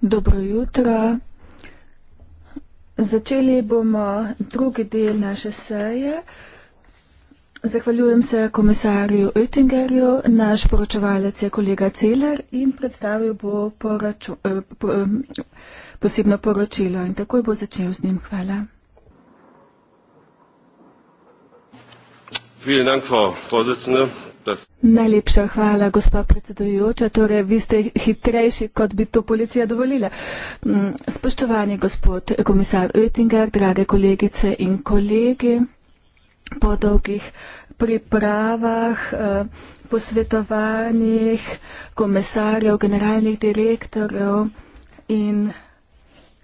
Dobro jutro. Začeli bomo drugi del naše seje. Zahvaljujem se komisarju Oettingerju, naš poročevalec je kolega Celer in predstavil bo poraču, eh, po, eh, posebno poročilo. In takoj bo začel z njim. Hvala. Najlepša hvala, gospa predsedujoča. Torej, vi ste hitrejši, kot bi to policija dovolila. Mm, spoštovani gospod komisar Oettinger, drage kolegice in kolegi, po dolgih pripravah, eh, posvetovanjih komisarjev, generalnih direktorjev in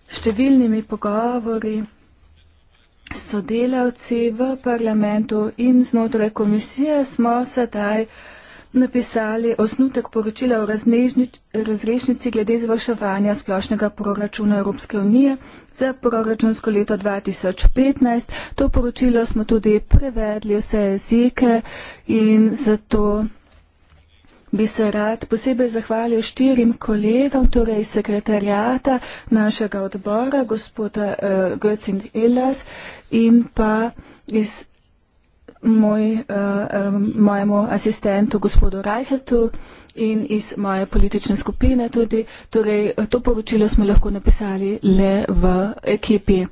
številnimi pogovori, sodelavci v parlamentu in znotraj komisije smo sedaj napisali osnutek poročila o razrešnici glede izvrševanja splošnega proračuna Evropske unije za proračunsko leto 2015. To poročilo smo tudi prevedli vse jezike in zato bi se rad posebej zahvalil štirim kolegom, torej sekretarjata našega odbora, gospoda uh, Götzind Illas in pa iz moj, uh, um, mojemu asistentu gospodu Reichertu in iz moje politične skupine tudi. Torej, to poročilo smo lahko napisali le v ekipi.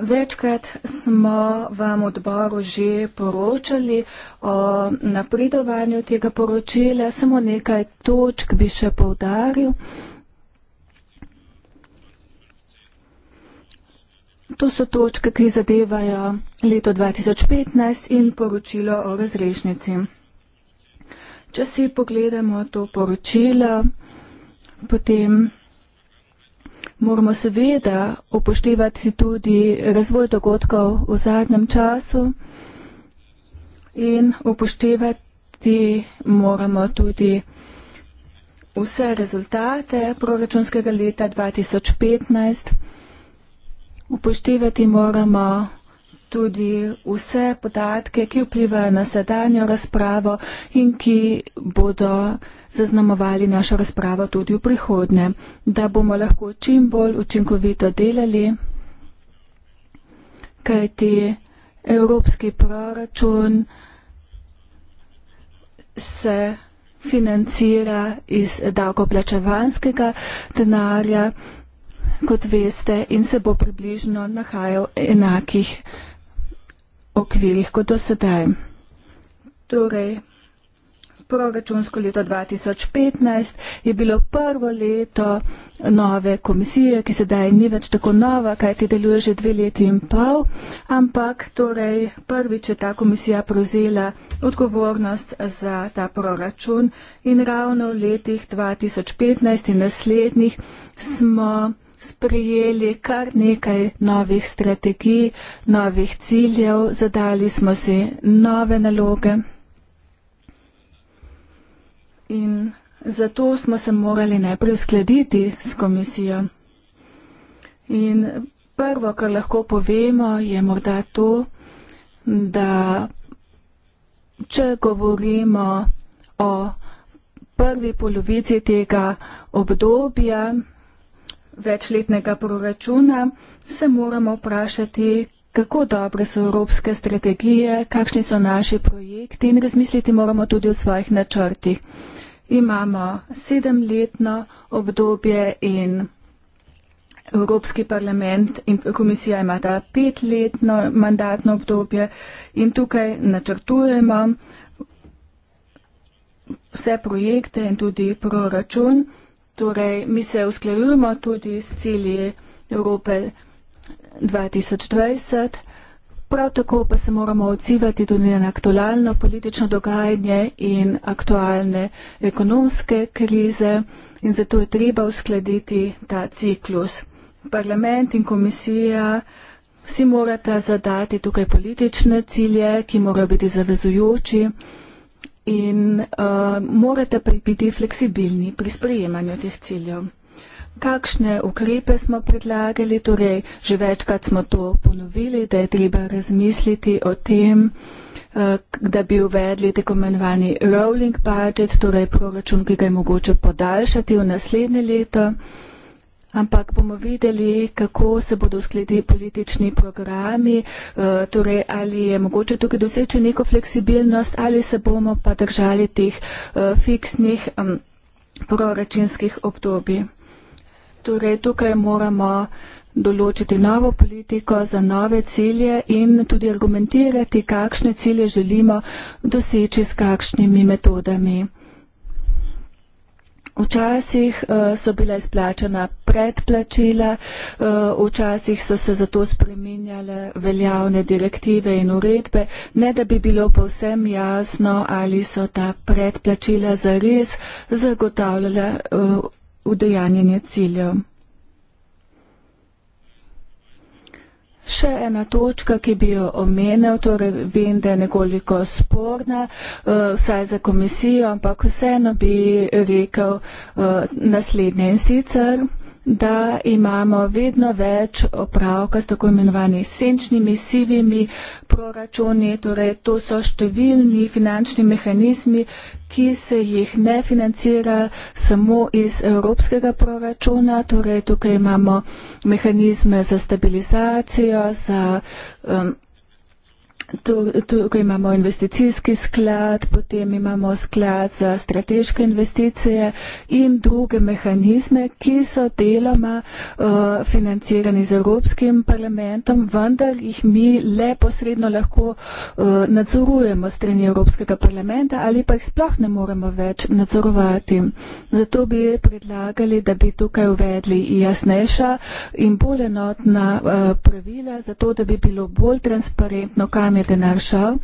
Večkrat smo vam odboru že poročali o napredovanju tega poročila, samo nekaj točk bi še povdaril. To so točke, ki zadevajo leto 2015 in poročilo o razrešnici. Če si pogledamo to poročilo, potem Moramo seveda upoštevati tudi razvoj dogodkov v zadnjem času in upoštevati moramo tudi vse rezultate proračunskega leta 2015. Upoštevati moramo tudi vse podatke, ki vplivajo na sedanjo razpravo in ki bodo zaznamovali našo razpravo tudi v prihodnje, da bomo lahko čim bolj učinkovito delali, kajti evropski proračun se financira iz davkoplačevanskega denarja, kot veste, in se bo približno nahajal enakih okvirih kot do sedaj. Torej, proračunsko leto 2015 je bilo prvo leto nove komisije, ki sedaj ni več tako nova, kajti deluje že dve leti in pol, ampak torej prvič je ta komisija prevzela odgovornost za ta proračun in ravno v letih 2015 in naslednjih smo sprijeli kar nekaj novih strategij, novih ciljev, zadali smo si nove naloge. In zato smo se morali najprej uskladiti s komisijo. In prvo, kar lahko povemo, je morda to, da če govorimo o prvi polovici tega obdobja, večletnega proračuna, se moramo vprašati, kako dobre so evropske strategije, kakšni so naši projekti in razmisliti moramo tudi o svojih načrtih. Imamo sedemletno obdobje in Evropski parlament in komisija imata petletno mandatno obdobje in tukaj načrtujemo vse projekte in tudi proračun. Torej, mi se usklajujemo tudi s cilji Evrope 2020. Prav tako pa se moramo odzivati tudi na aktualno politično dogajanje in aktualne ekonomske krize in zato je treba uskladiti ta ciklus. Parlament in komisija si morata zadati tukaj politične cilje, ki morajo biti zavezujoči in uh, morate biti fleksibilni pri sprejemanju teh ciljev. Kakšne ukrepe smo predlagali, torej že večkrat smo to ponovili, da je treba razmisliti o tem, eh, da bi uvedli tako imenovani rolling budget, torej proračun, ki ga je mogoče podaljšati v naslednje leto ampak bomo videli, kako se bodo uskladili politični programi, eh, torej ali je mogoče tukaj doseči neko fleksibilnost ali se bomo pa držali teh eh, fiksnih proračunskih obdobij. Torej tukaj moramo določiti novo politiko za nove cilje in tudi argumentirati, kakšne cilje želimo doseči s kakšnimi metodami. Včasih uh, so bila izplačena predplačila, uh, včasih so se zato spreminjale veljavne direktive in uredbe, ne da bi bilo povsem jasno, ali so ta predplačila zares zagotavljala uh, eh, udejanjenje ciljev. Še ena točka, ki bi jo omenil, torej vem, da je nekoliko sporna, eh, vsaj za komisijo, ampak vseeno bi rekel eh, naslednje in sicer da imamo vedno več opravka s tako imenovanimi senčnimi, sivimi proračuni. Torej, to so številni finančni mehanizmi, ki se jih ne financira samo iz evropskega proračuna. Torej, tukaj imamo mehanizme za stabilizacijo, za. Um, Tukaj imamo investicijski sklad, potem imamo sklad za strateške investicije in druge mehanizme, ki so deloma uh, financirani z Evropskim parlamentom, vendar jih mi le posredno lahko uh, nadzorujemo strani Evropskega parlamenta ali pa jih sploh ne moremo več nadzorovati. Zato bi predlagali, da bi tukaj uvedli jasnejša in bolj enotna uh, pravila, zato da bi bilo bolj transparentno, kam je zunanji denar šel.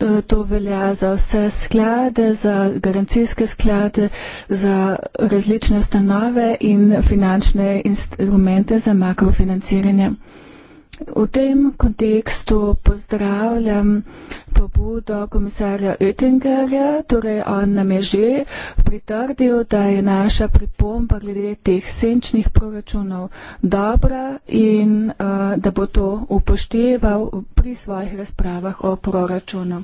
E, to velja za vse sklade, za garancijske sklade, za različne ustanove in finančne instrumente za makrofinanciranje. V tem kontekstu pozdravljam pobudo komisarja Oettingerja, torej on nam je že pritrdil, da je naša pripomba glede teh senčnih proračunov dobra in uh, da bo to upošteval pri svojih razpravah o proračunu.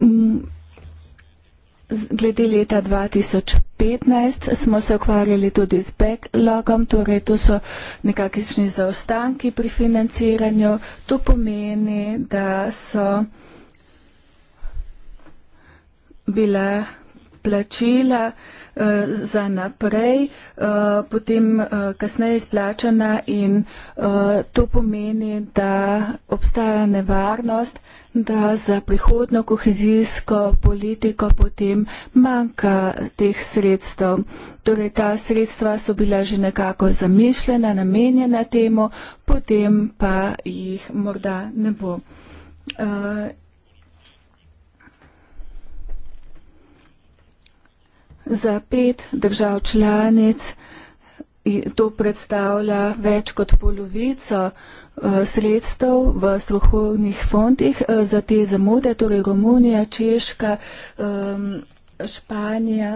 Mm glede leta 2015 smo se ukvarjali tudi z backlogom, torej tu so nekakšni zaostanki pri financiranju. To pomeni, da so bile plačila eh, za naprej, eh, potem eh, kasneje izplačana in to pomeni, da obstaja nevarnost, da za prihodno kohezijsko politiko potem manjka teh sredstev. Torej ta sredstva so bila že nekako zamišljena, namenjena temu, potem pa jih morda ne bo. Za pet držav članic to predstavlja več kot polovico eh, sredstev v strohovnih fondih eh, za te zamude, torej Romunija, Češka, Španija.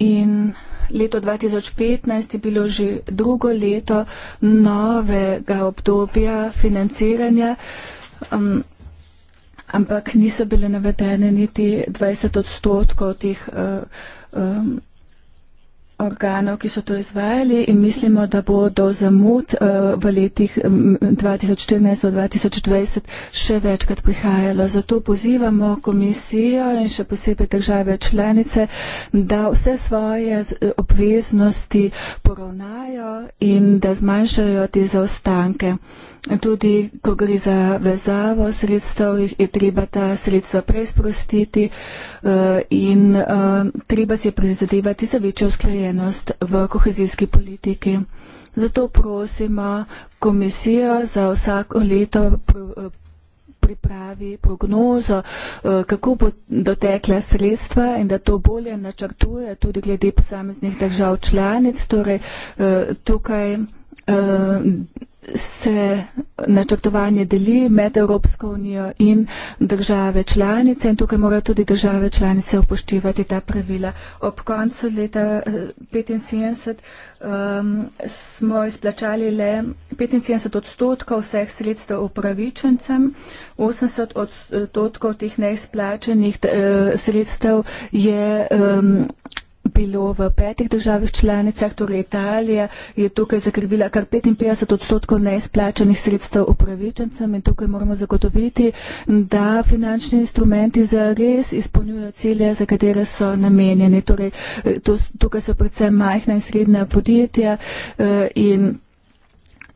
In leto 2015 je bilo že drugo leto novega obdobja financiranja ampak niso bile navedene niti 20 odstotkov teh um, organov, ki so to izvajali in mislimo, da bo do zamud uh, v letih 2014 do 2020 še večkrat prihajalo. Zato pozivamo komisijo in še posebej države članice, da vse svoje obveznosti poravnajo in da zmanjšajo te zaostanke. Uh, tudi ko gre za vezavo sredstev, je treba ta sredstva preizprostiti eh, in eh, treba se prizadevati za večjo usklajenost v kohezijski politiki. Zato prosimo komisijo za vsako leto eh, pripravi prognozo, kako bo dotekla sredstva in da to bolje načrtuje tudi glede posameznih držav članic. Torej, tukaj se načrtovanje deli med Evropsko unijo in države članice in tukaj morajo tudi države članice upoštevati ta pravila. Ob koncu leta 1975 eh, um, ehm, smo izplačali le 75 odstotkov vseh sredstev upravičencem, 80 odstotkov teh neizplačenih eh, sredstev je. Um, bilo v petih državah članicah, torej Italija je tukaj zakrivila kar 55 odstotkov neizplačanih sredstev upravičencem in tukaj moramo zagotoviti, da finančni instrumenti zares izpolnjujo cilje, za katere so namenjeni. Torej, to, tukaj so predvsem majhna in srednja podjetja eh, in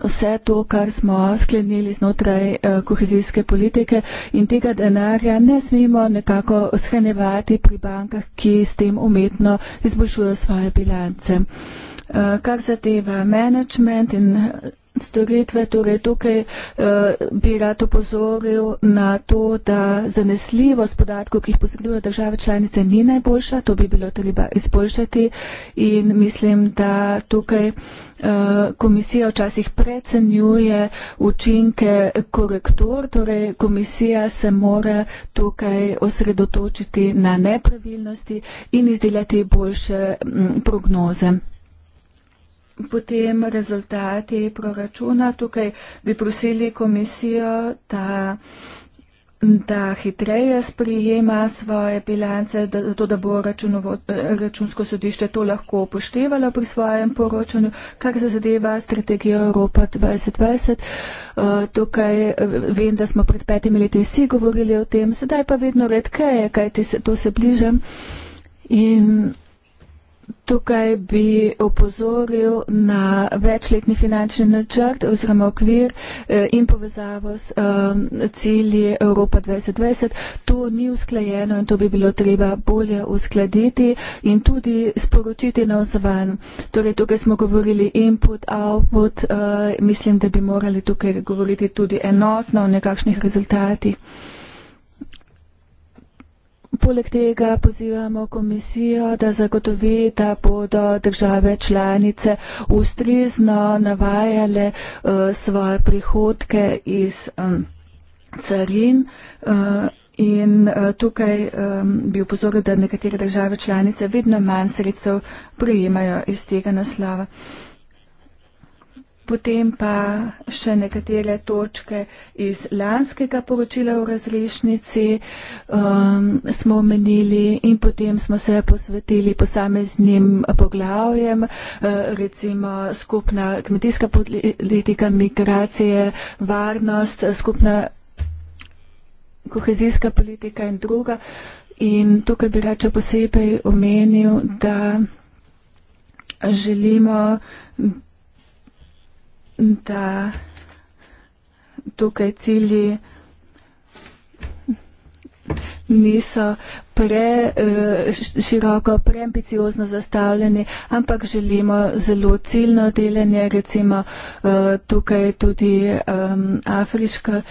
vse to, kar smo sklenili znotraj eh, kohezijske politike in tega denarja ne smemo nekako shranjevati pri bankah, ki s tem umetno izboljšujejo svoje bilance. Eh, kar zadeva management in storitve, torej tukaj eh, bi rad upozoril na to, da zanesljivost podatkov, ki jih posredujejo države članice, ni najboljša, to bi bilo treba izboljšati in mislim, da tukaj eh, komisija včasih precenjuje učinke korektur, torej komisija se mora tukaj osredotočiti na nepravilnosti in izdelati boljše hm, prognoze potem rezultati proračuna. Tukaj bi prosili komisijo, da da hitreje sprijema svoje bilance, zato da, da bo računovo, računsko sodišče to lahko upoštevalo pri svojem poročanju, kar se zadeva strategijo Evropa 2020. Eh, tukaj eh, vem, da smo pred petimi leti vsi govorili o tem, sedaj pa vedno redkeje, kaj se, to se bližam. In Tukaj bi opozoril na večletni finančni načrt oziroma okvir eh, in povezavo s ehm, cilji Evropa 2020. To ni usklajeno in to bi bilo treba bolje uskladiti in tudi sporočiti na ozvan. Torej, tukaj smo govorili input, output, eh, mislim, da bi morali tukaj govoriti tudi enotno o nekakšnih rezultatih. Poleg tega pozivamo komisijo, da zagotovi, da bodo države članice ustrizno navajale uh, svoje prihodke iz um, carin. Uh, In uh, tukaj um, bi upozoril, da nekatere države članice vedno manj sredstev prijemajo iz tega naslava. Uh, Potem pa še nekatere točke iz lanskega poročila v razrešnici um, smo omenili in potem smo se posvetili posameznim poglavjem, uh, recimo skupna kmetijska politika, migracije, varnost, skupna kohezijska politika in druga. In tukaj bi rače posebej omenil, da želimo da tukaj cilji niso preširoko, eh, preambiciozno zastavljeni, ampak želimo zelo ciljno deljenje, recimo eh, tukaj je tudi eh, afriška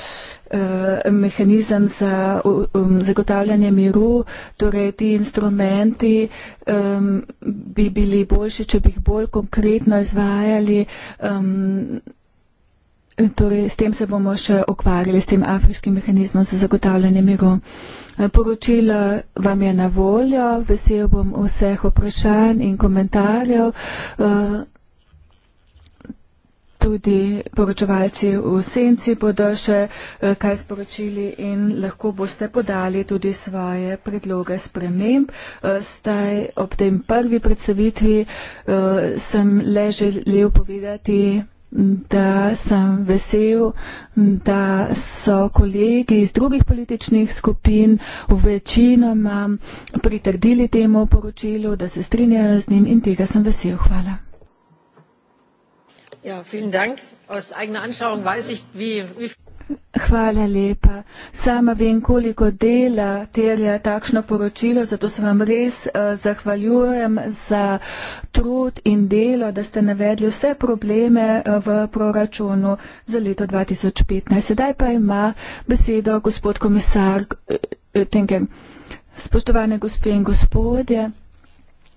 mehanizem za um, zagotavljanje miru, torej ti instrumenti um, bi bili boljši, če bi jih bolj konkretno izvajali. Um, Torej, s tem se bomo še ukvarjali, s tem afriškim mehanizmom za zagotavljanje miru. Eh, poročilo vam je na voljo, vesel bom vseh vprašanj in komentarjev. Eh, tudi poročevalci v Senci bodo še eh, kaj sporočili in lahko boste podali tudi svoje predloge sprememb. Staj ob tem prvi predstavitvi sem le želel povedati da sem vesel, da so kolegi iz drugih političnih skupin v večinoma pritrdili temu poročilu, da se strinjajo z njim in tega sem vesel. Hvala. Ja, Hvala lepa. Sama vem, koliko dela terja takšno poročilo, zato se vam res uh, zahvaljujem za trud in delo, da ste navedli vse probleme eh, v proračunu za leto 2015. Sedaj pa ima besedo gospod komisar Oettinger. Eh, Spoštovane gospe in gospodje.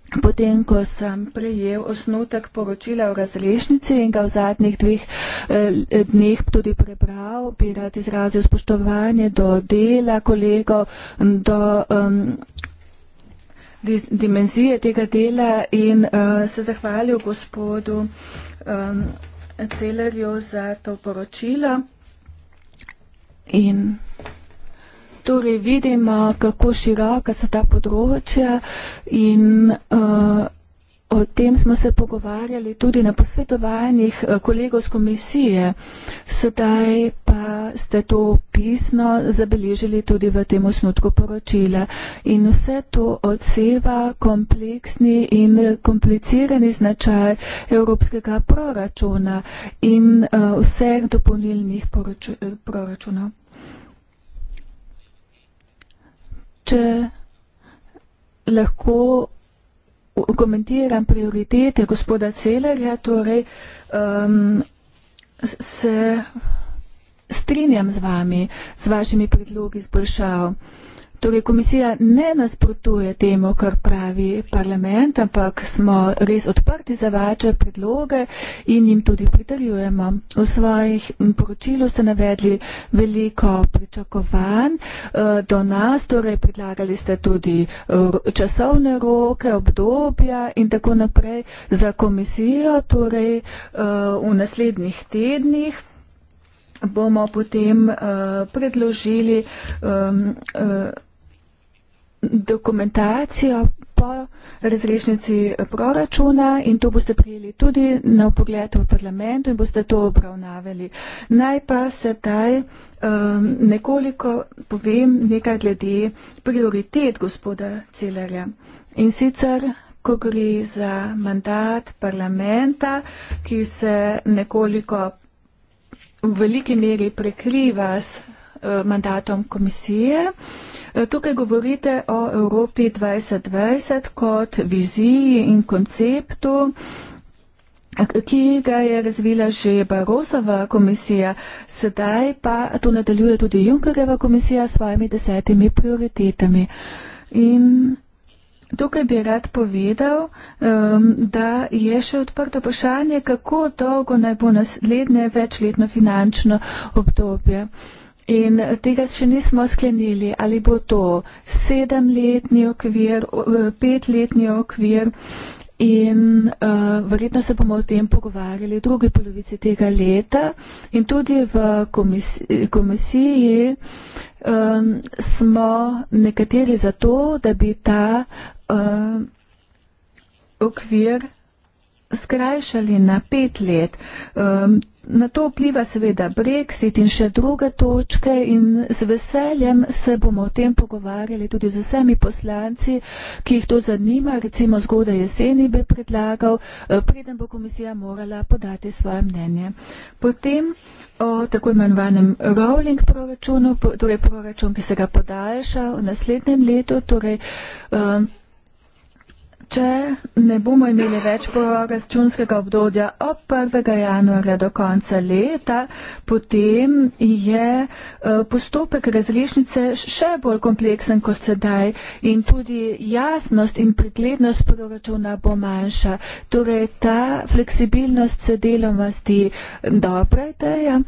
Potem, ko sem prejel osnutek poročila v razlešnici in ga v zadnjih dveh eh, dneh tudi prebral, bi rad izrazil spoštovanje do dela kolegov, do um, dimenzije tega dela in uh, se zahvalil gospodu um, Celerju za to poročilo. In torej vidimo, kako široka so ta področja in uh, o tem smo se pogovarjali tudi na posvetovanjih eh, kolegov z komisije. Sedaj pa ste to pisno zabeležili tudi v tem osnutku poročila. In vse to odseva kompleksni in komplicirani značaj evropskega proračuna in uh, vseh dopolnilnih proračunov. če lahko komentiram prioritete gospoda Celerja, torej um, se strinjam z vami, z vašimi predlogi izboljšav. Torej, komisija ne nasprotuje temu, kar pravi parlament, ampak smo res odprti za vaše predloge in jim tudi pritarjujemo. V svojih poročilu ste navedli veliko pričakovanj eh, do nas, torej predlagali ste tudi eh, časovne roke, obdobja in tako naprej za komisijo, torej eh, v naslednjih tednih bomo potem uh, predložili um, uh, dokumentacijo po razrešnici proračuna in to boste prijeli tudi na pogled v parlamentu in boste to obravnavali. Naj pa se taj um, nekoliko povem nekaj glede prioritet gospoda Celerja. In sicer, ko gre za mandat parlamenta, ki se nekoliko v veliki meri prekriva s uh, mandatom komisije, uh, Tukaj govorite o Evropi 2020 kot viziji in konceptu ki ga je razvila že Barosova komisija, sedaj pa to nadaljuje tudi Junckerjeva komisija s svojimi desetimi prioritetami. In tukaj bi rad povedal, um, da je še odprto vprašanje, kako dolgo naj bo naslednje večletno finančno obdobje. In tega še nismo sklenili, ali bo to sedemletni okvir, e, petletni okvir in uh, verjetno se bomo o tem pogovarjali v drugi polovici tega leta in tudi v komisi komisiji um, smo nekateri za to, da bi ta uh, okvir skrajšali na pet let. Um, na to vpliva seveda Brexit in še druge točke in z veseljem se bomo o tem pogovarjali tudi z vsemi poslanci, ki jih to zanima. Recimo zgodaj jeseni bi predlagal, eh, preden bo komisija morala podati svoje mnenje. Potem o tako imenovanem rolling proračunu, torej proračun, ki se ga podaljša v naslednjem letu, torej um, Če ne bomo imeli več proračunskega obdobja od 1. januarja do konca leta, potem je eh, postopek razrešnice še bolj kompleksen kot sedaj in tudi jasnost in preglednost proračuna bo manjša. Torej ta fleksibilnost se deloma zdi dobra ideja,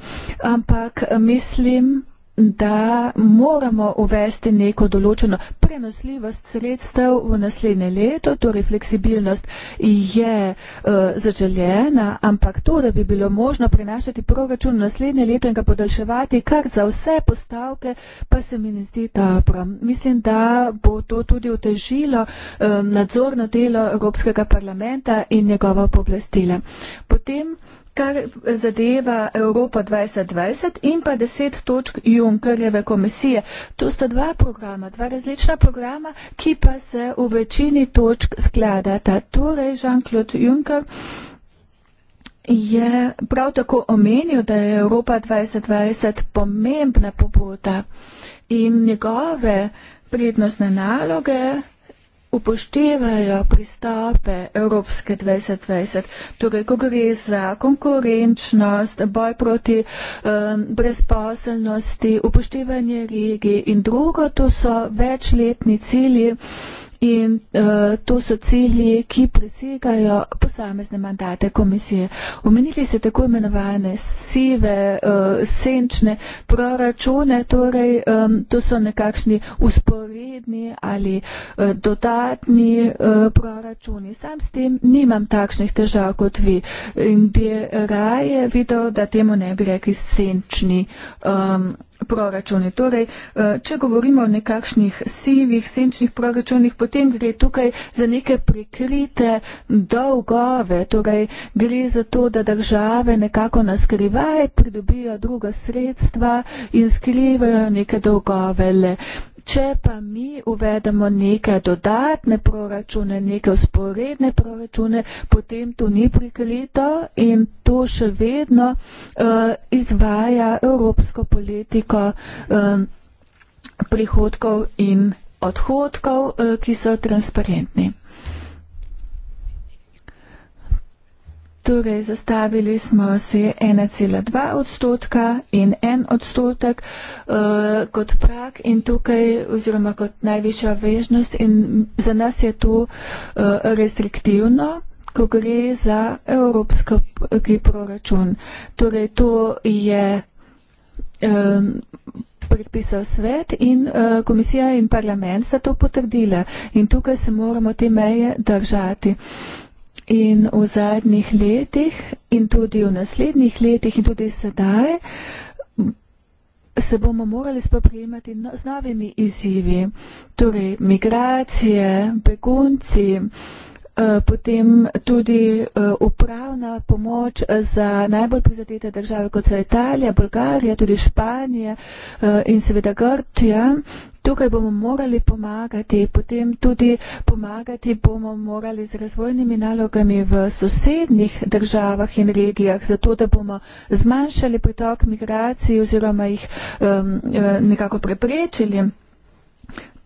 ampak eh, mislim, da moramo uvesti neko določeno prenosljivost sredstev v naslednje leto, torej fleksibilnost je uh, zaželjena, ampak to, da bi bilo možno prenašati proračun v naslednje leto in ga podaljševati kar za vse postavke, pa se mi ne zdi dobro. Mislim, da bo to tudi otežilo um, nadzorno delo Evropskega parlamenta in njegova pooblastila. Potem kar zadeva Evropa 2020 in pa 10 točk Junkerjeve komisije. To sta dva programa, dva različna programa, ki pa se v večini točk skladata. Torej, Jean-Claude Juncker je prav tako omenil, da je Evropa 2020 pomembna pobuda in njegove prednostne naloge upoštevajo pristope Evropske 2020, torej ko gre za konkurenčnost, boj proti um, brezposelnosti, upoštevanje regij in drugo, to so večletni cilji. In uh, to so cilji, ki presegajo posamezne mandate komisije. Omenili ste tako imenovane sive, uh, senčne proračune, torej um, to so nekakšni usporedni ali uh, dodatni uh, proračuni. Sam s tem nimam takšnih težav kot vi in bi raje videl, da temu ne bi rekli senčni proračuni. Um, proračune. Torej, eh, če govorimo o nekakšnih sivih, senčnih proračunih, potem gre tukaj za neke prikrite dolgove. Torej, gre za to, da države nekako naskrivaj pridobijo druga sredstva in skrivajo neke dolgove. Le. Če pa mi uvedemo neke dodatne proračune, neke usporedne proračune, potem to ni prikrito in to še vedno uh, izvaja evropsko politiko um, prihodkov in odhodkov, uh, ki so transparentni. Torej, zastavili smo se 1,2 odstotka in 1 odstotek uh, kot prak in tukaj oziroma kot najvišja vežnost in za nas je to uh, restriktivno ko gre za evropski proračun. Torej, to je um, predpisal svet in uh, komisija in parlament sta to potrdila. In tukaj se moramo te meje držati. Uh, in v zadnjih letih in tudi v naslednjih letih in tudi sedaj se bomo morali spoprijemati no, z novimi izzivi, torej migracije, begunci, eh, potem tudi eh, upravna pomoč za najbolj prizadete države, kot so Italija, Bolgarija, tudi Španija eh, in seveda Grčija, tukaj bomo morali pomagati, potem tudi pomagati bomo morali z razvojnimi nalogami v sosednjih državah in regijah, zato da bomo zmanjšali pritok migracij oziroma jih um, nekako preprečili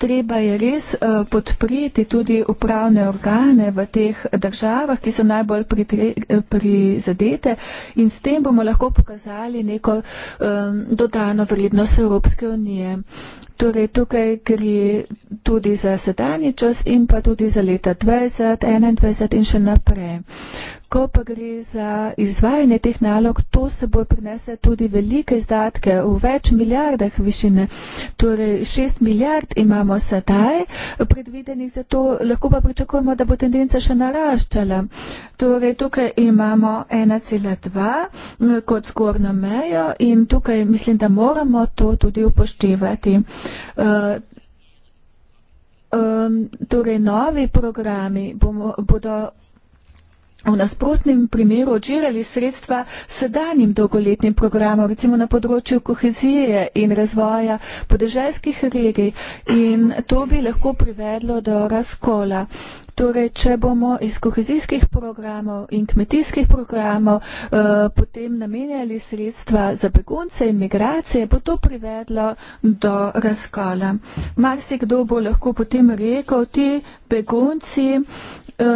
treba je res uh, podpreti tudi upravne organe v teh državah, ki so najbolj eh, prizadete in s tem bomo lahko pokazali neko um, dodano vrednost Evropske unije. Torej, tukaj gre tudi za sedanji čas in pa tudi za leta 2021 in še naprej. Ko pa gre za izvajanje teh nalog, to se bo prinese tudi velike izdatke v več milijardah višine. Torej, šest milijard imamo sedaj predvidenih za to, lahko pa pričakujemo, da bo tendenca še naraščala. Torej, tukaj imamo 1,2 eh, kot zgornjo mejo in tukaj mislim, da moramo to tudi upoštevati. Eh, eh, torej, novi programi bodo V nasprotnem primeru odžirali sredstva sedanjim dolgoletnim programom, recimo na področju kohezije in razvoja podeželskih regij in to bi lahko privedlo do razkola. Uh, Torej, če bomo iz kohezijskih programov in kmetijskih programov eh, potem namenjali sredstva za begunce in migracije, bo to privedlo do razkola. Marsikdo bo lahko potem rekel, ti begunci eh,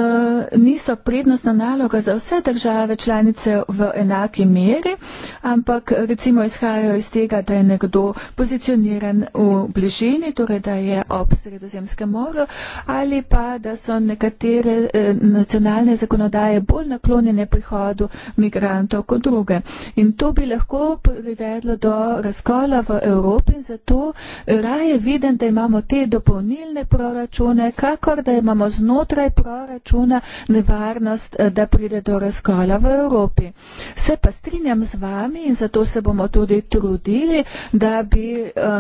niso prednostna naloga za vse države članice v enaki meri, ampak recimo izhajajo iz tega, da je nekdo pozicioniran v bližini, torej da je ob Sredozemskem moru ali pa da so nekatere eh, nacionalne zakonodaje bolj naklonjene prihodu migrantov kot druge. In to bi lahko privedlo do razkola v Evropi in zato raje vidim, da imamo te dopolnilne proračune, kakor da imamo znotraj proračuna nevarnost, eh, da pride do razkola v Evropi. Se pa strinjam z vami in zato se bomo tudi trudili, da bi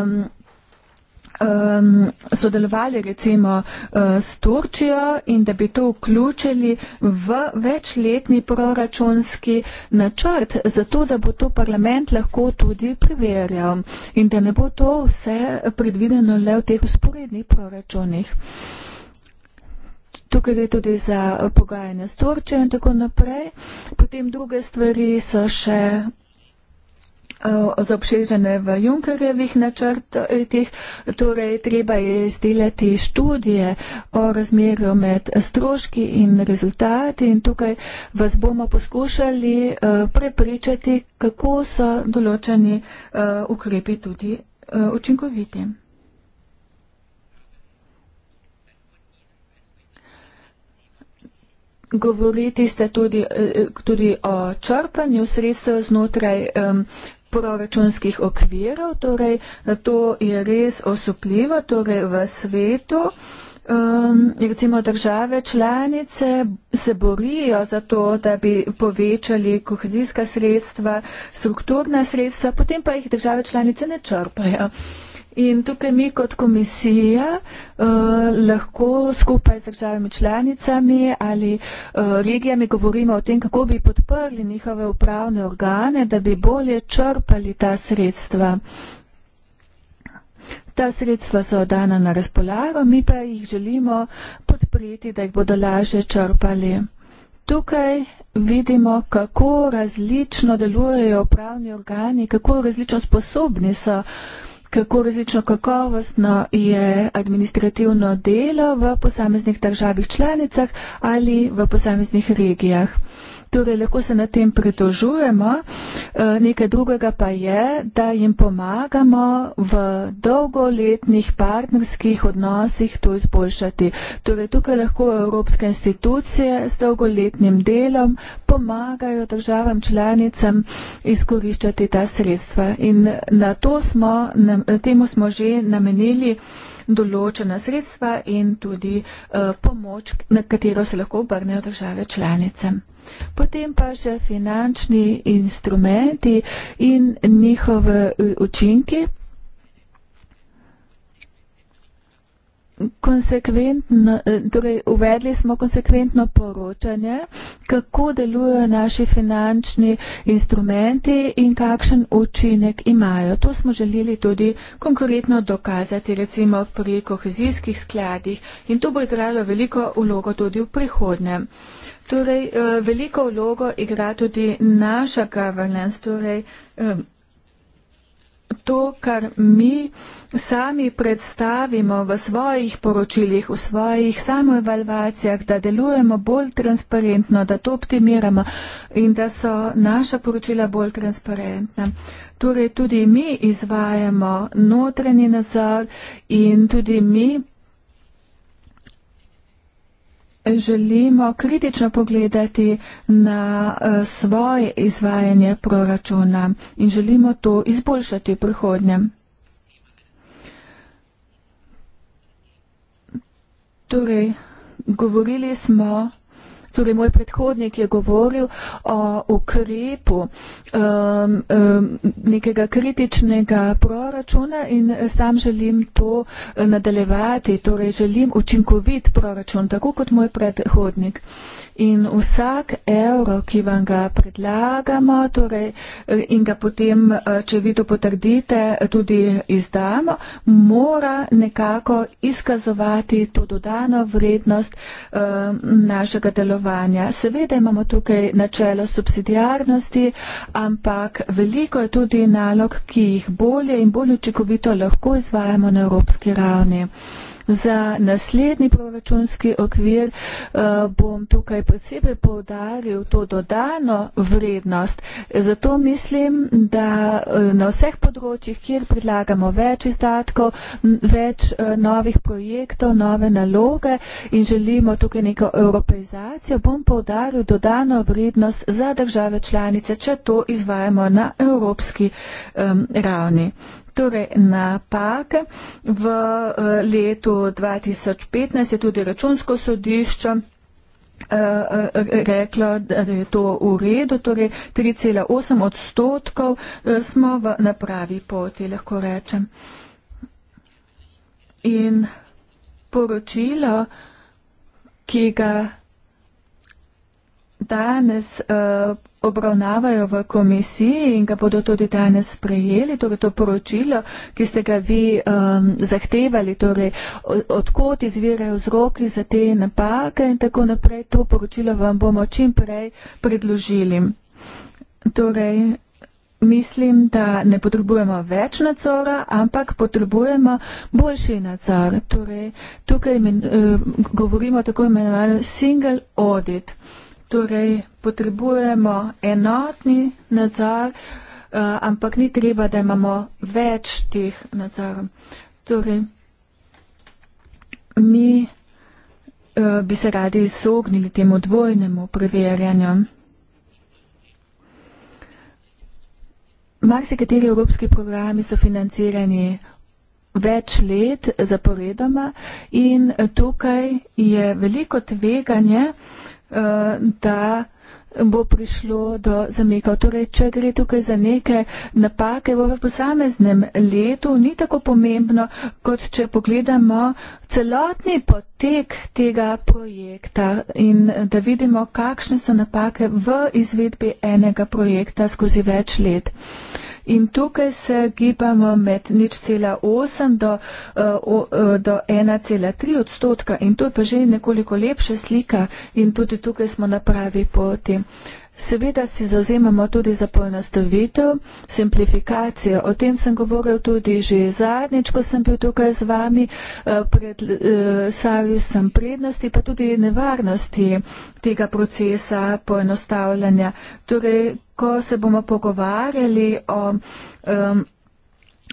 um, um, sodelovali recimo uh, s Turčijo in da bi to vključili v večletni proračunski načrt, zato da bo to parlament lahko tudi preverjal in da ne bo to vse predvideno le v teh usporednih proračunih. Tukaj gre tudi za pogajanje s Turčijo in tako naprej. Potem druge stvari so še z obširne v Junkerjevih načrtih, torej treba je izdelati študije o razmerju med stroški in rezultati in tukaj vas bomo poskušali prepričati, kako so določeni ukrepi tudi učinkoviti. Govoriti ste tudi, e, tudi o črpanju sredstev znotraj um, proračunskih okvirov, torej to je res osupljivo, torej v svetu. Um, recimo države članice se borijo za to, da bi povečali kohezijska sredstva, strukturna sredstva, potem pa jih države članice ne črpajo. Uh, In tukaj mi kot komisija uh, lahko skupaj z državami članicami ali uh, regijami govorimo o tem, kako bi podprli njihove upravne organe, da bi bolje črpali ta sredstva. Ta sredstva so dana na razpolago, mi pa jih želimo podpreti, da jih bodo lažje črpali. Tukaj vidimo, kako različno delujejo upravni organi, kako različno sposobni so. Uh, kako različno kakovostno je administrativno delo v posameznih državih članicah ali v posameznih regijah. Torej, lahko se na tem pritožujemo, e, nekaj drugega pa je, da jim pomagamo v dolgoletnih partnerskih odnosih to izboljšati. Torej, tukaj lahko evropske institucije s dolgoletnim delom pomagajo državam članicam izkoriščati ta sredstva. In na to smo na temu smo že namenili določena sredstva in tudi eh, pomoč, na katero se lahko obrnejo države članice. Potem pa še finančni instrumenti in njihove eh, učinki. konsekventno, eh, torej uvedli smo konsekventno poročanje, kako delujejo naši finančni instrumenti in kakšen učinek imajo. To smo želeli tudi konkretno dokazati recimo pri kohezijskih skladih in to bo igralo veliko vlogo tudi v prihodnem. Torej, eh, veliko vlogo igra tudi naša governance, torej eh, to, kar mi sami predstavimo v svojih poročilih, v svojih samoevalvacijah, da delujemo bolj transparentno, da to optimiramo in da so naša poročila bolj transparentna. Torej, tudi mi izvajamo notranji nadzor in tudi mi želimo kritično pogledati na eh, svoje izvajanje proračuna in želimo to izboljšati v prihodnjem. Torej, govorili smo Torej, moj predhodnik je govoril o ukrepu um, um, nekega kritičnega proračuna in sam želim to nadaljevati. Torej, želim učinkovit proračun, tako kot moj predhodnik. In vsak evro, ki vam ga predlagamo torej, in ga potem, če vi to potrdite, tudi izdamo, mora nekako izkazovati to dodano vrednost um, našega delovanja varovanja. Seveda imamo tukaj načelo subsidijarnosti, ampak veliko je tudi nalog, ki jih bolje in bolj učinkovito lahko izvajamo na evropski ravni. Za naslednji proračunski okvir eh, bom tukaj posebej povdaril to dodano vrednost. Zato mislim, da eh, na vseh področjih, kjer predlagamo več izdatkov, več eh, novih projektov, nove naloge in želimo tukaj neko evropeizacijo, bom povdaril dodano vrednost za države članice, če to izvajamo na evropski ravni. Torej, napak v eh, letu 2015 je tudi računsko sodišče eh, eh, reklo, da je to v redu, torej 3,8 odstotkov smo v napravi poti, lahko rečem. In poročilo, ki ga danes uh, obravnavajo v komisiji in ga bodo tudi danes sprejeli, torej to poročilo, ki ste ga vi um, zahtevali, torej odkot izvirajo vzroki za te napake in tako naprej, to poročilo vam bomo čim prej predložili. Torej, Mislim, da ne potrebujemo več nadzora, ampak potrebujemo boljši nadzor. Torej, tukaj men, eh, govorimo o tako imenovanem single audit. Uh, Torej, potrebujemo enotni nadzor, eh, ampak ni treba, da imamo več teh nadzorov. Torej, mi eh, bi se radi izognili temu dvojnemu preverjanju. Marsikateri evropski programi so financirani več let zaporedoma in tukaj je veliko tveganje, Eh, da bo prišlo do zamikov. Torej, če gre tukaj za neke napake v posameznem letu, ni tako pomembno, kot če pogledamo celotni potek tega projekta in da vidimo, kakšne so napake v izvedbi enega projekta skozi več let. Uh, in tukaj se gibamo med nič cela 8 do, eh, eh, do 1,3 odstotka in to je pa že nekoliko lepša slika in tudi tukaj smo na pravi poti. Seveda si zauzemamo tudi za poenostavitev, simplifikacijo. O tem sem govoril tudi že zadnjič, ko sem bil tukaj z vami. Eh, pred Sarju sem prednosti, pa tudi nevarnosti tega procesa poenostavljanja. Torej, ko se bomo pogovarjali o um,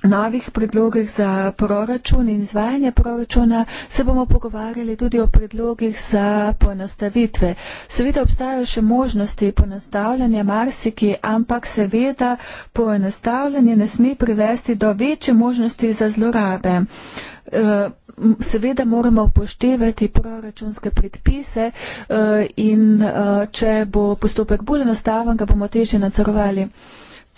novih predlogih za proračun in izvajanje proračuna, se bomo pogovarjali tudi o predlogih za ponastavitve. Seveda obstajajo še možnosti ponastavljanja marsiki, ampak seveda ponastavljanje ne sme privesti do večje možnosti za zlorabe. Uh, seveda moramo upoštevati proračunske predpise eh, in eh, če bo postopek bolj enostaven, ga bomo težje nadzorovali.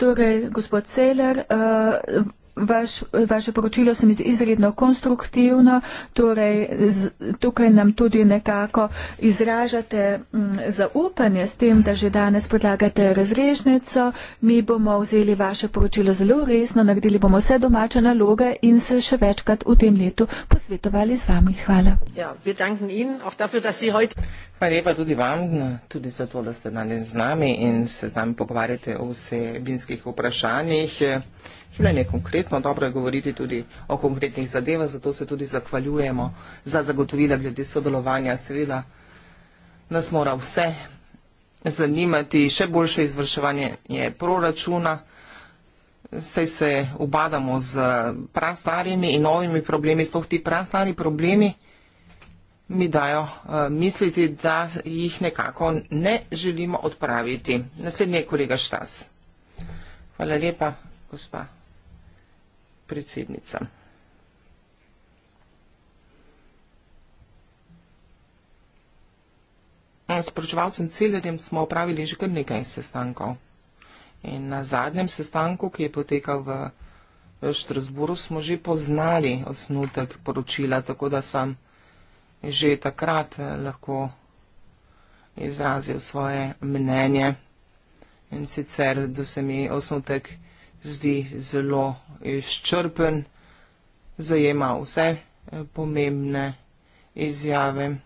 Torej, gospod Celer, eh, vaš, vaše poročilo se mi zdi izredno konstruktivno, torej z, tukaj nam tudi nekako izražate mm, zaupanje s tem, da že danes predlagate razrešnico. Mi bomo vzeli vaše poročilo zelo resno, naredili bomo vse domače naloge in se še večkrat v tem letu posvetovali z vami. Hvala. Ja, Hvala lepa tudi vam, tudi za to, da ste danes z nami in se z nami pogovarjate o vsebinskih vprašanjih. Življenje je konkretno, dobro je govoriti tudi o konkretnih zadevah, zato se tudi zahvaljujemo za zagotovila glede sodelovanja. Seveda nas mora vse zanimati, še boljše izvrševanje je proračuna, saj se obadamo z prastarimi in novimi problemi, sploh ti prastari problemi mi dajo uh, misliti, da jih nekako ne želimo odpraviti. Naslednji je kolega Štas. Hvala lepa, gospa predsednica. S poročevalcem Celerjem smo opravili že kar nekaj sestankov. In na zadnjem sestanku, ki je potekal v Štrasburu, smo že poznali osnutek poročila, tako da sem že takrat eh, lahko izrazil svoje mnenje. In sicer, da se mi osnutek zdi zelo izčrpen, zajema vse eh, pomembne izjave.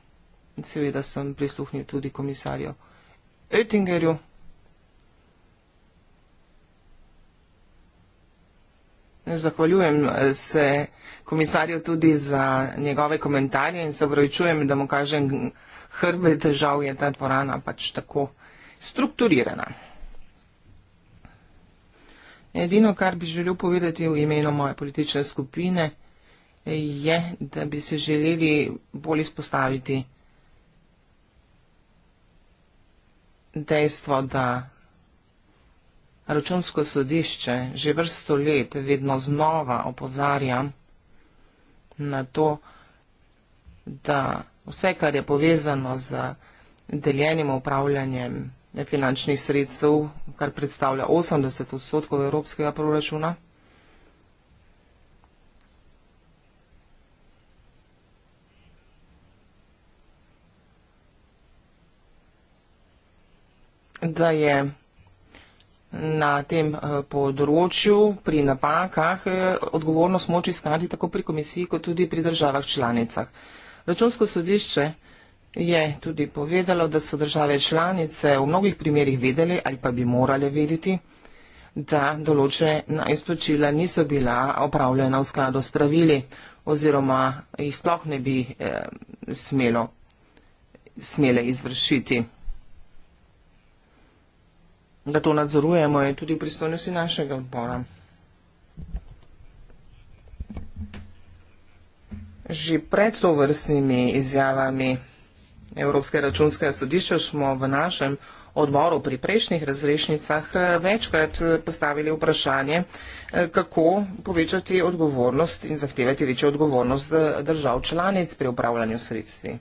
Seveda sem prisluhnil tudi komisarju Oettingerju. Zahvaljujem eh, se komisarju tudi za njegove komentarje in se vrojčujem, da mu kažem hm, hrbe težav je ta dvorana pač tako strukturirana. Edino, kar bi želel povedati v imenu moje politične skupine, je, da bi se želeli bolj izpostaviti dejstvo, da računsko sodišče že vrsto let vedno znova opozarja na to, da vse, kar je povezano z deljenim upravljanjem nefinančnih sredstev, kar predstavlja 80 odstotkov evropskega proračuna. da je na tem eh, področju pri napakah eh, odgovornost moči skrati tako pri komisiji, kot tudi pri državah članicah. Računsko sodišče je tudi povedalo, da so države članice v mnogih primerjih vedeli ali pa bi morali vedeti, da določena izplačila niso bila opravljena v skladu s pravili oziroma jih sploh ne bi eh, smelo, smele izvršiti. Da to nadzorujemo je tudi v pristojnosti našega odbora. Že pred to vrstnimi izjavami Evropske računske sodišče smo v našem odboru pri prejšnjih razrešnicah eh, večkrat eh, postavili vprašanje, eh, kako povečati odgovornost in zahtevati večjo odgovornost držav članic pri upravljanju sredstvi.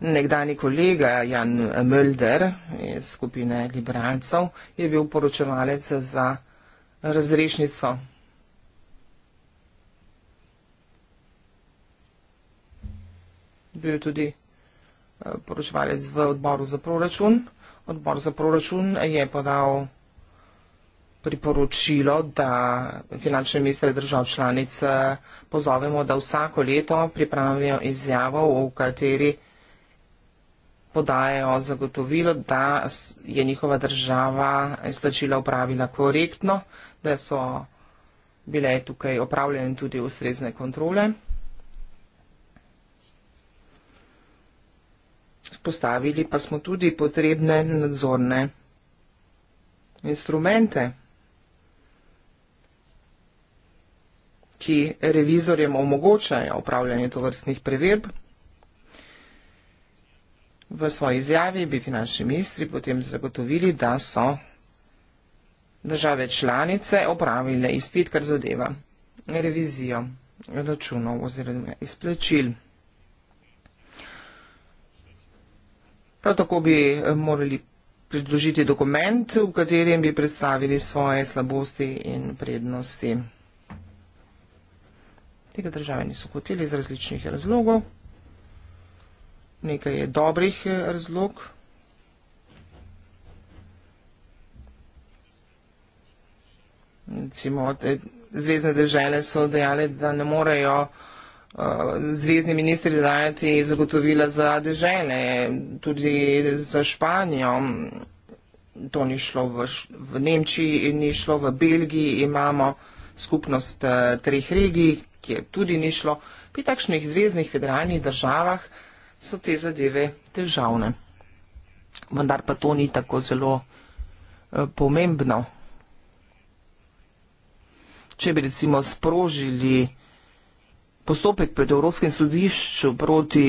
Nekdani kolega Jan Mölder iz skupine liberalcev je bil poročevalec za razrešnico. bil je tudi eh, poročevalec v odboru za proračun. Odbor za proračun je podal priporočilo, da finančne ministre držav članic eh, pozovemo, da vsako leto pripravijo izjavo, v kateri podajo zagotovilo, da je njihova država izplačila upravila korektno, da so bile tukaj opravljene tudi ustrezne kontrole. Postavili pa smo tudi potrebne nadzorne instrumente, ki revizorjem omogočajo upravljanje tovrstnih preverb. V svoji izjavi bi finančni ministri potem zagotovili, da so države članice opravile izpit, kar zadeva revizijo računov oziroma izplačil. Prav tako bi eh, morali pridružiti dokument, v katerem bi predstavili svoje slabosti in prednosti. Tega države niso hoteli iz različnih razlogov. Nekaj je dobrih eh, razlog. Recimo, zvezdne države so dejale, da ne morejo zvezdni ministri dajati zagotovila za dežene, tudi za Španijo. To ni šlo v, v Nemčiji, ni šlo v Belgiji, imamo skupnost treh regij, kjer tudi ni šlo. Pri takšnih zvezdnih federalnih državah so te zadeve težavne. Vendar pa to ni tako zelo pomembno. Če bi recimo sprožili postopek pred Evropskim sodiščem proti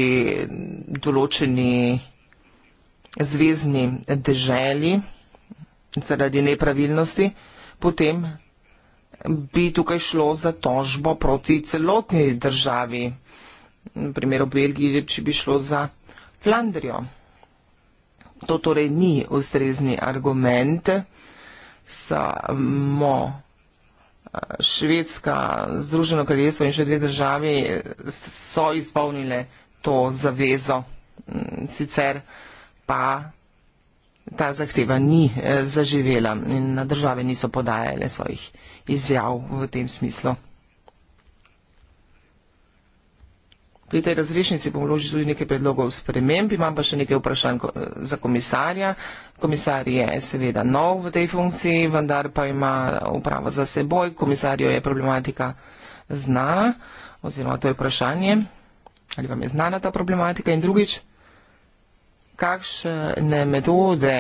določeni zvezdni deželi zaradi nepravilnosti, potem bi tukaj šlo za tožbo proti celotni državi, na primer v Belgiji, če bi šlo za Flandrijo. To torej ni ustrezni argument, samo. Švedska, Združeno kraljestvo in še dve državi so izpolnile to zavezo, mm, sicer pa ta zahteva ni eh, zaživela in na države niso podajale svojih izjav v tem smislu. Pri tej razrešnici bom vložil tudi nekaj predlogov sprememb, imam pa še nekaj vprašanj eh, za komisarja. Komisar je seveda nov v tej funkciji, vendar pa ima upravo za seboj. Komisarjo je problematika zna, oziroma to je vprašanje, ali vam je znana ta problematika. In drugič, kakšne metode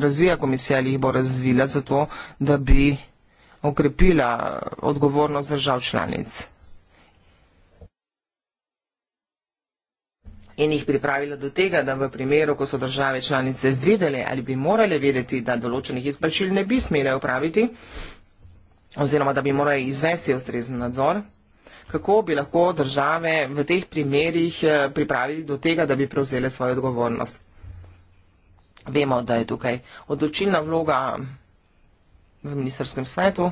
razvija komisija ali jih bo razvila za to, da bi okrepila odgovornost držav članic? in jih pripravila do tega, da v primeru, ko so države članice videli ali bi morali vedeti, da določenih izplačil ne bi smele upraviti oziroma da bi morali izvesti ustrezen nadzor, kako bi lahko države v teh primerjih eh, pripravili do tega, da bi prevzele svojo odgovornost. Vemo, da je tukaj odločilna vloga v ministerskem svetu,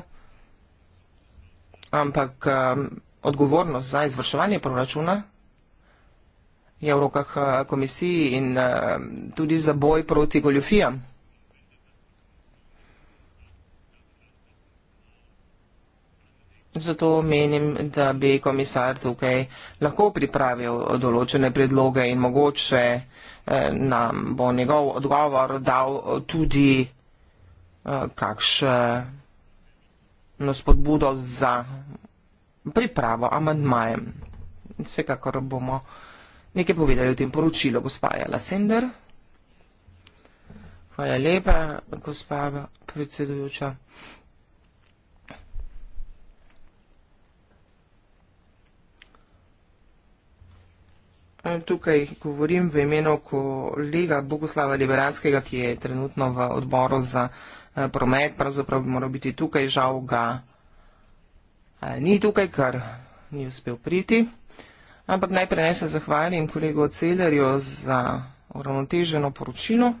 ampak eh, odgovornost za izvrševanje proračuna je v rokah eh, komisiji in eh, tudi za boj proti goljofijam. Zato menim, da bi komisar tukaj lahko pripravil določene predloge in mogoče eh, nam bo njegov odgovor dal tudi kakšno spodbudo za pripravo amandmajem. Vsekakor bomo vsega. Nekaj povedali o tem poročilu, gospa Jala Sender. Hvala lepa, gospa predsedujoča. Tukaj govorim v imenu kolega Bogoslava Liberanskega, ki je trenutno v odboru za eh, promet, pravzaprav bi moral biti tukaj, žal ga eh, ni tukaj, ker ni uspel priti. Ampak najprej naj se zahvalim kolegu Celerju za uravnoteženo poročilo,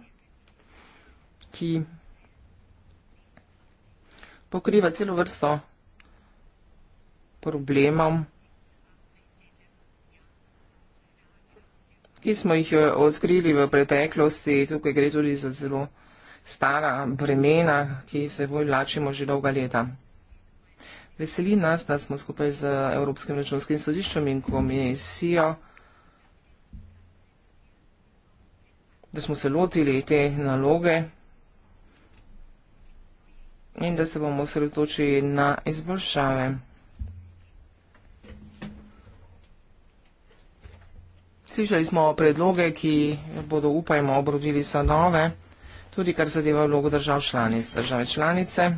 ki pokriva celo vrsto problemov, ki smo jih odkrili v preteklosti. Tukaj gre tudi za zelo stara bremena, ki se vlačimo že dolga leta. Veseli nas, da smo skupaj z Evropskim računskim sodiščem in komisijo, da smo se lotili te naloge in da se bomo sredotočili na izboljšave. Slišali smo predloge, ki bodo upajmo obrodili sadove, tudi kar zadeva vlogo držav članic, države članice.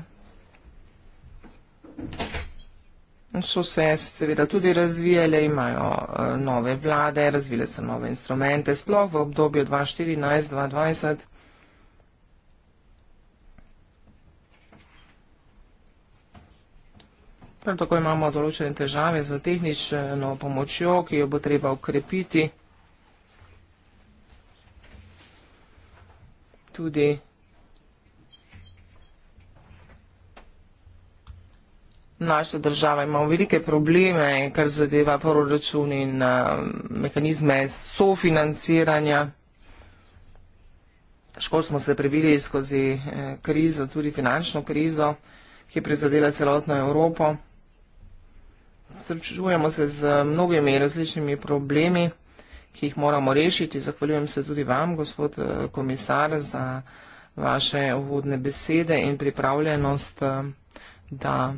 So se seveda tudi razvijale, imajo eh, nove vlade, razvile so nove instrumente, sploh v obdobju 2014-2020. Prav tako imamo določene težave z tehnično pomočjo, ki jo bo treba ukrepiti. Tudi Naša država ima velike probleme, kar zadeva proračun in uh, mehanizme sofinanciranja. Težko smo se prebili skozi eh, krizo, tudi finančno krizo, ki je prizadela celotno Evropo. Srečujemo se z mnogimi različnimi problemi, ki jih moramo rešiti. Zahvaljujem se tudi vam, gospod eh, komisar, za vaše uvodne besede in pripravljenost, eh, da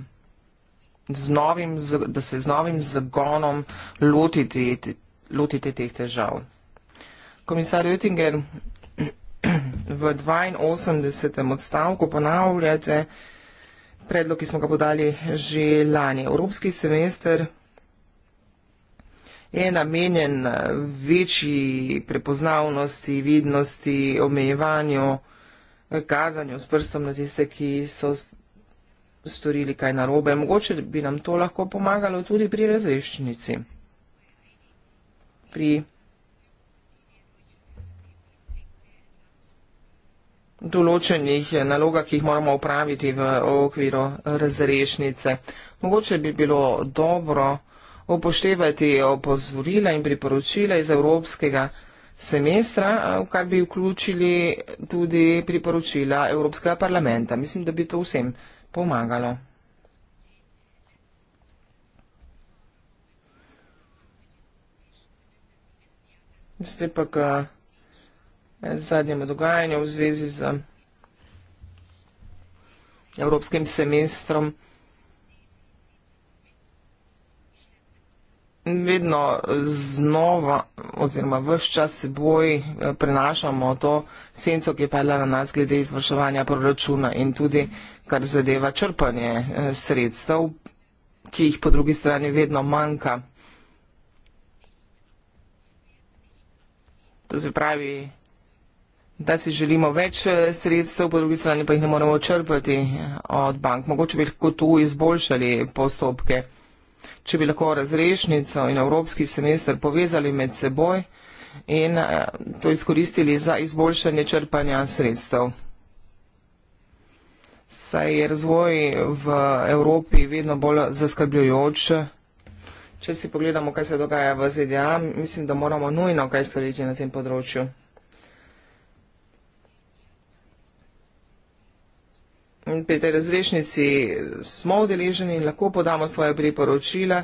z novim, da se z novim zagonom lotite, lotite teh težav. Komisar Oettinger, v 82. odstavku ponavljate predlog, ki smo ga podali že lani. Evropski semester je namenjen večji prepoznavnosti, vidnosti, omejevanju, kazanju s prstom na tiste, ki so storili kaj narobe. Mogoče bi nam to lahko pomagalo tudi pri razreščnici. Pri določenih nalogah, ki jih moramo upraviti v okviru razrešnice. Mogoče bi bilo dobro upoštevati opozorila in priporočila iz evropskega semestra, v kar bi vključili tudi priporočila Evropskega parlamenta. Mislim, da bi to vsem pomagalo. Zdaj pa k eh, zadnjemu dogajanju v zvezi z evropskim semestrom. Vedno znova oziroma vse čas seboj eh, prenašamo to senco, ki je padla na nas glede izvrševanja proračuna in tudi kar zadeva črpanje eh, sredstev, ki jih po drugi strani vedno manjka. To se pravi, da si želimo več eh, sredstev, po drugi strani pa jih ne moremo črpati eh, od bank. Mogoče bi lahko tu izboljšali postopke. Če bi lahko razrešnico in evropski semester povezali med seboj in to izkoristili za izboljšanje črpanja sredstev saj je razvoj v Evropi vedno bolj zaskrbljujoč. Če si pogledamo, kaj se dogaja v ZDA, mislim, da moramo nujno kaj storiti na tem področju. Pri tej razrešnici smo udeleženi in lahko podamo svoje priporočila.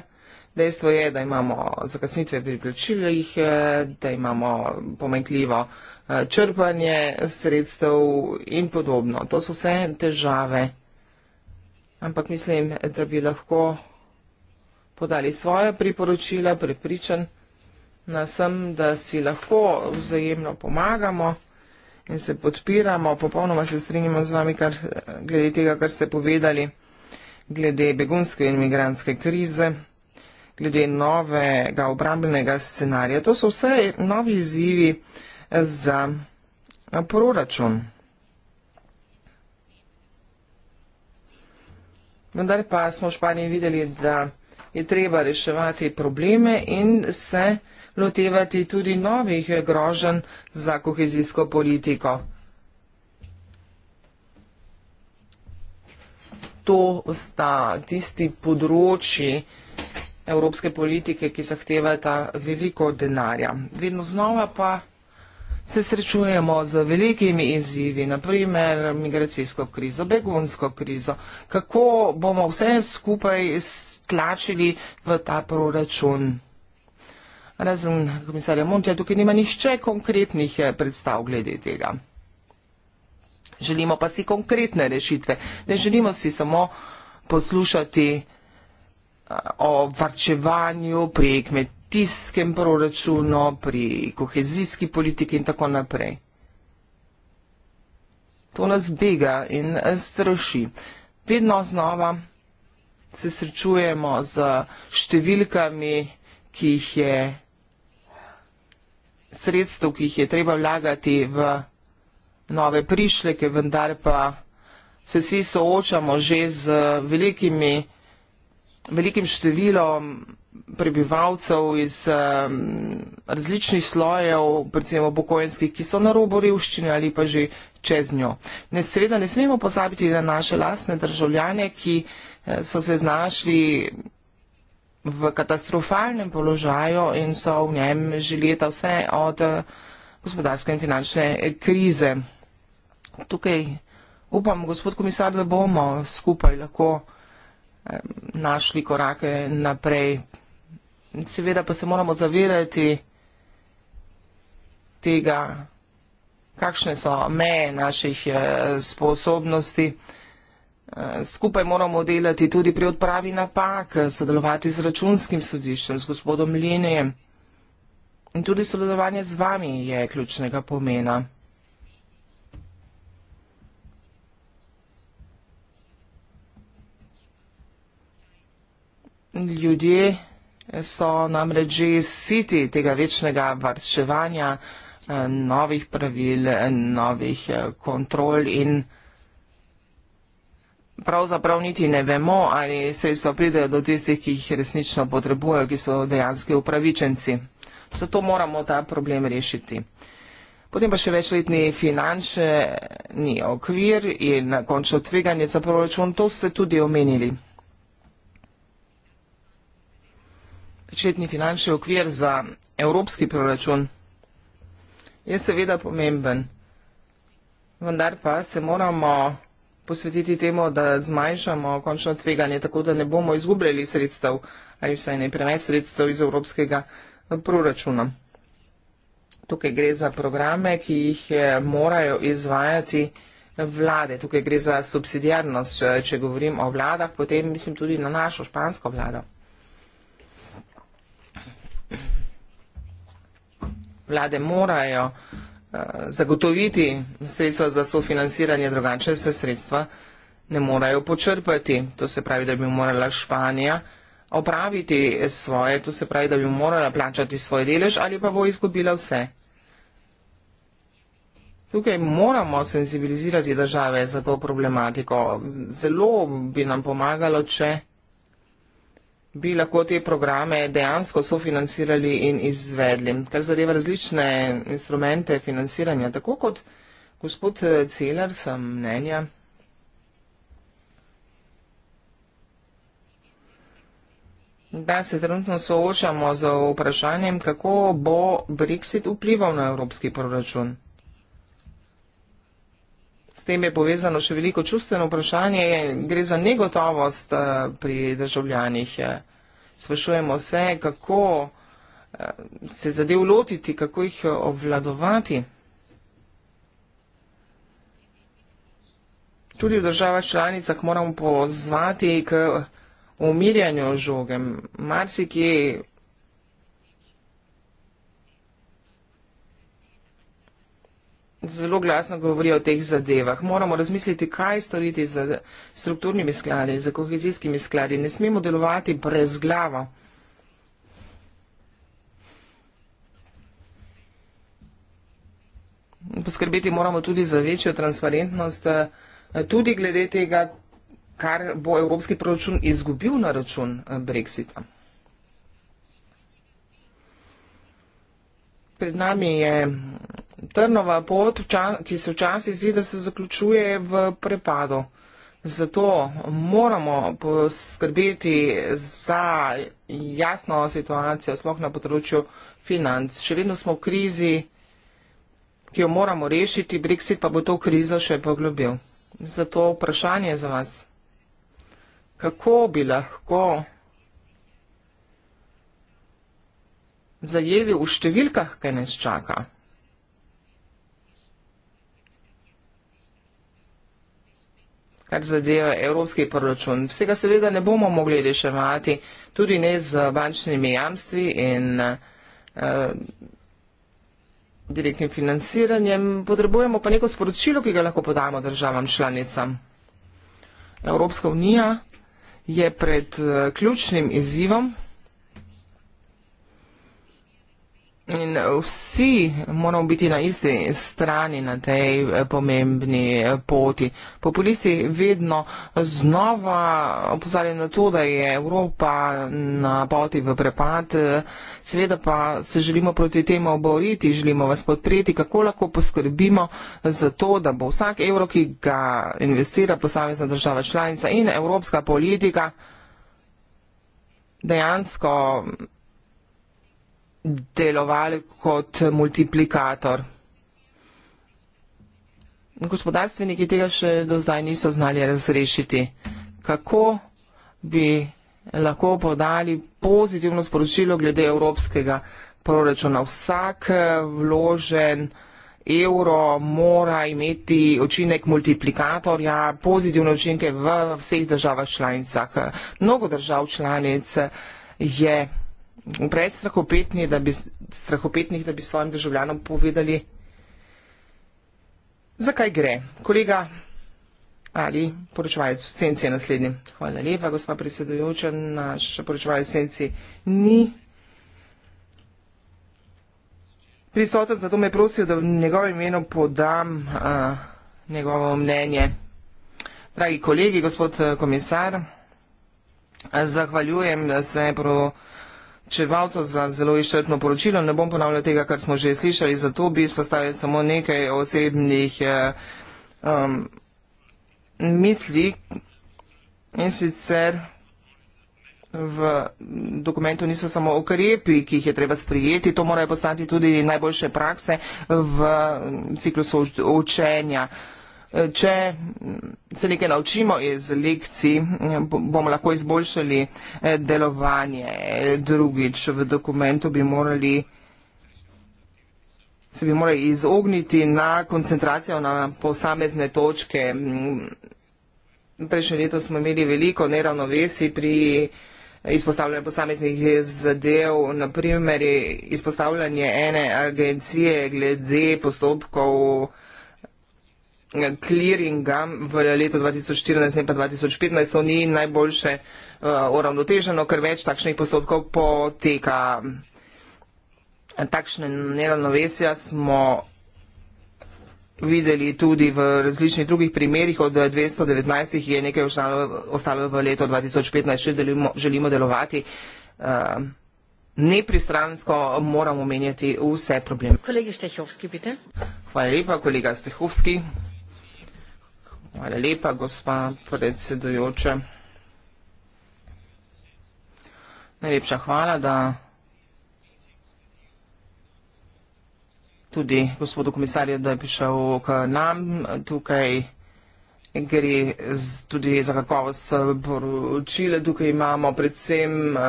Dejstvo je, da imamo zakasnitve pri plačilih, eh, da imamo pomenkljivo Eh, črpanje sredstev in podobno. To so vse težave. Ampak mislim, da bi lahko podali svoje priporočila, prepričan nas sem, da si lahko vzajemno pomagamo in se podpiramo. Popolnoma se strinjamo z vami, kar, glede tega, kar ste povedali, glede begunske in imigranske krize, glede novega obrambnega scenarija. To so vse novi izzivi za proračun. Vendar pa smo v Španiji videli, da je treba reševati probleme in se lotevati tudi novih grožen za kohezijsko politiko. To sta tisti področji evropske politike, ki zahtevata veliko denarja. Vedno znova pa se srečujemo z velikimi izzivi, naprimer migracijsko krizo, begunsko krizo. Kako bomo vse skupaj stlačili v ta proračun? Razen komisarja Montja, tukaj nima nišče konkretnih eh, predstav glede tega. Želimo pa si konkretne rešitve. Ne želimo si samo poslušati eh, o varčevanju pri kmetijstvu kmetijskem proračunu, pri kohezijski politiki in tako naprej. To nas bega in eh, straši. Vedno znova se srečujemo z številkami, ki jih je sredstev, ki jih je treba vlagati v nove prišleke, vendar pa se vsi soočamo že z velikimi, velikim številom prebivalcev iz um, različnih slojev, predvsem obokojenskih, ki so na robu revščine ali pa že čez njo. Ne, seveda ne smemo pozabiti na naše lastne državljane, ki eh, so se znašli v katastrofalnem položaju in so v njem že leta vse od eh, gospodarske in finančne eh, krize. Tukaj upam, gospod komisar, da bomo skupaj lahko našli korake naprej. Seveda pa se moramo zavedati tega, kakšne so meje naših eh, sposobnosti. Eh, skupaj moramo delati tudi pri odpravi napak, eh, sodelovati z računskim sodiščem, z gospodom Linijem. In tudi sodelovanje z vami je ključnega pomena. Ljudje so namreč že siti tega večnega varčevanja, eh, novih pravil, novih eh, kontrol in pravzaprav niti ne vemo, ali se so pridejo do tistih, ki jih resnično potrebujejo, ki so dejanski upravičenci. Zato moramo ta problem rešiti. Potem pa še večletni finančni okvir in na končno tveganje za proračun, to ste tudi omenili. začetni finančni okvir za evropski proračun je seveda pomemben. Vendar pa se moramo posvetiti temu, da zmanjšamo končno tveganje, tako da ne bomo izgubljali sredstev ali vsaj ne preveč sredstev iz evropskega eh, proračuna. Tukaj gre za programe, ki jih eh, morajo izvajati eh, vlade. Tukaj gre za subsidijarnost, če govorim o vladah, potem mislim tudi na našo špansko vlado. vlade morajo eh, zagotoviti sredstva za sofinansiranje, drugače se sredstva ne morajo počrpati. To se pravi, da bi morala Španija opraviti svoje, to se pravi, da bi morala plačati svoj delež ali pa bo izgubila vse. Tukaj moramo senzibilizirati države za to problematiko. Zelo bi nam pomagalo, če bi lahko te programe dejansko sofinancirali in izvedli. Kar zadeva različne instrumente financiranja, tako kot gospod eh, Celar, sem mnenja. Da se trenutno soočamo z vprašanjem, kako bo Brexit vplival na evropski proračun. S tem je povezano še veliko čustveno vprašanje, gre za negotovost eh, pri državljanih. Eh, Sprašujemo se, kako eh, se zadev lotiti, kako jih obvladovati. Tudi v državah članicah moramo pozvati k umirjanju žoge. Marsik je zelo glasno govori o teh zadevah. Moramo razmisliti, kaj storiti z strukturnimi skladi, z kohezijskimi skladi. Ne smemo delovati brez glava. Poskrbeti moramo tudi za večjo transparentnost, eh, tudi glede tega, kar bo evropski proračun izgubil na račun eh, Brexita. Pred nami je trnova pot, ki se včasih zdi, da se zaključuje v prepadu. Zato moramo poskrbeti za jasno situacijo, sploh na področju financ. Še vedno smo v krizi, ki jo moramo rešiti, Brexit pa bo to krizo še poglobil. Zato vprašanje za vas. Kako bi lahko zajeli v številkah, kaj nas čaka? kar zadeva evropski proračun. Vsega seveda ne bomo mogli reševati, tudi ne z bančnimi jamstvi in uh, direktnim financiranjem. Potrebujemo pa neko sporočilo, ki ga lahko podamo državam članicam. Evropska unija je pred uh, ključnim izzivom. In vsi moramo biti na isti strani na tej pomembni poti. Populisti vedno znova opozarjajo na to, da je Evropa na poti v prepad. Sveda pa se želimo proti temu oboriti, želimo vas podpreti, kako lahko poskrbimo za to, da bo vsak evro, ki ga investira posamezna država članica in evropska politika, dejansko delovali kot multiplikator. Gospodarstveniki tega še do zdaj niso znali razrešiti. Kako bi lahko podali pozitivno sporočilo glede evropskega proračuna? Vsak eh, vložen evro mora imeti učinek multiplikatorja, pozitivne učinke v vseh državah članicah. Mnogo držav članic je preveč strahopetni, strahopetnih, da bi svojim državljanom povedali, zakaj gre. Kolega ali poročevalec v senci je naslednji. Hvala lepa, gospa predsedujoča, naš poročevalec v senci ni prisoten, zato me prosijo, da v njegovem imenu podam a, njegovo mnenje. Dragi kolegi, gospod eh, komisar, zahvaljujem, da se je pro Črvalcu za zelo izčrpno poročilo. Ne bom ponavljal tega, kar smo že slišali, zato bi izpostavil samo nekaj osebnih eh, um, misli in sicer v dokumentu niso samo okrepi, ki jih je treba sprijeti, to morajo postati tudi najboljše prakse v ciklusu učenja. Uh, če se nekaj naučimo iz lekcij, bomo lahko izboljšali eh, delovanje. Drugič, v dokumentu bi morali se bi morali izogniti na koncentracijo na posamezne točke. Prejšnje leto smo imeli veliko neravnovesi pri izpostavljanju posameznih zadev, naprimer izpostavljanje ene agencije glede postopkov clearinga v letu 2014 in pa 2015, to ni najboljše eh, uravnoteženo, ker več takšnih postopkov poteka. Takšne neravnovesja smo videli tudi v različnih drugih primerjih, od 219 je nekaj ostalo, ostalo v letu 2015, še delimo, želimo delovati. Eh, nepristransko moramo menjati vse probleme. Kolegi Štehovski, pite. Hvala lepa, kolega Stehovski. Hvala lepa, gospa predsedujoča. Najlepša hvala, da tudi gospodu komisarju, da je prišel k nam tukaj. Gre tudi za kakovost poročila. Tukaj imamo predvsem eh,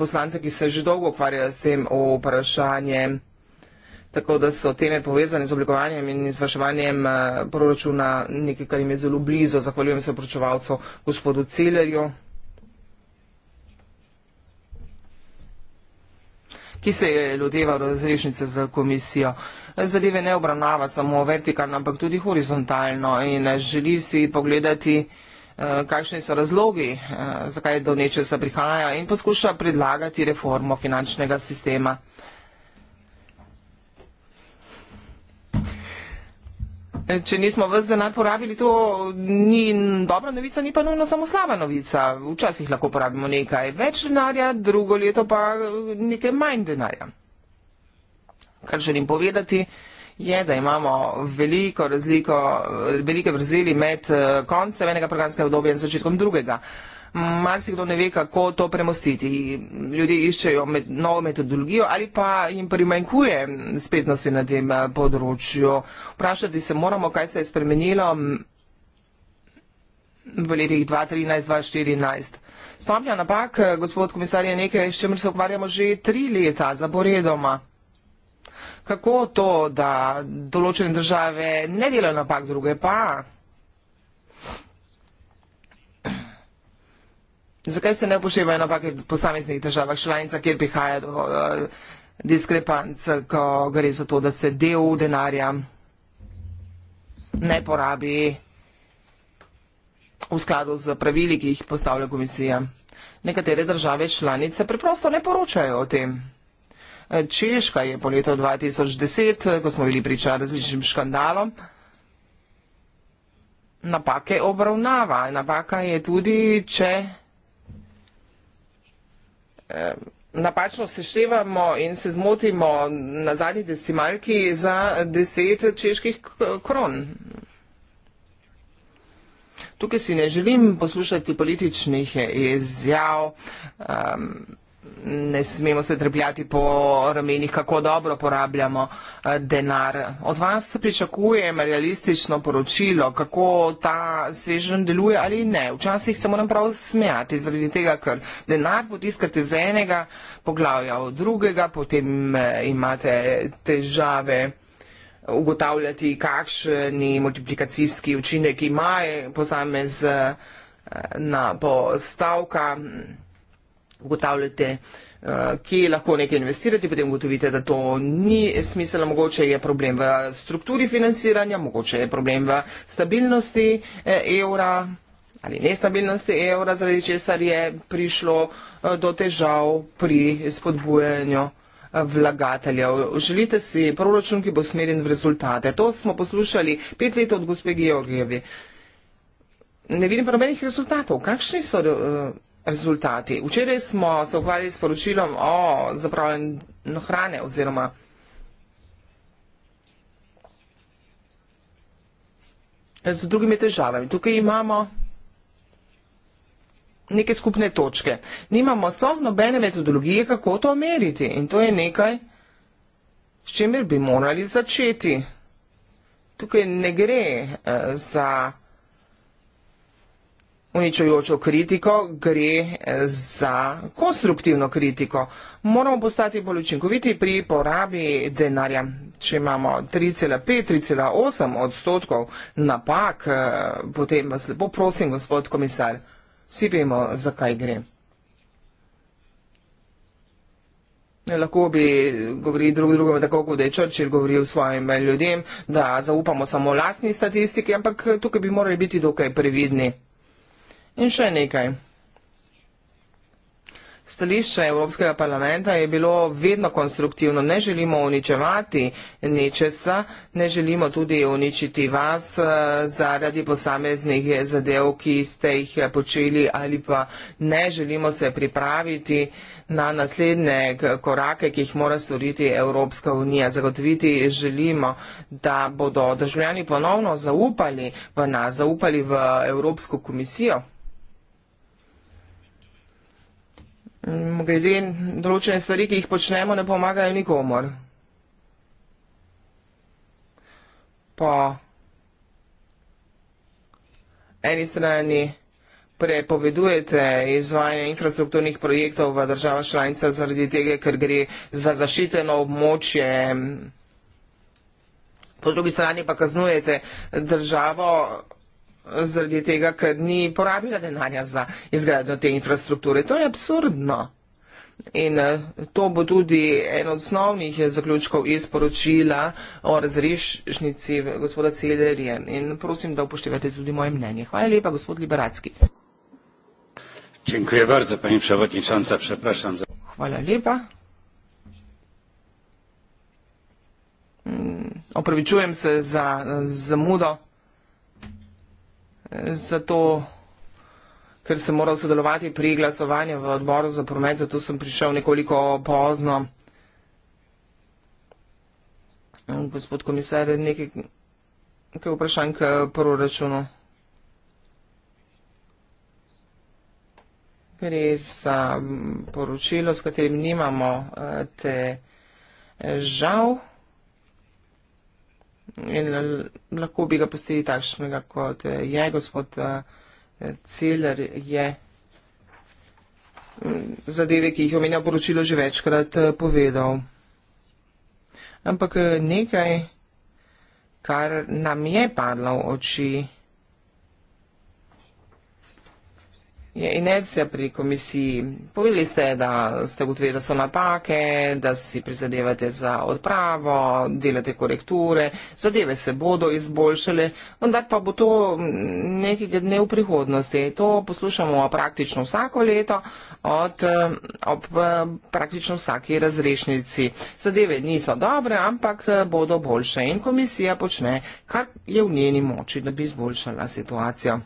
poslance, ki se že dolgo ukvarjajo s tem vprašanjem tako da so teme povezane z oblikovanjem in izvrševanjem eh, proračuna nekaj, kar jim je zelo blizu. Zahvaljujem se poročevalcu gospodu Celerju, ki se je lodeval razrešnice za komisijo. Zadeve ne obravnava samo vertikalno, ampak tudi horizontalno in želi si pogledati eh, kakšni so razlogi, eh, zakaj do nečesa prihaja in poskuša predlagati reformo finančnega sistema. Če nismo vse denar porabili, to ni dobra novica, ni pa nujno samo slaba novica. Včasih lahko porabimo nekaj več denarja, drugo leto pa nekaj manj denarja. Kar želim povedati je, da imamo veliko razliko, velike vrzeli med eh, koncem enega programskega obdobja in začetkom drugega marsikdo ne ve, kako to premostiti. Ljudje iščejo med, novo metodologijo ali pa jim primanjkuje spetnosti na tem eh, področju. Vprašati se moramo, kaj se je spremenilo mm, v letih 2013-2014. Stopnja napak, eh, gospod komisar, je nekaj, s čemer se ukvarjamo že tri leta zaporedoma. Kako to, da določene države ne delajo napak, druge pa? Zakaj se ne upoštevajo napake v posameznih državah, članicah, kjer prihaja do uh, diskrepanc, ko gre za to, da se del denarja ne porabi v skladu z pravili, ki jih postavlja komisija. Nekatere države članice preprosto ne poročajo o tem. Eh, Češka je po letu 2010, eh, ko smo bili priča različnim škandalom, napake obravnava. Napaka je tudi, če napačno seštevamo in se zmotimo na zadnji decimalki za deset čeških kron. Tukaj si ne želim poslušati političnih izjav. Um, ne smemo se trpljati po ramenih, kako dobro porabljamo eh, denar. Od vas se pričakujem realistično poročilo, kako ta svežen deluje ali ne. Včasih se moram prav smejati zaradi tega, ker denar potiskate z enega poglavja v drugega, potem eh, imate težave ugotavljati, kakšni multiplikacijski učinek ima posamez na postavka ugotavljate, eh, kje lahko nekaj investirate, potem ugotovite, da to ni smiselno, mogoče je problem v strukturi financiranja, mogoče je problem v stabilnosti eh, evra ali nestabilnosti evra, zaradi česar je prišlo eh, do težav pri spodbujanju vlagateljev. Želite si proračun, ki bo smerjen v rezultate. To smo poslušali pet let od gospe Georgijevi. Ne vidim pa nobenih rezultatov. Kakšni so uh, rezultati. Včeraj smo se ukvarjali s poročilom o zapravljanju hrane oziroma z drugimi težavami. Tukaj imamo neke skupne točke. Nimamo sploh nobene metodologije, kako to meriti. In to je nekaj, s čimer bi morali začeti. Tukaj ne gre eh, za uničujočo kritiko, gre eh, za konstruktivno kritiko. Moramo postati bolj učinkoviti pri porabi denarja. Če imamo 3,5-3,8 odstotkov napak, eh, potem vas lepo prosim, gospod komisar, vsi vemo, zakaj gre. Lahko bi govorili drug drugom, tako kot je Churchill govoril svojim eh, ljudem, da zaupamo samo lastni statistiki, ampak tukaj bi morali biti dokaj previdni. In še nekaj. Stališče Evropskega parlamenta je bilo vedno konstruktivno. Ne želimo uničevati nečesa, ne želimo tudi uničiti vas eh, zaradi posameznih zadev, ki ste jih počeli ali pa ne želimo se pripraviti na naslednje korake, ki jih mora storiti Evropska unija. Zagotoviti želimo, da bodo državljani ponovno zaupali v nas, zaupali v Evropsko komisijo. Mm, glede določene stvari, ki jih počnemo, ne pomagajo nikomor. Po eni strani prepovedujete izvajanje infrastrukturnih projektov v država članica zaradi tega, ker gre za zašiteno območje. Po drugi strani pa kaznujete državo zaradi tega, ker ni porabila denarja za izgradno te infrastrukture. To je absurdno. In eh, to bo tudi en od osnovnih zaključkov iz poročila o razrešnici gospoda Celerije. In prosim, da upoštevate tudi moje mnenje. Hvala lepa, gospod Liberacki. Bardzo, za... Hvala lepa. Mm, opravičujem se za eh, zamudo zato, ker sem moral sodelovati pri glasovanju v odboru za promet, zato sem prišel nekoliko pozno. Gospod komisar, nekaj, nekaj vprašanj k proračunu. Gre za poročilo, s katerim nimamo eh, te žal in lahko bi ga postili takšnega, kot eh, je gospod eh, Celer je mm, zadeve, ki jih je omenjal poročilo, že večkrat eh, povedal. Ampak nekaj, kar nam je padlo v oči, je inercija pri komisiji. Povedali ste, da ste ugotovili, da so napake, da si prizadevate za odpravo, delate korekture, zadeve se bodo izboljšale, vendar pa bo to nekaj dne v prihodnosti. To poslušamo praktično vsako leto od, ob praktično vsaki razrešnici. Zadeve niso dobre, ampak bodo boljše in komisija počne, kar je v njeni moči, da bi izboljšala situacijo.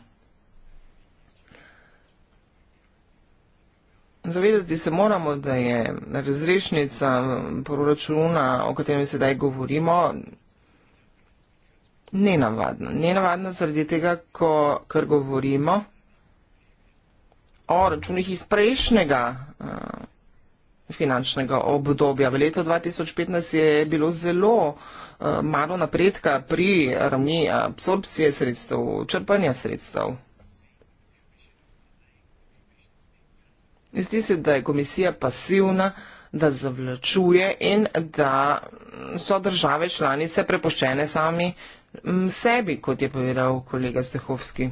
Zavedati se moramo, da je razrešnica proračuna, o katerem sedaj govorimo, nenavadna. Nenavadna zaradi tega, ko, kar govorimo o računih iz prejšnjega uh, finančnega obdobja. V letu 2015 je bilo zelo uh, malo napredka pri ravni absorpcije sredstev, črpanja sredstev. Zdi se, da je komisija pasivna, da zavlačuje in da so države članice prepoščene sami sebi, kot je povedal kolega Stehovski.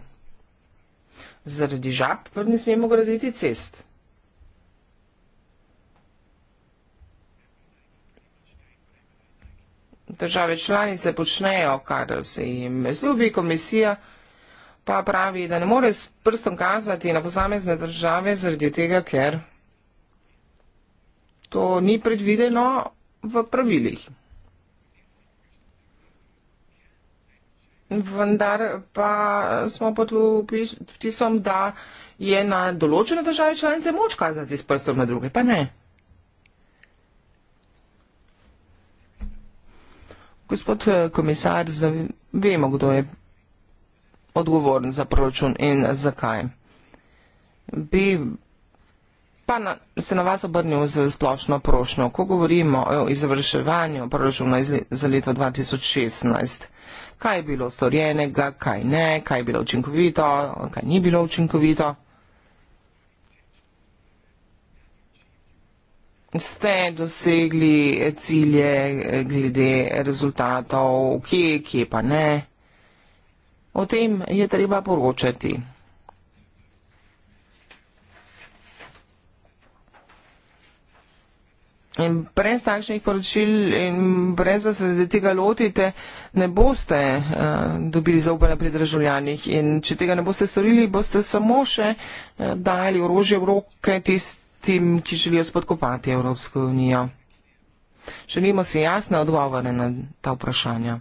Zaradi žab pa ne smemo graditi cest. Države članice počnejo, kar se jim zljubi, komisija pa pravi, da ne more s prstom kazati na posamezne države zaradi tega, ker to ni predvideno v pravilih. Vendar pa smo pod vtisom, da je na določene države članice moč kazati s prstom na druge, pa ne. Gospod eh, komisar, vemo, kdo je odgovoren za proračun in zakaj. Bi pa na, se na vas obrnil z splošno prošnjo. Ko govorimo o izvrševanju proračuna iz, za leto 2016, kaj je bilo storjenega, kaj ne, kaj je bilo učinkovito, kaj ni bilo učinkovito. Ste dosegli cilje glede rezultatov, kje, kje pa ne? O tem je treba poročati. In brez takšnih poročil in brez, da se tega lotite, ne boste uh, dobili zaupanja pri državljanih. In če tega ne boste storili, boste samo še uh, eh, dali orožje v roke tistim, ki želijo spodkopati Evropsko unijo. Želimo si jasne odgovore na ta vprašanja.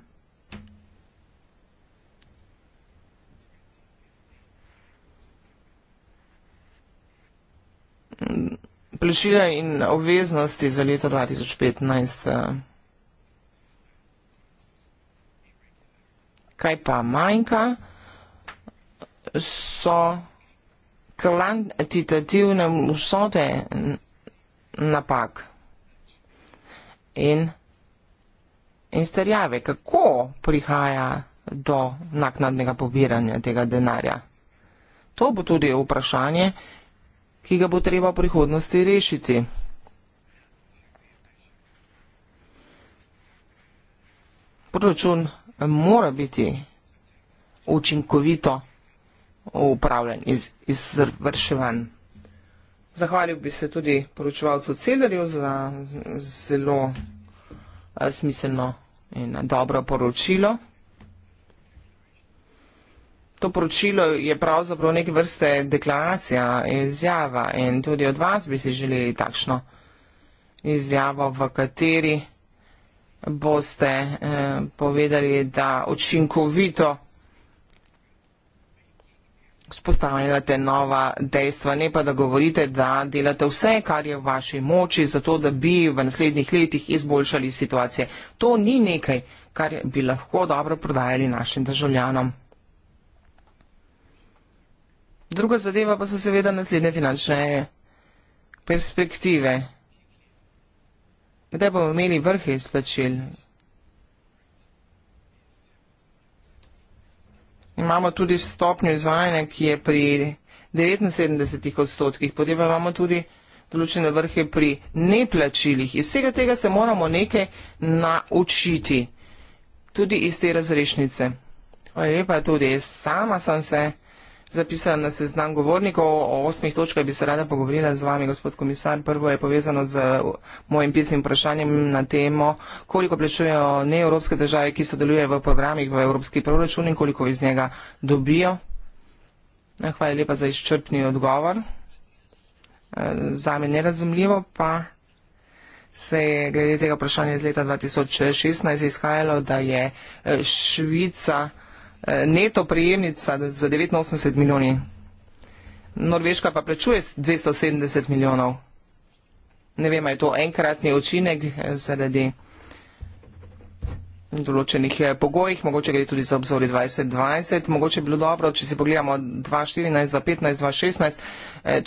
plešila in obveznosti za leto 2015. Eh. Kaj pa manjka? So kvantitativne vsote napak in, in starjave. Kako prihaja do naknadnega pobiranja tega denarja? To bo tudi vprašanje, ki ga bo treba v prihodnosti rešiti. Proračun mora biti učinkovito upravljen, iz, izvrševan. Zahvalil bi se tudi poročevalcu Cedarju za zelo eh, smiselno in dobro poročilo. To poročilo je pravzaprav neke vrste deklaracija, izjava in tudi od vas bi si želeli takšno izjavo, v kateri boste eh, povedali, da učinkovito spostavljate nova dejstva, ne pa da govorite, da delate vse, kar je v vaši moči, zato da bi v naslednjih letih izboljšali situacije. To ni nekaj, kar bi lahko dobro prodajali našim državljanom. Druga zadeva pa so seveda naslednje finančne perspektive. Kdaj bomo imeli vrhe izplačil? Imamo tudi stopnjo izvajanja, ki je pri 79 odstotkih, potem pa imamo tudi določene vrhe pri neplačilih. Iz vsega tega se moramo nekaj naučiti, tudi iz te razrešnice. Hvala lepa tudi, sama sem se zapisan na seznam govornikov. O osmih točkah bi se rada pogovorila z vami, gospod komisar. Prvo je povezano z mojim pisnim vprašanjem na temo, koliko plačujejo neevropske države, ki sodelujejo v programih v evropski proračun in koliko iz njega dobijo. Ja, hvala lepa za izčrpni odgovor. E, zame nerazumljivo pa se je glede tega vprašanja iz leta 2016 izhajalo, da je e, Švica neto prijemnica za 89 milijoni. Norveška pa plačuje 270 milijonov. Ne vem, je to enkratni učinek eh, zaradi določenih eh, pogojih, mogoče gre tudi za obzori 2020, mogoče bi bilo dobro, če si pogledamo 2014, 2015, 2016,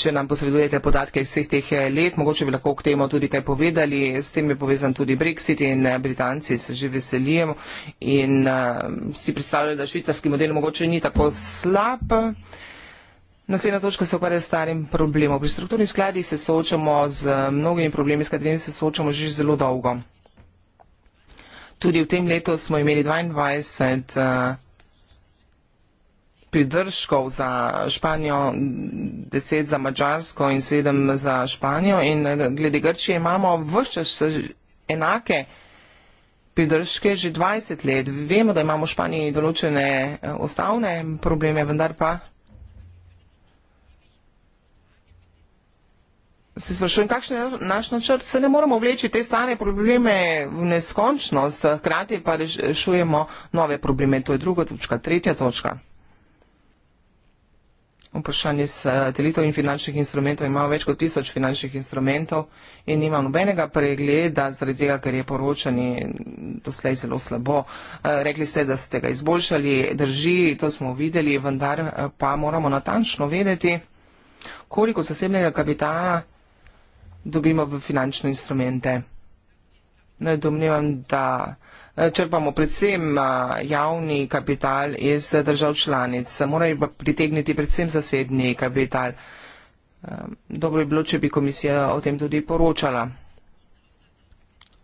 če nam posredujete podatke vseh teh eh, let, mogoče bi lahko k temu tudi kaj povedali, s tem je povezan tudi Brexit in eh, Britanci se že veselijo in si predstavljajo, da švicarski model mogoče ni tako slab. Naslednja točka se ukvarja s starim problemom. Pri strukturnih skladih se soočamo z mnogimi problemi, s katerimi se soočamo že zelo dolgo. Tudi v tem letu smo imeli 22 uh, eh, pridržkov za Španijo, 10 za Mačarsko in 7 za Španijo. In eh, glede Grčije imamo vrščas enake pridržke že 20 let. Vemo, da imamo v Španiji določene eh, ustavne probleme, vendar pa se sprašujem, kakšen je naš načrt, se ne moramo vleči te stare probleme v neskončnost, hkrati pa rešujemo nove probleme. To je druga točka, tretja točka. Vprašanje satelitov in finančnih instrumentov. Imamo več kot tisoč finančnih instrumentov in nimam nobenega pregleda, zaradi tega, ker je poročanje doslej zelo slabo. Eh, rekli ste, da ste ga izboljšali, drži, to smo videli, vendar pa moramo natančno vedeti, koliko zasebnega kapitala dobimo v finančne instrumente. Naj domnevam, da eh, črpamo predvsem eh, javni kapital iz eh, držav članic, morajo pa pritegniti predvsem zasebni kapital. Dobro bi bilo, če bi komisija o tem tudi poročala.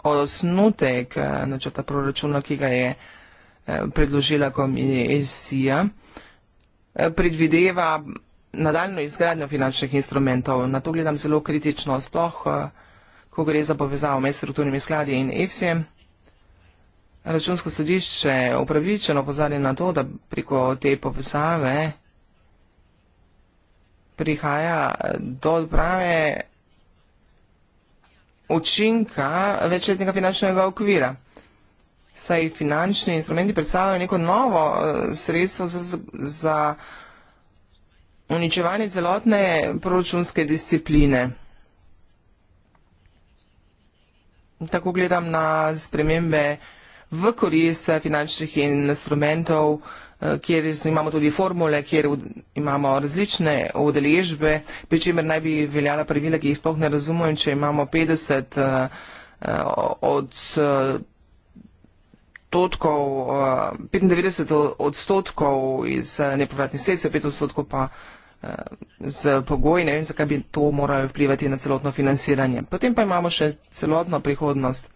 Osnutek načrta proračuna, ki ga je predložila komisija, predvideva nadaljno izgradnjo finančnih instrumentov. Na to gledam zelo kritično, sploh eh, ko gre za povezavo med strukturnimi skladi in EFSI-jem. Računsko sodišče upravičeno pozarja na to, da preko te povezave prihaja eh, do odprave učinka večletnega finančnega okvira. Saj finančni instrumenti predstavljajo neko novo eh, sredstvo za, za uničevanje celotne proračunske discipline. Tako gledam na spremembe v korist finančnih instrumentov, eh, kjer imamo tudi formule, kjer imamo različne udeležbe, pri čemer naj bi veljala pravila, ki jih sploh ne razumem, če imamo 50 eh, eh, od totkov, 95 odstotkov iz nepovratnih sredstev, 5 odstotkov pa odstotkov. Eh, z pogoji, ne vem, zakaj bi to moralo vplivati na celotno financiranje. Potem pa imamo še celotno prihodnost.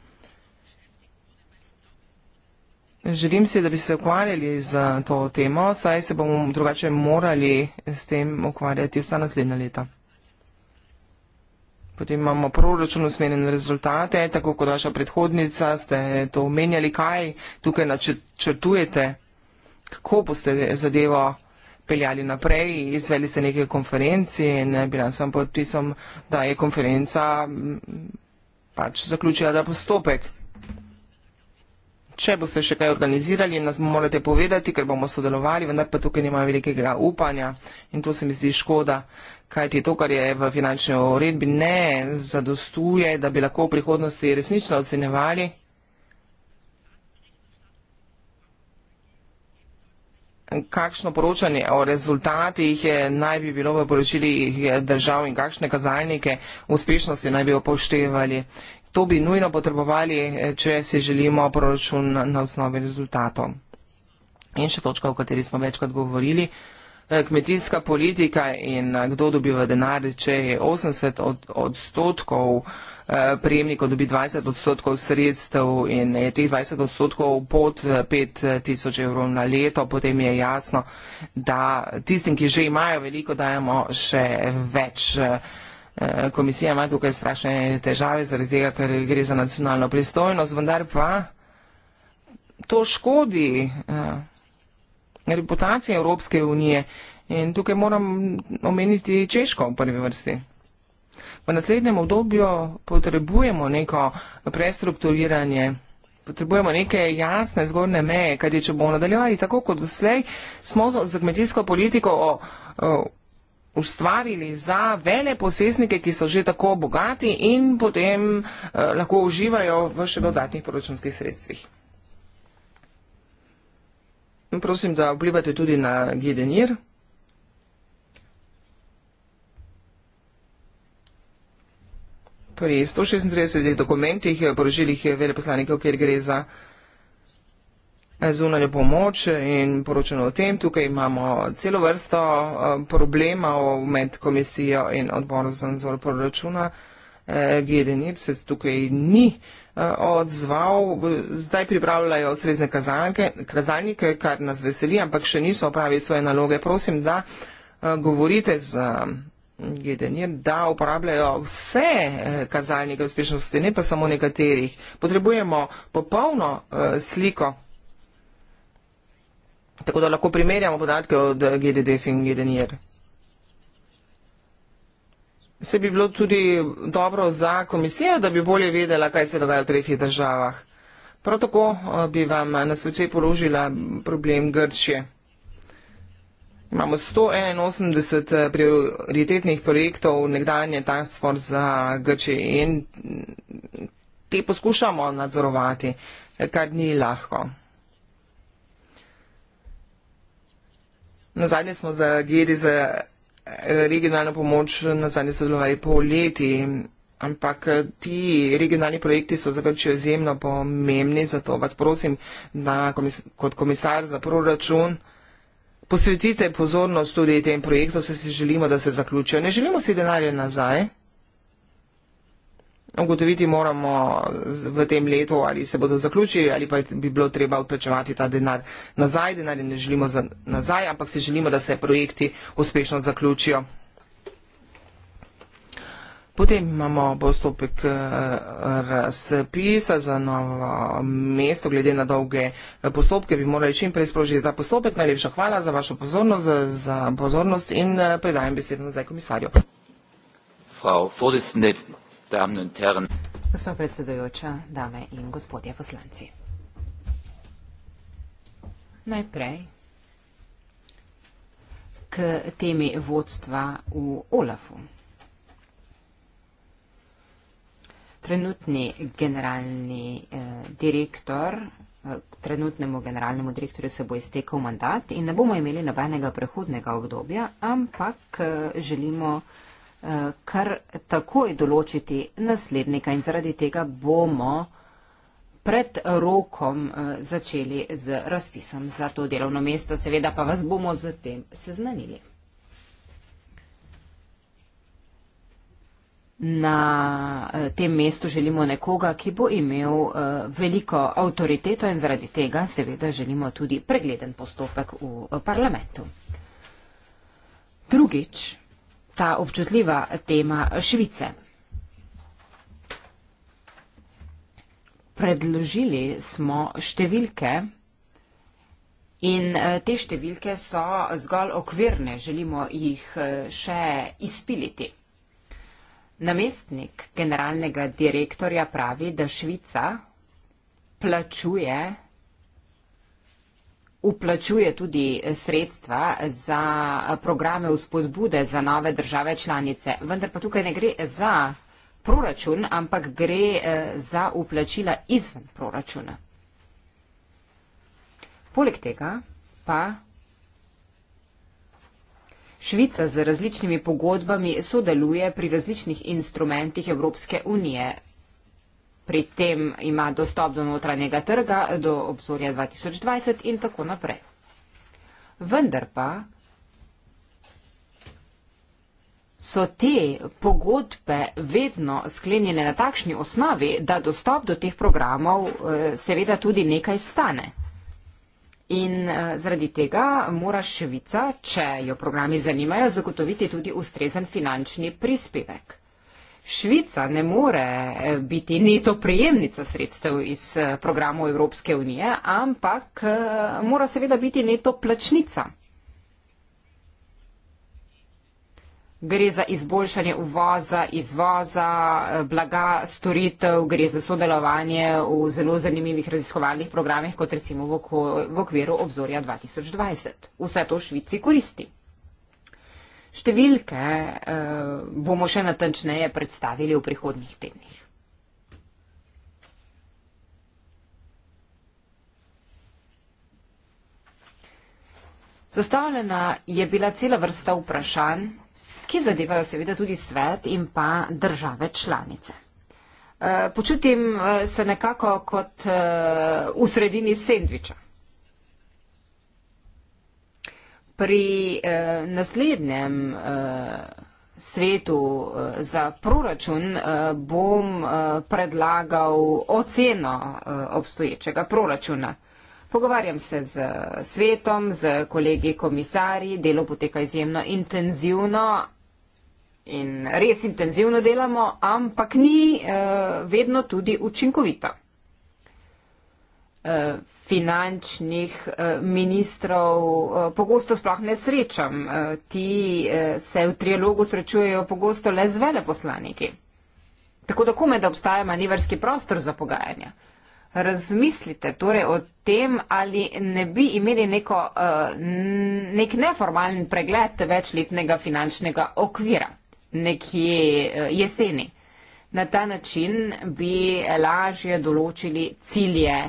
Želim si, da bi se ukvarjali z to temo, saj se bomo drugače morali s tem ukvarjati vsa naslednja leta. Potem imamo proračun usmenjene rezultate, tako kot vaša predhodnica, ste to omenjali, kaj tukaj načrtujete, kako boste zadevo peljali naprej, izveli ste nekaj konferenc in eh, bila sem podpisom, da je konferenca mm, pač zaključila ta postopek. Če boste še kaj organizirali, nas morate povedati, ker bomo sodelovali, vendar pa tukaj nima velikega upanja in to se mi zdi škoda, kajti to, kar je v finančni uredbi, ne zadostuje, da bi lahko v prihodnosti resnično ocenevali. kakšno poročanje o rezultatih je, eh, naj bi bilo v poročilih eh, držav in kakšne kazalnike uspešnosti naj bi upoštevali. To bi nujno potrebovali, eh, če si želimo proračun na osnovi rezultatov. In še točka, o kateri smo večkrat govorili. Eh, kmetijska politika in eh, kdo dobiva denar, če je 80 od, odstotkov eh, prijemnikov dobi 20 odstotkov sredstev in je teh 20 odstotkov pod 5000 evrov na leto, potem je jasno, da tistim, ki že imajo veliko, dajemo še več. Komisija ima tukaj strašne težave zaradi tega, ker gre za nacionalno pristojnost, vendar pa to škodi. Ja reputacija Evropske unije. In tukaj moram omeniti Češko v prvi vrsti. V naslednjem obdobju potrebujemo neko prestrukturiranje, potrebujemo neke jasne zgornje meje, kajti če bomo nadaljevali tako kot doslej, smo za kmetijsko politiko o, o, ustvarili za vele posesnike, ki so že tako bogati in potem o, eh, lahko uživajo v še dodatnih proračunskih sredstvih prosim, da vplivate tudi na Gidenir. Pri 136 dokumentih, eh, poročilih veleposlanikov, kjer gre za eh, zunanjo pomoč in poročeno o tem, tukaj imamo celo vrsto eh, problemov med komisijo in odborom za nadzor proračuna. Eh, Gedenice tukaj ni eh, odzval. Zdaj pripravljajo ustrezne kazalnike, kar nas veseli, ampak še niso opravili svoje naloge. Prosim, da eh, govorite z Gedenir, da uporabljajo vse kazalnike uspešnosti, ne pa samo nekaterih. Potrebujemo popolno sliko. Tako da lahko primerjamo podatke od GDDF in GDNR. Se bi bilo tudi dobro za komisijo, da bi bolje vedela, kaj se dogaja v tretjih državah. Prav tako eh, bi vam na svece položila problem Grčije. Imamo 181 eh, prioritetnih projektov, nekdanje task force za Grčije in te poskušamo nadzorovati, eh, kar ni lahko. Na zadnje smo za Giri za regionalno pomoč na zadnje sodelovali pol leti, ampak ti regionalni projekti so za Grčijo izjemno pomembni, zato vas prosim, da komis kot komisar za proračun posvetite pozornost tudi tem projektom, se si želimo, da se zaključijo. Ne želimo si denarja nazaj, ugotoviti moramo v tem letu, ali se bodo zaključili, ali pa bi bilo treba odplačevati ta denar nazaj. Denar ne želimo za nazaj, ampak si želimo, da se projekti uspešno zaključijo. Potem imamo postopek eh, razpisa za novo mesto, glede na dolge eh, postopke bi morali čim prej sprožiti ta postopek. Najlepša hvala za vašo pozornost, za pozornost in eh, predajam besedo nazaj komisarju. Frau Vorsitzende, Gospa predsedujoča, dame in gospodje poslanci. Najprej k temi vodstva v OLAF-u. Trenutni generalni eh, direktor, eh, trenutnemu generalnemu direktorju se bo iztekel mandat in ne bomo imeli nobenega prehodnega obdobja, ampak eh, želimo kar takoj določiti naslednika in zaradi tega bomo pred rokom eh, začeli z razpisom za to delovno mesto, seveda pa vas bomo z tem seznanili. Na eh, tem mestu želimo nekoga, ki bo imel eh, veliko avtoriteto in zaradi tega seveda želimo tudi pregleden postopek v parlamentu. Drugič, ta občutljiva tema Švice. Predložili smo številke in eh, te številke so zgolj okvirne, želimo jih eh, še izpiliti. Namestnik generalnega direktorja pravi, da Švica plačuje Vplačuje tudi sredstva za programe vzpodbude za nove države članice. Vendar pa tukaj ne gre za proračun, ampak gre eh, za vplačila izven proračuna. Poleg tega pa Švica z različnimi pogodbami sodeluje pri različnih instrumentih Evropske unije pri tem ima dostop do notranjega trga, do obzorja 2020 in tako naprej. Vendar pa so te pogodbe vedno sklenjene na takšni osnovi, da dostop do teh programov eh, seveda tudi nekaj stane. In eh, zaradi tega mora Švica, če jo programi zanimajo, zagotoviti tudi ustrezen finančni prispevek. Švica ne more eh, biti neto prejemnica sredstev iz eh, programov Evropske unije, ampak eh, mora seveda biti neto plačnica. Gre za izboljšanje uvoza, izvoza, blaga, storitev, gre za sodelovanje v zelo zanimivih raziskovalnih programih, kot recimo v okviru obzorja 2020. Vse to v Švici koristi. Številke eh, bomo še natančneje predstavili v prihodnih tednih. Zastavljena je bila cela vrsta vprašanj, ki zadevajo seveda tudi svet in pa države članice. Eh, počutim eh, se nekako kot eh, v sredini sendviča. pri eh, naslednjem eh, svetu eh, za proračun eh, bom eh, predlagal oceno eh, obstoječega proračuna. Pogovarjam se z eh, svetom, z kolegi komisarji, delo poteka izjemno intenzivno in res intenzivno delamo, ampak ni eh, vedno tudi učinkovito. Eh, finančnih eh, ministrov eh, pogosto sploh ne srečam. Ti se v trialogu srečujejo pogosto le z veleposlaniki. Tako da kome, da obstaja manevrski prostor za pogajanja. Razmislite torej o tem, ali ne bi imeli neko, nek neformalen pregled večletnega finančnega okvira nekje jeseni. Na ta način bi lažje določili cilje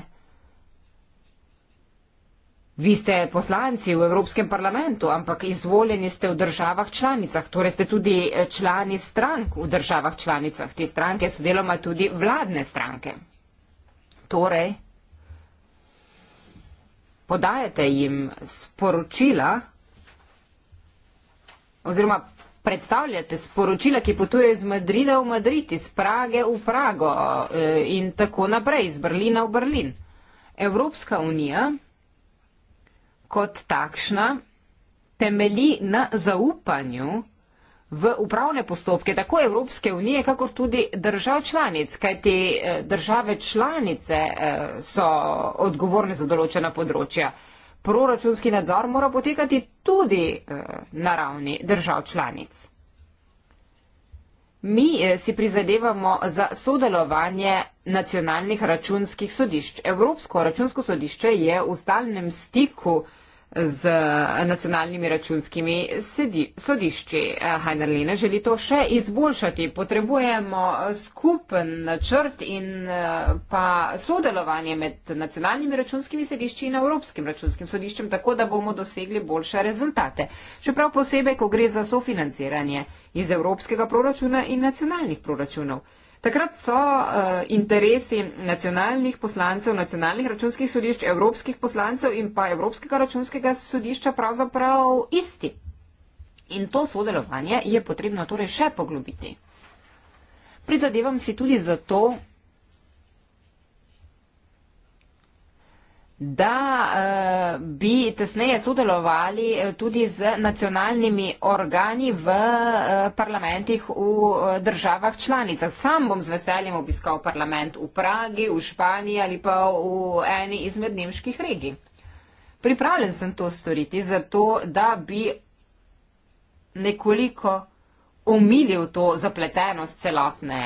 Vi ste poslanci v Evropskem parlamentu, ampak izvoljeni ste v državah članicah, torej ste tudi eh, člani strank v državah članicah. Te stranke so deloma tudi vladne stranke. Torej, podajate jim sporočila oziroma predstavljate sporočila, ki potuje iz Madrida v Madrid, iz Prage v Prago eh, in tako naprej, iz Berlina v Berlin. Evropska unija kot takšna temelji na zaupanju v upravne postopke tako Evropske unije, kakor tudi držav članic, kajti eh, države članice eh, so odgovorne za določena področja. Proračunski nadzor mora potekati tudi eh, na ravni držav članic. Mi si prizadevamo za sodelovanje nacionalnih računskih sodišč. Evropsko računsko sodišče je v stalnem stiku z nacionalnimi računskimi sodišči. Heinerlin eh, želi to še izboljšati. Potrebujemo skupen načrt in eh, pa sodelovanje med nacionalnimi računskimi sodišči in Evropskim računskim sodiščem, tako da bomo dosegli boljše rezultate. Čeprav posebej, ko gre za sofinanciranje iz evropskega proračuna in nacionalnih proračunov. Takrat so uh, interesi nacionalnih poslancev, nacionalnih računskih sodišč, evropskih poslancev in pa evropskega računskega sodišča pravzaprav isti. In to sodelovanje je potrebno torej še poglobiti. Prizadevam si tudi za to, da eh, bi tesneje sodelovali eh, tudi z nacionalnimi organi v eh, parlamentih v državah članicah. Sam bom z veseljem obiskal parlament v Pragi, v Španiji ali pa v eni izmed nemških regij. Pripravljen sem to storiti zato, da bi nekoliko omilil to zapletenost celotne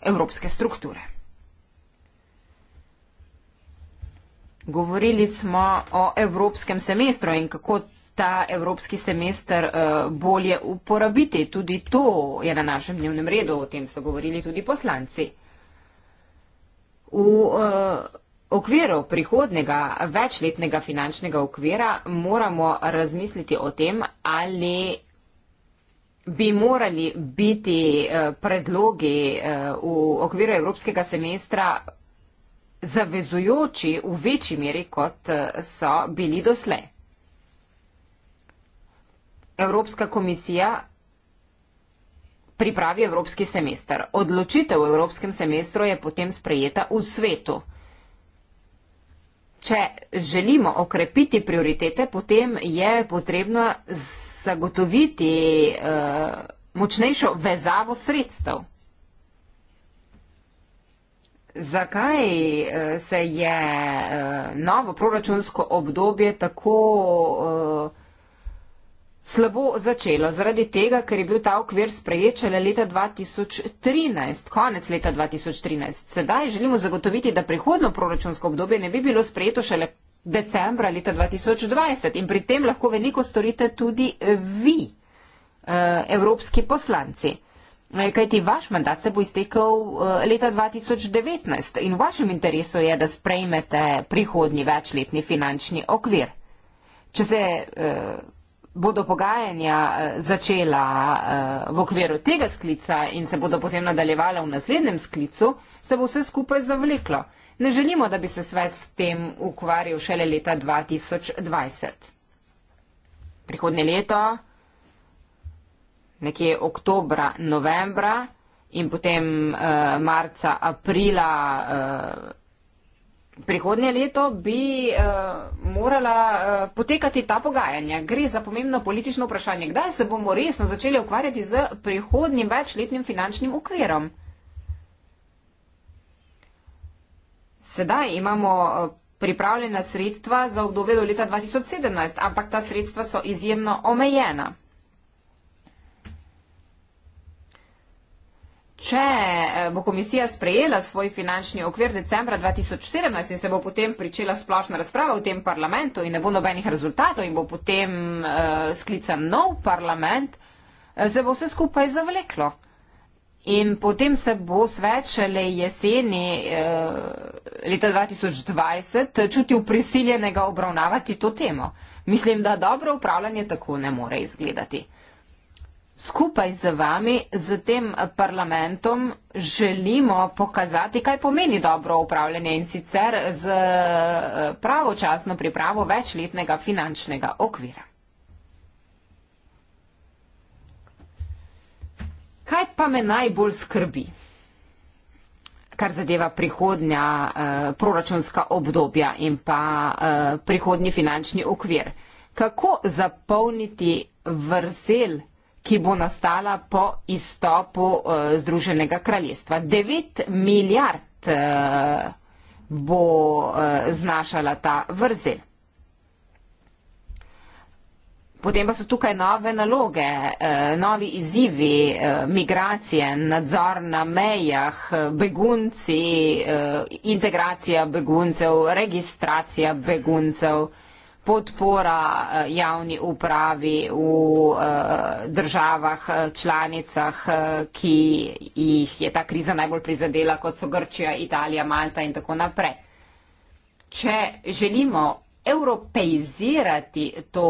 evropske strukture. Govorili smo o evropskem semestru in kako ta evropski semester eh, bolje uporabiti. Tudi to je na našem dnevnem redu, o tem so govorili tudi poslanci. V eh, okviru prihodnega večletnega finančnega okvira moramo razmisliti o tem, ali bi morali biti eh, predlogi v okviru evropskega semestra zavezujoči v večji meri, kot eh, so bili doslej. Evropska komisija pripravi evropski semester. Odločitev v evropskem semestru je potem sprejeta v svetu. Če želimo okrepiti prioritete, potem je potrebno zagotoviti uh, močnejšo vezavo sredstev. Zakaj eh, se je eh, novo proračunsko obdobje tako eh, slabo začelo? Zaradi tega, ker je bil ta okvir sprejet šele leta 2013, konec leta 2013. Sedaj želimo zagotoviti, da prihodno proračunsko obdobje ne bi bilo sprejeto šele decembra leta 2020 in pri tem lahko veliko storite tudi vi, evropski poslanci. Eh, kajti vaš mandat se bo iztekel eh, leta 2019 in vašem interesu je, da sprejmete prihodnji večletni finančni okvir. Če se eh, bodo pogajanja začela v okviru tega sklica in se bodo potem nadaljevala v naslednjem sklicu, se bo vse skupaj zavleklo. Ne želimo, da bi se svet s tem ukvarjal šele leta 2020. Prihodnje leto nekje oktobra, novembra in potem uh, marca, aprila uh, prihodnje leto bi uh, morala uh, potekati ta pogajanja. Gre za pomembno politično vprašanje. Kdaj se bomo resno začeli ukvarjati z prihodnim večletnim finančnim okvirom? Sedaj imamo pripravljena sredstva za obdobje do leta 2017, ampak ta sredstva so izjemno omejena. če eh, bo komisija sprejela svoj finančni okvir decembra 2017 in se bo potem pričela splošna razprava v tem parlamentu in ne bo nobenih rezultatov in bo potem uh, sklican nov parlament, eh, se bo vse skupaj zavleklo. In potem se bo svečele jeseni uh, leta 2020 čutil prisiljenega obravnavati to temo. Mislim, da dobro upravljanje tako ne more izgledati skupaj z vami, z tem parlamentom želimo pokazati, kaj pomeni dobro upravljanje in sicer z eh, pravočasno pripravo večletnega finančnega okvira. Kaj pa me najbolj skrbi, kar zadeva prihodnja eh, proračunska obdobja in pa eh, prihodnji finančni okvir? Kako zapolniti vrzel? ki bo nastala po izstopu uh, Združenega kraljestva. 9 milijard uh, bo uh, znašala ta vrzel. Potem pa so tukaj nove naloge, novi izzivi, migracije, nadzor na mejah, begunci, integracija beguncev, registracija beguncev podpora eh, javni upravi v eh, državah, eh, članicah, ki jih je ta kriza najbolj prizadela, kot so Grčija, Italija, Malta in tako naprej. Če želimo evropeizirati to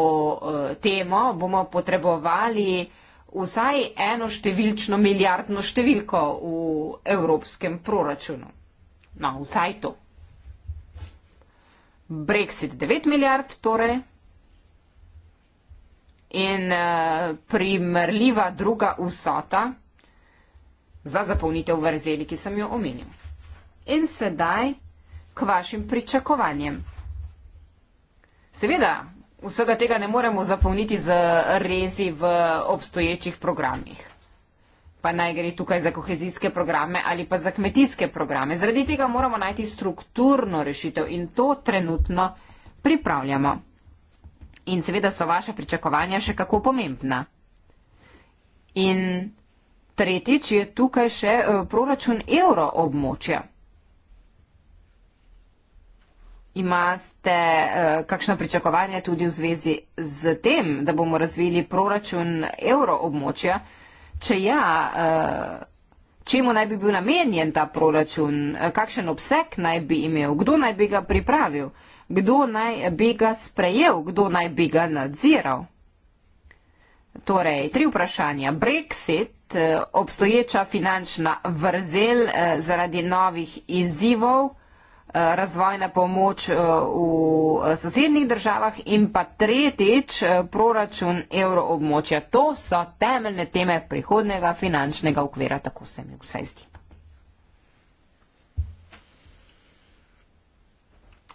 temo, bomo potrebovali vsaj eno številčno milijardno številko v evropskem proračunu. No, vsaj to. Brexit 9 milijard torej in eh, primerljiva druga vsota za zapolnitev vrzeli, ki sem jo omenil. In sedaj k vašim pričakovanjem. Seveda, vsega tega ne moremo zapolniti z rezi v obstoječih programih pa naj gre tukaj za kohezijske programe ali pa za kmetijske programe. Zaradi tega moramo najti strukturno rešitev in to trenutno pripravljamo. In seveda so vaše pričakovanja še kako pomembna. In tretjič je tukaj še eh, proračun evroobmočja. Imate eh, kakšno pričakovanje tudi v zvezi z tem, da bomo razvili proračun evroobmočja? če ja, eh, čemu naj bi bil namenjen ta proračun, eh, kakšen obseg naj bi imel, kdo naj bi ga pripravil, kdo naj bi ga sprejel, kdo naj bi ga nadziral. Torej, tri vprašanja. Brexit, eh, obstoječa finančna vrzel zaradi novih izzivov razvojna pomoč eh, v eh, sosednjih državah in pa tretjič eh, proračun evroobmočja. To so temeljne teme prihodnega finančnega okvira, tako se mi vsaj zdi.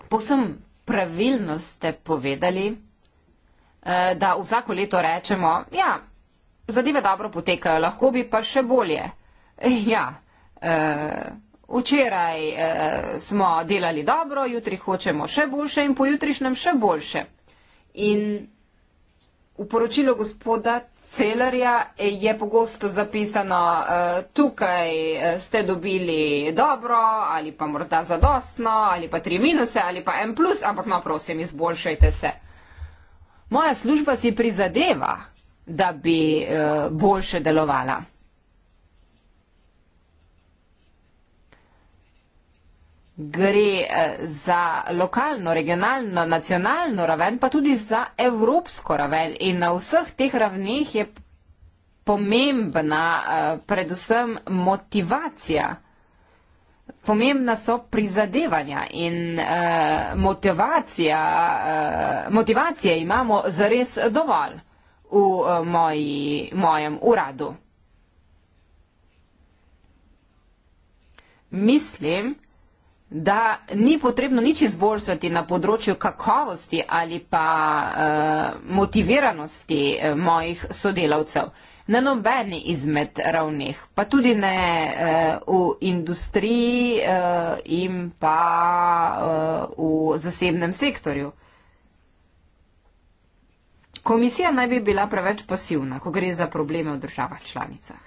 Posem pravilno ste povedali, da vsako leto rečemo, ja, zadeve dobro potekajo, lahko bi pa še bolje. Ja, eh, včeraj eh, smo delali dobro, jutri hočemo še boljše in pojutrišnjem še boljše. In v poročilu gospoda Celerja je pogosto zapisano, eh, tukaj eh, ste dobili dobro ali pa morda zadostno ali pa tri minuse ali pa en plus, ampak no prosim, izboljšajte se. Moja služba si prizadeva, da bi eh, boljše delovala. gre eh, za lokalno, regionalno, nacionalno raven, pa tudi za evropsko raven. In na vseh teh ravneh je pomembna eh, predvsem motivacija. Pomembna so prizadevanja in eh, motivacija, eh, motivacije imamo zares dovolj v eh, moji, mojem uradu. Mislim, da ni potrebno nič izboljšati na področju kakovosti ali pa uh, motiviranosti eh, mojih sodelavcev. Na nobeni izmed ravneh, pa tudi ne uh, v industriji uh, in pa uh, v zasebnem sektorju. Komisija naj bi bila preveč pasivna, ko gre za probleme v državah članicah.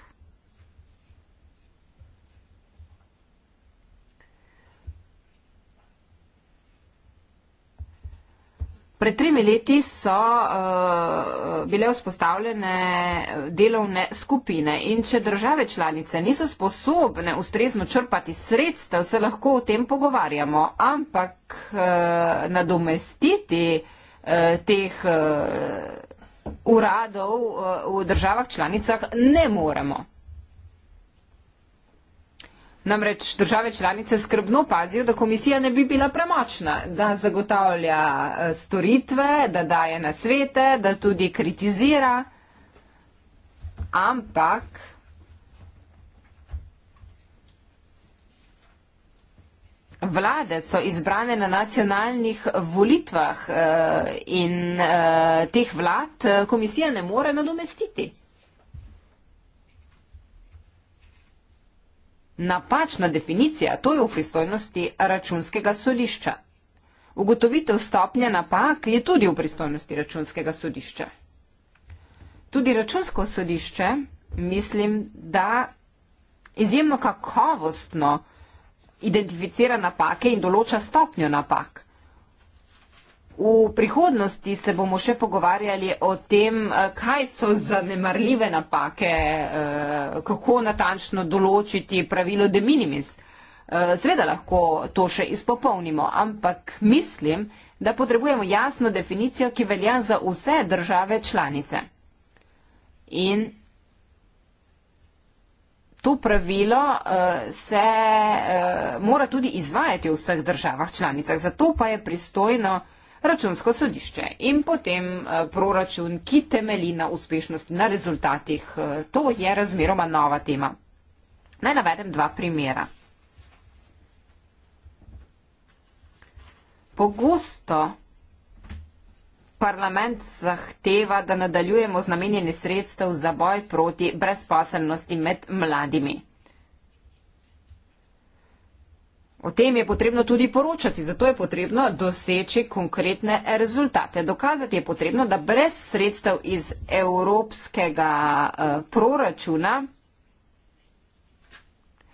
Pred tremi leti so uh, bile vzpostavljene eh, delovne skupine in če države članice niso sposobne ustrezno črpati sredstev, se lahko o tem pogovarjamo, ampak uh, nadomestiti uh, teh uh, uradov uh, v državah članicah ne moremo. Namreč države članice skrbno pazijo, da komisija ne bi bila premočna, da zagotavlja eh, storitve, da daje nasvete, da tudi kritizira. Ampak. Vlade so izbrane na nacionalnih volitvah eh, in eh, teh vlad komisija ne more nadomestiti. Napačna definicija, to je v pristojnosti računskega sodišča. Ugotovitev stopnje napak je tudi v pristojnosti računskega sodišča. Tudi računsko sodišče, mislim, da izjemno kakovostno identificira napake in določa stopnjo napak. V prihodnosti se bomo še pogovarjali o tem, eh, kaj so zanemarljive napake, eh, kako natančno določiti pravilo de minimis. Eh, seveda lahko to še izpopolnimo, ampak mislim, da potrebujemo jasno definicijo, ki velja za vse države članice. In to pravilo uh, se uh, mora tudi izvajati v vseh državah članicah. Zato pa je pristojno uh, računsko sodišče in potem eh, proračun, ki temeli na uspešnosti, na rezultatih. Eh, to je razmeroma nova tema. Naj navedem dva primera. Pogosto parlament zahteva, da nadaljujemo z namenjeni sredstev za boj proti brezposelnosti med mladimi. O tem je potrebno tudi poročati, zato je potrebno doseči konkretne rezultate. Dokazati je potrebno, da brez sredstev iz evropskega eh, proračuna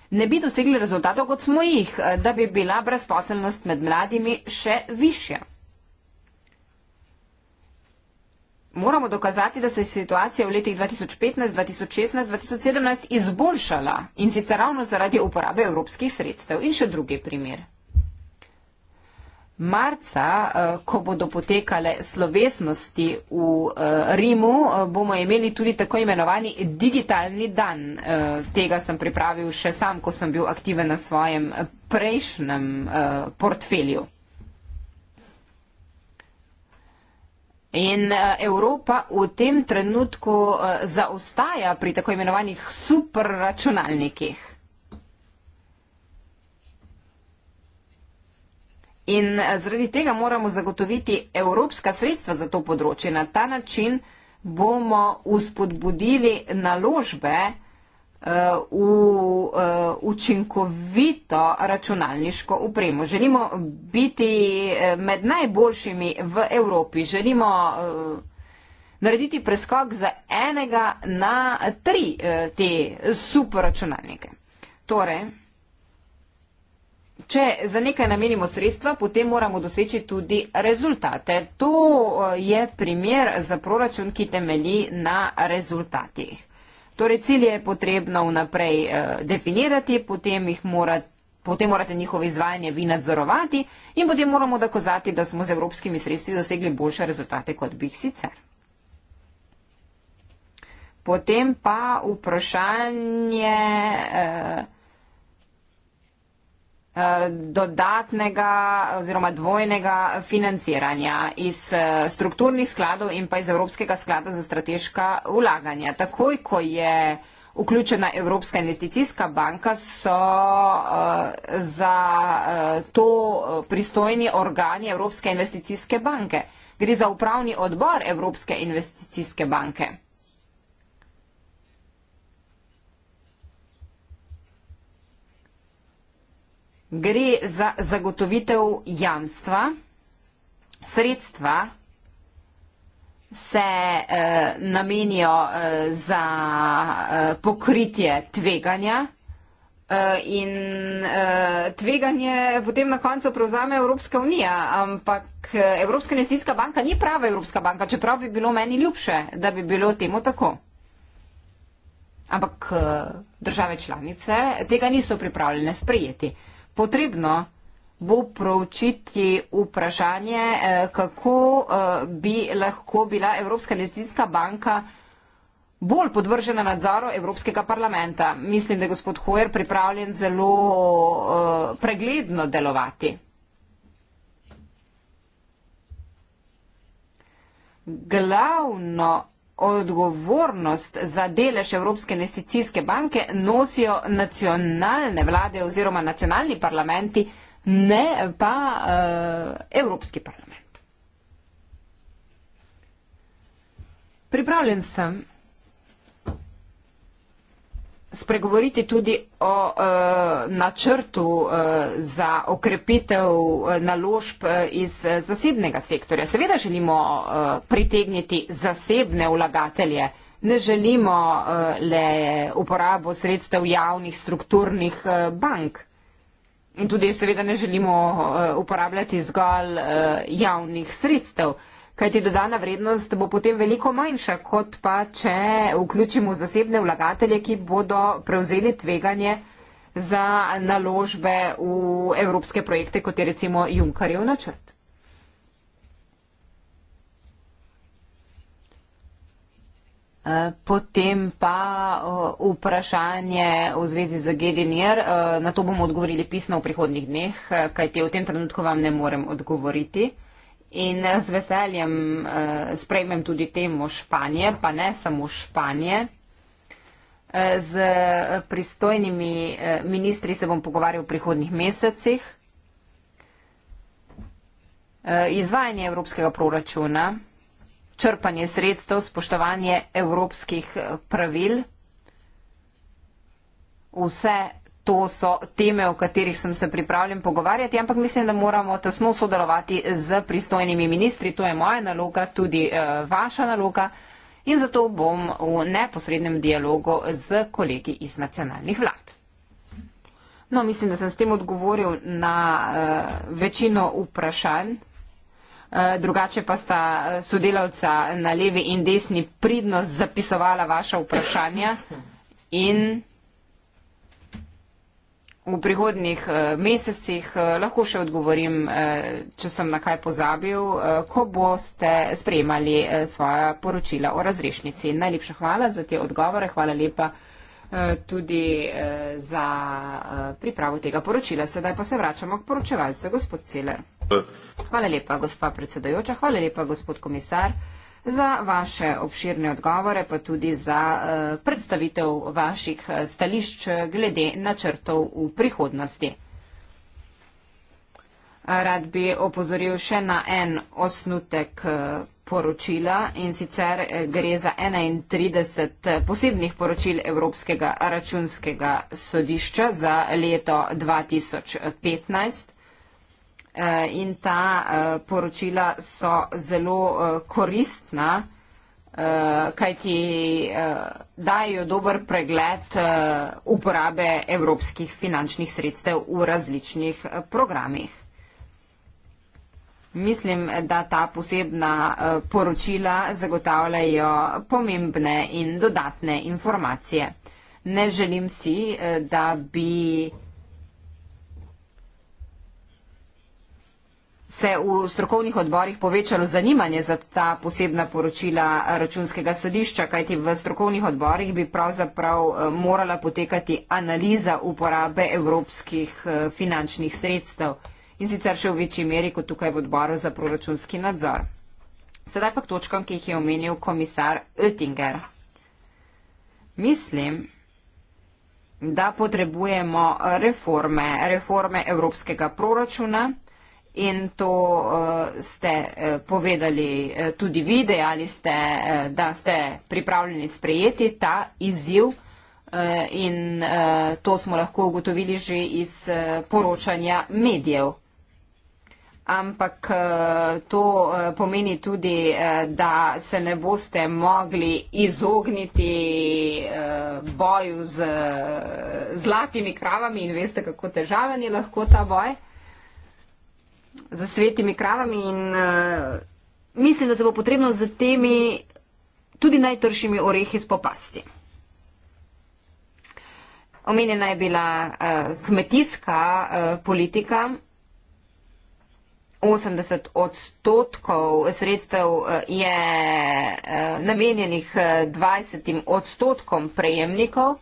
ne bi dosegli rezultatov, kot smo jih, eh, da bi bila brezposelnost med mladimi še višja. moramo dokazati, da se je situacija v letih 2015, 2016, 2017 izboljšala in sicer ravno zaradi uporabe evropskih sredstev. In še drugi primer. Marca, eh, ko bodo potekale slovesnosti v eh, Rimu, eh, bomo imeli tudi tako imenovani digitalni dan. Tega sem pripravil še sam, ko sem bil aktiven na svojem prejšnjem portfelju. In eh, Evropa v tem trenutku eh, zaostaja pri tako imenovanih superračunalnikih. In eh, zaradi tega moramo zagotoviti evropska sredstva za to področje. Na ta način bomo uspodbudili naložbe, v eh, učinkovito računalniško upremo. Želimo biti eh, med najboljšimi v Evropi. Želimo eh, narediti preskok za enega na tri te superračunalnike. Torej, če za nekaj namenimo sredstva, potem moramo doseči tudi rezultate. To je primer za proračun, ki temelji na rezultatih. Torej, cilje je potrebno vnaprej eh, definirati, potem, morat, potem morate njihovo izvajanje vi nadzorovati in potem moramo dokazati, da smo z evropskimi sredstvi dosegli boljše rezultate, kot bi jih sicer. Potem pa vprašanje. Eh, Eh, dodatnega oziroma dvojnega financiranja iz eh, strukturnih skladov in pa iz Evropskega sklada za strateška ulaganja. Takoj, ko je vključena Evropska investicijska banka, so eh, za to pristojni organi Evropske investicijske banke. Gre za upravni odbor Evropske investicijske banke. gre za zagotovitev jamstva, sredstva se eh, namenijo eh, za eh, pokritje tveganja eh, in eh, tveganje potem na koncu prevzame Evropska unija, ampak eh, Evropska investicijska banka ni prava Evropska banka, čeprav bi bilo meni ljubše, da bi bilo temu tako. Ampak eh, države članice tega niso pripravljene sprejeti. Eh, potrebno bo proučiti vprašanje, eh, kako eh, bi lahko bila Evropska investicijska banka bolj podvržena nadzoru Evropskega parlamenta. Mislim, da je gospod Hojer pripravljen zelo eh, pregledno delovati. Glavno odgovornost za delež Evropske investicijske banke nosijo nacionalne vlade oziroma nacionalni parlamenti, ne pa uh, Evropski parlament. Pripravljen sem spregovoriti tudi o uh, načrtu uh, za okrepitev eh, naložb iz zasebnega sektorja. Seveda želimo uh, pritegniti zasebne vlagatelje, ne želimo uh, le uporabo sredstev javnih strukturnih uh, bank. In tudi seveda ne želimo uh, uporabljati zgolj uh, javnih sredstev. Uh, kajti dodana vrednost bo potem veliko manjša, kot pa če vključimo zasebne vlagatelje, ki bodo prevzeli tveganje za naložbe v evropske projekte, kot je recimo Junkarjev načrt. Eh, potem pa vprašanje v zvezi z GDNR, eh, na to bomo odgovorili pisno v prihodnih dneh, eh, kajte v tem trenutku vam ne morem odgovoriti. In eh, z veseljem uh, sprejmem tudi temo Španije, pa ne samo Španije. Eh, z pristojnimi ministri se bom pogovarjal v prihodnih mesecih. Izvajanje evropskega proračuna, črpanje sredstev, spoštovanje evropskih pravil, vse to so teme, o katerih sem se pripravljen pogovarjati, ampak mislim, da moramo tesno sodelovati z pristojnimi ministri. To je moja naloga, tudi eh, vaša naloga. In zato bom v neposrednem dialogu z kolegi iz nacionalnih vlad. No, mislim, da sem s tem odgovoril na uh, večino vprašanj. Uh, drugače pa sta sodelavca na levi in desni pridno zapisovala vaša vprašanja in v prihodnih eh, mesecih. Eh, lahko še odgovorim, eh, če sem na kaj pozabil, ko boste sprejemali svoja poročila o razrešnici. Najlepša hvala za te odgovore, hvala lepa tudi za pripravo tega poročila. Sedaj pa se vračamo k poročevalcu, gospod Celer. Hvala lepa, gospa predsedajoča, hvala lepa, gospod komisar za vaše obširne odgovore, pa tudi za eh, predstavitev vaših eh, stališč glede načrtov v prihodnosti. Rad bi opozoril še na en osnutek eh, poročila in sicer gre za 31 posebnih poročil Evropskega računskega sodišča za leto 2015. Eh, in ta eh, poročila so zelo eh, koristna, kajti dajo dober pregled uporabe evropskih finančnih sredstev v različnih programih. Mislim, da ta posebna poročila zagotavljajo pomembne in dodatne informacije. Ne želim si, da bi se v strokovnih odborih povečalo zanimanje za ta posebna poročila računskega sodišča, kajti v strokovnih odborih bi pravzaprav eh, morala potekati analiza uporabe evropskih eh, finančnih sredstev in sicer še v večji meri kot tukaj v odboru za proračunski nadzor. Sedaj pa k točkam, ki jih je omenil komisar Oettinger. Mislim, da potrebujemo reforme, reforme evropskega proračuna, in to uh, ste uh, povedali uh, tudi vi, dejali ste, uh, da ste pripravljeni sprejeti ta izziv uh, in uh, to smo lahko ugotovili že iz uh, poročanja medijev. Ampak uh, to uh, pomeni tudi, uh, da se ne boste mogli izogniti uh, boju z uh, zlatimi kravami in veste, kako težaven je lahko ta boj za svetimi kravami in uh, mislim, da se bo potrebno za temi tudi najtršimi orehi spopasti. Omenjena je bila uh, kmetijska uh, politika. 80 odstotkov sredstev je namenjenih 20 odstotkom prejemnikov.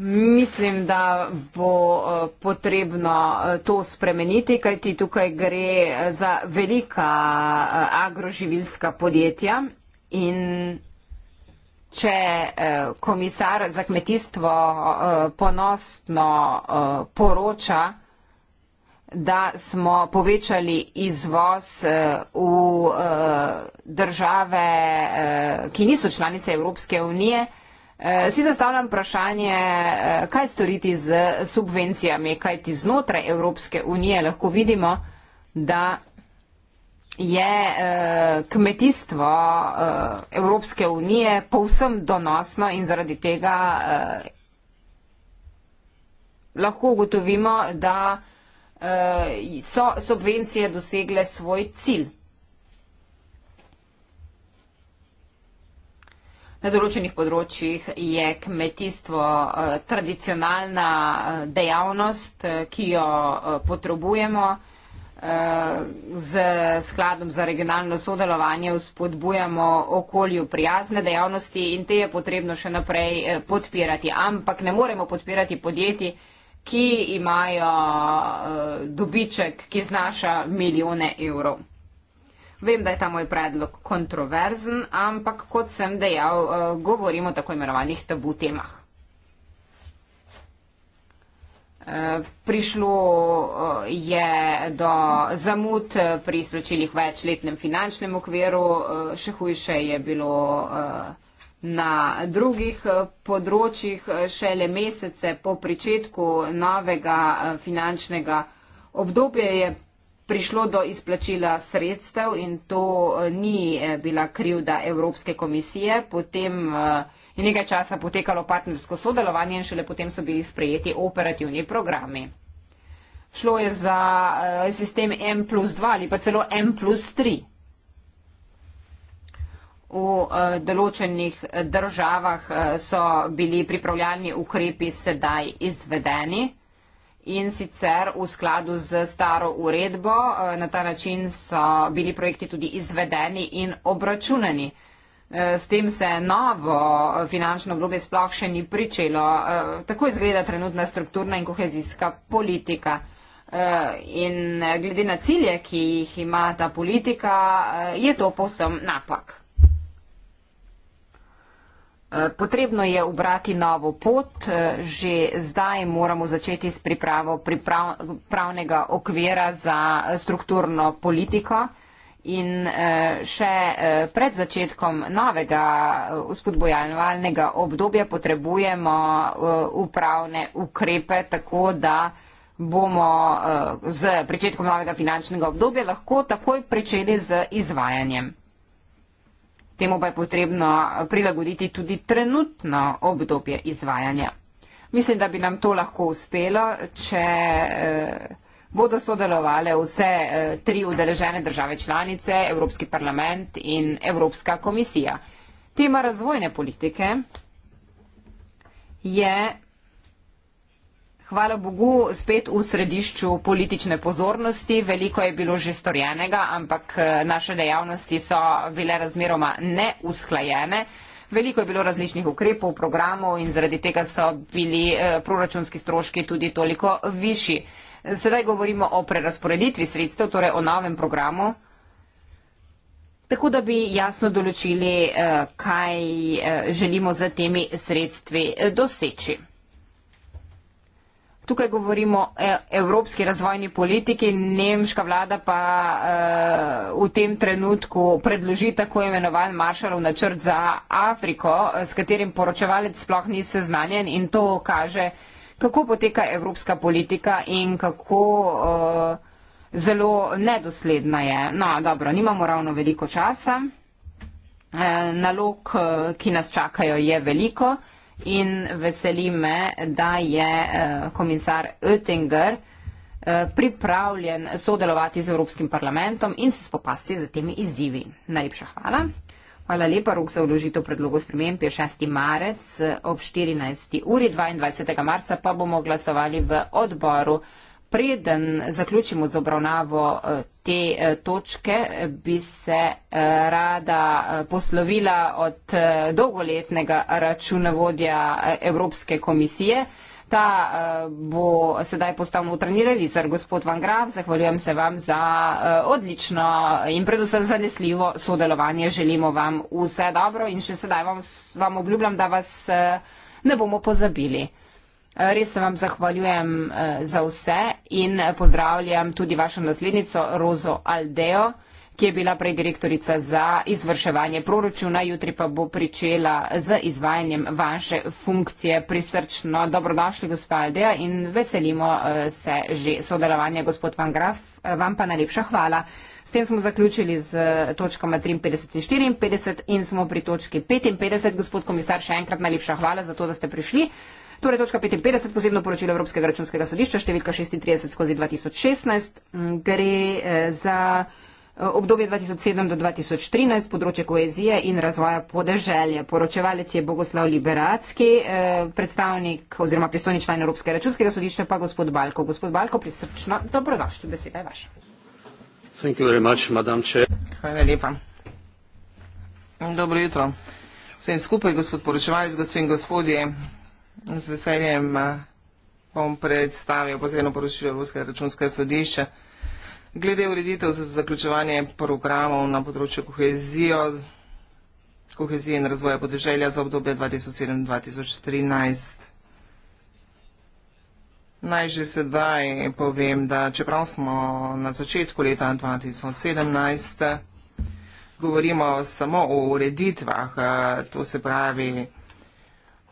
Mislim, da bo eh, potrebno eh, to spremeniti, kajti tukaj gre eh, za velika agroživilska podjetja in če komisar za kmetijstvo ponosno poroča, da smo povečali izvoz v države, ki niso članice Evropske unije, Eh, si zastavljam vprašanje, eh, kaj storiti z subvencijami, kaj ti znotraj Evropske unije lahko vidimo, da je eh, kmetijstvo Evropske unije povsem donosno in zaradi tega lahko ugotovimo, da so subvencije dosegle svoj cilj. Na določenih področjih je kmetijstvo eh, tradicionalna eh, dejavnost, eh, ki jo potrebujemo. Z skladom za regionalno sodelovanje spodbujamo okolju prijazne dejavnosti in te je potrebno še naprej podpirati. Ampak ne moremo podpirati podjetij, ki imajo dobiček, ki znaša milijone evrov. Vem, da je ta moj predlog kontroverzen, ampak kot sem dejal, eh, govorim o tako imenovanih tabu temah. Eh, prišlo eh, je do zamud pri izplačilih večletnem finančnem okviru, še hujše je bilo na drugih področjih, šele mesece po pričetku novega finančnega obdobja je prišlo do izplačila sredstev in to eh, ni eh, bila krivda Evropske komisije. Potem eh, je nekaj časa potekalo partnersko sodelovanje in šele potem so bili sprejeti operativni programi. Šlo je za sistem M plus 2 ali pa celo M plus 3. V določenih državah so bili pripravljalni ukrepi sedaj izvedeni in sicer v skladu z staro uredbo. Eh, na ta način so bili projekti tudi izvedeni in obračunani. Eh, s tem se novo eh, finančno globje sploh še ni pričelo. Tako izgleda trenutna strukturna in kohezijska politika. In glede na cilje, ki jih ima ta politika, je to posem napak. Eh, potrebno je obrati novo pot, eh, že zdaj moramo začeti s pripravo priprav, pravnega okvira za strukturno politiko in eh, še pred začetkom novega uspodbojalnega obdobja potrebujemo upravne ukrepe, tako da bomo z pričetkom novega finančnega obdobja lahko takoj pričeli z izvajanjem. Temu pa je potrebno prilagoditi tudi trenutno obdobje izvajanja. Mislim, da bi nam to lahko uspelo, če eh, bodo sodelovale vse eh, tri udeležene države članice, Evropski parlament in Evropska komisija. Tema razvojne politike je Hvala Bogu, spet v središču politične pozornosti. Veliko je bilo že storjenega, ampak eh, naše dejavnosti so bile razmeroma neusklajene. Veliko je bilo različnih ukrepov, programov in zaradi tega so bili eh, proračunski stroški tudi toliko višji. Sedaj govorimo o prerasporeditvi sredstev, torej o novem programu. Tako da bi jasno določili, eh, kaj želimo za temi sredstvi doseči. Tukaj govorimo o e-, evropski razvojni politiki, nemška vlada pa eh, v tem trenutku predloži tako imenovan Marshallov načrt za Afriko, s katerim poročevalec sploh ni seznanjen in to kaže, kako poteka evropska politika in kako eh, zelo nedosledna je. No, dobro, nimamo ravno veliko časa. Eh, nalog, ki nas čakajo, je veliko in veseli me, da je eh, komisar Oettinger eh, pripravljen sodelovati z Evropskim parlamentom in se spopasti z temi izzivi. Najlepša hvala. Hvala lepa, rok za vložitev predlogov sprememb je 6. marec eh, ob 14. uri 22. marca pa bomo glasovali v odboru. Preden zaključimo z obravnavo eh, te eh, točke, bi se eh, rada poslovila od dolgoletnega računovodja Evropske komisije. Ta bo sedaj postal notranji revizor, gospod Van Graf. Zahvaljujem se vam za odlično in predvsem zanesljivo sodelovanje. Želimo vam vse dobro in še sedaj vam, vam obljubljam, da vas ne bomo pozabili. Res se vam zahvaljujem eh, za vse in pozdravljam tudi vašo naslednico Rozo Aldejo, ki je bila prej direktorica za izvrševanje proračuna, jutri pa bo pričela z izvajanjem vaše funkcije. Prisrčno dobrodošli, gospa Aldeja, in veselimo eh, se že sodelovanja, gospod Van Graf. Eh, vam pa najlepša hvala. S tem smo zaključili z točkama 53 in 54 in smo pri točki 55. Gospod komisar, še enkrat najlepša hvala za to, da ste prišli. Torej, točka 55, posebno poročilo Evropskega računskega sodišča, številka 36 skozi 2016, mm, gre eh, za eh, obdobje 2007 do 2013, področje koezije in razvoja podeželje. Poročevalec je Bogoslav Liberacki, eh, predstavnik oziroma pristojni član Evropskega računskega sodišča, pa gospod Balko. Gospod Balko, prisrčno dobrodošli, beseda je vaša. Much, Hvala lepa. Dobro jutro. Vsem skupaj, gospod poročevalec, gospod in gospodje, Z veseljem eh, bom predstavil pozivno poročilo Evropskega računskega sodišča. Glede ureditev za zaključevanje programov na področju kohezijo, kohezije in razvoja podeželja za obdobje 2007-2013. Naj že sedaj povem, da čeprav smo na začetku leta 2017, govorimo samo o ureditvah, eh, to se pravi, da je to,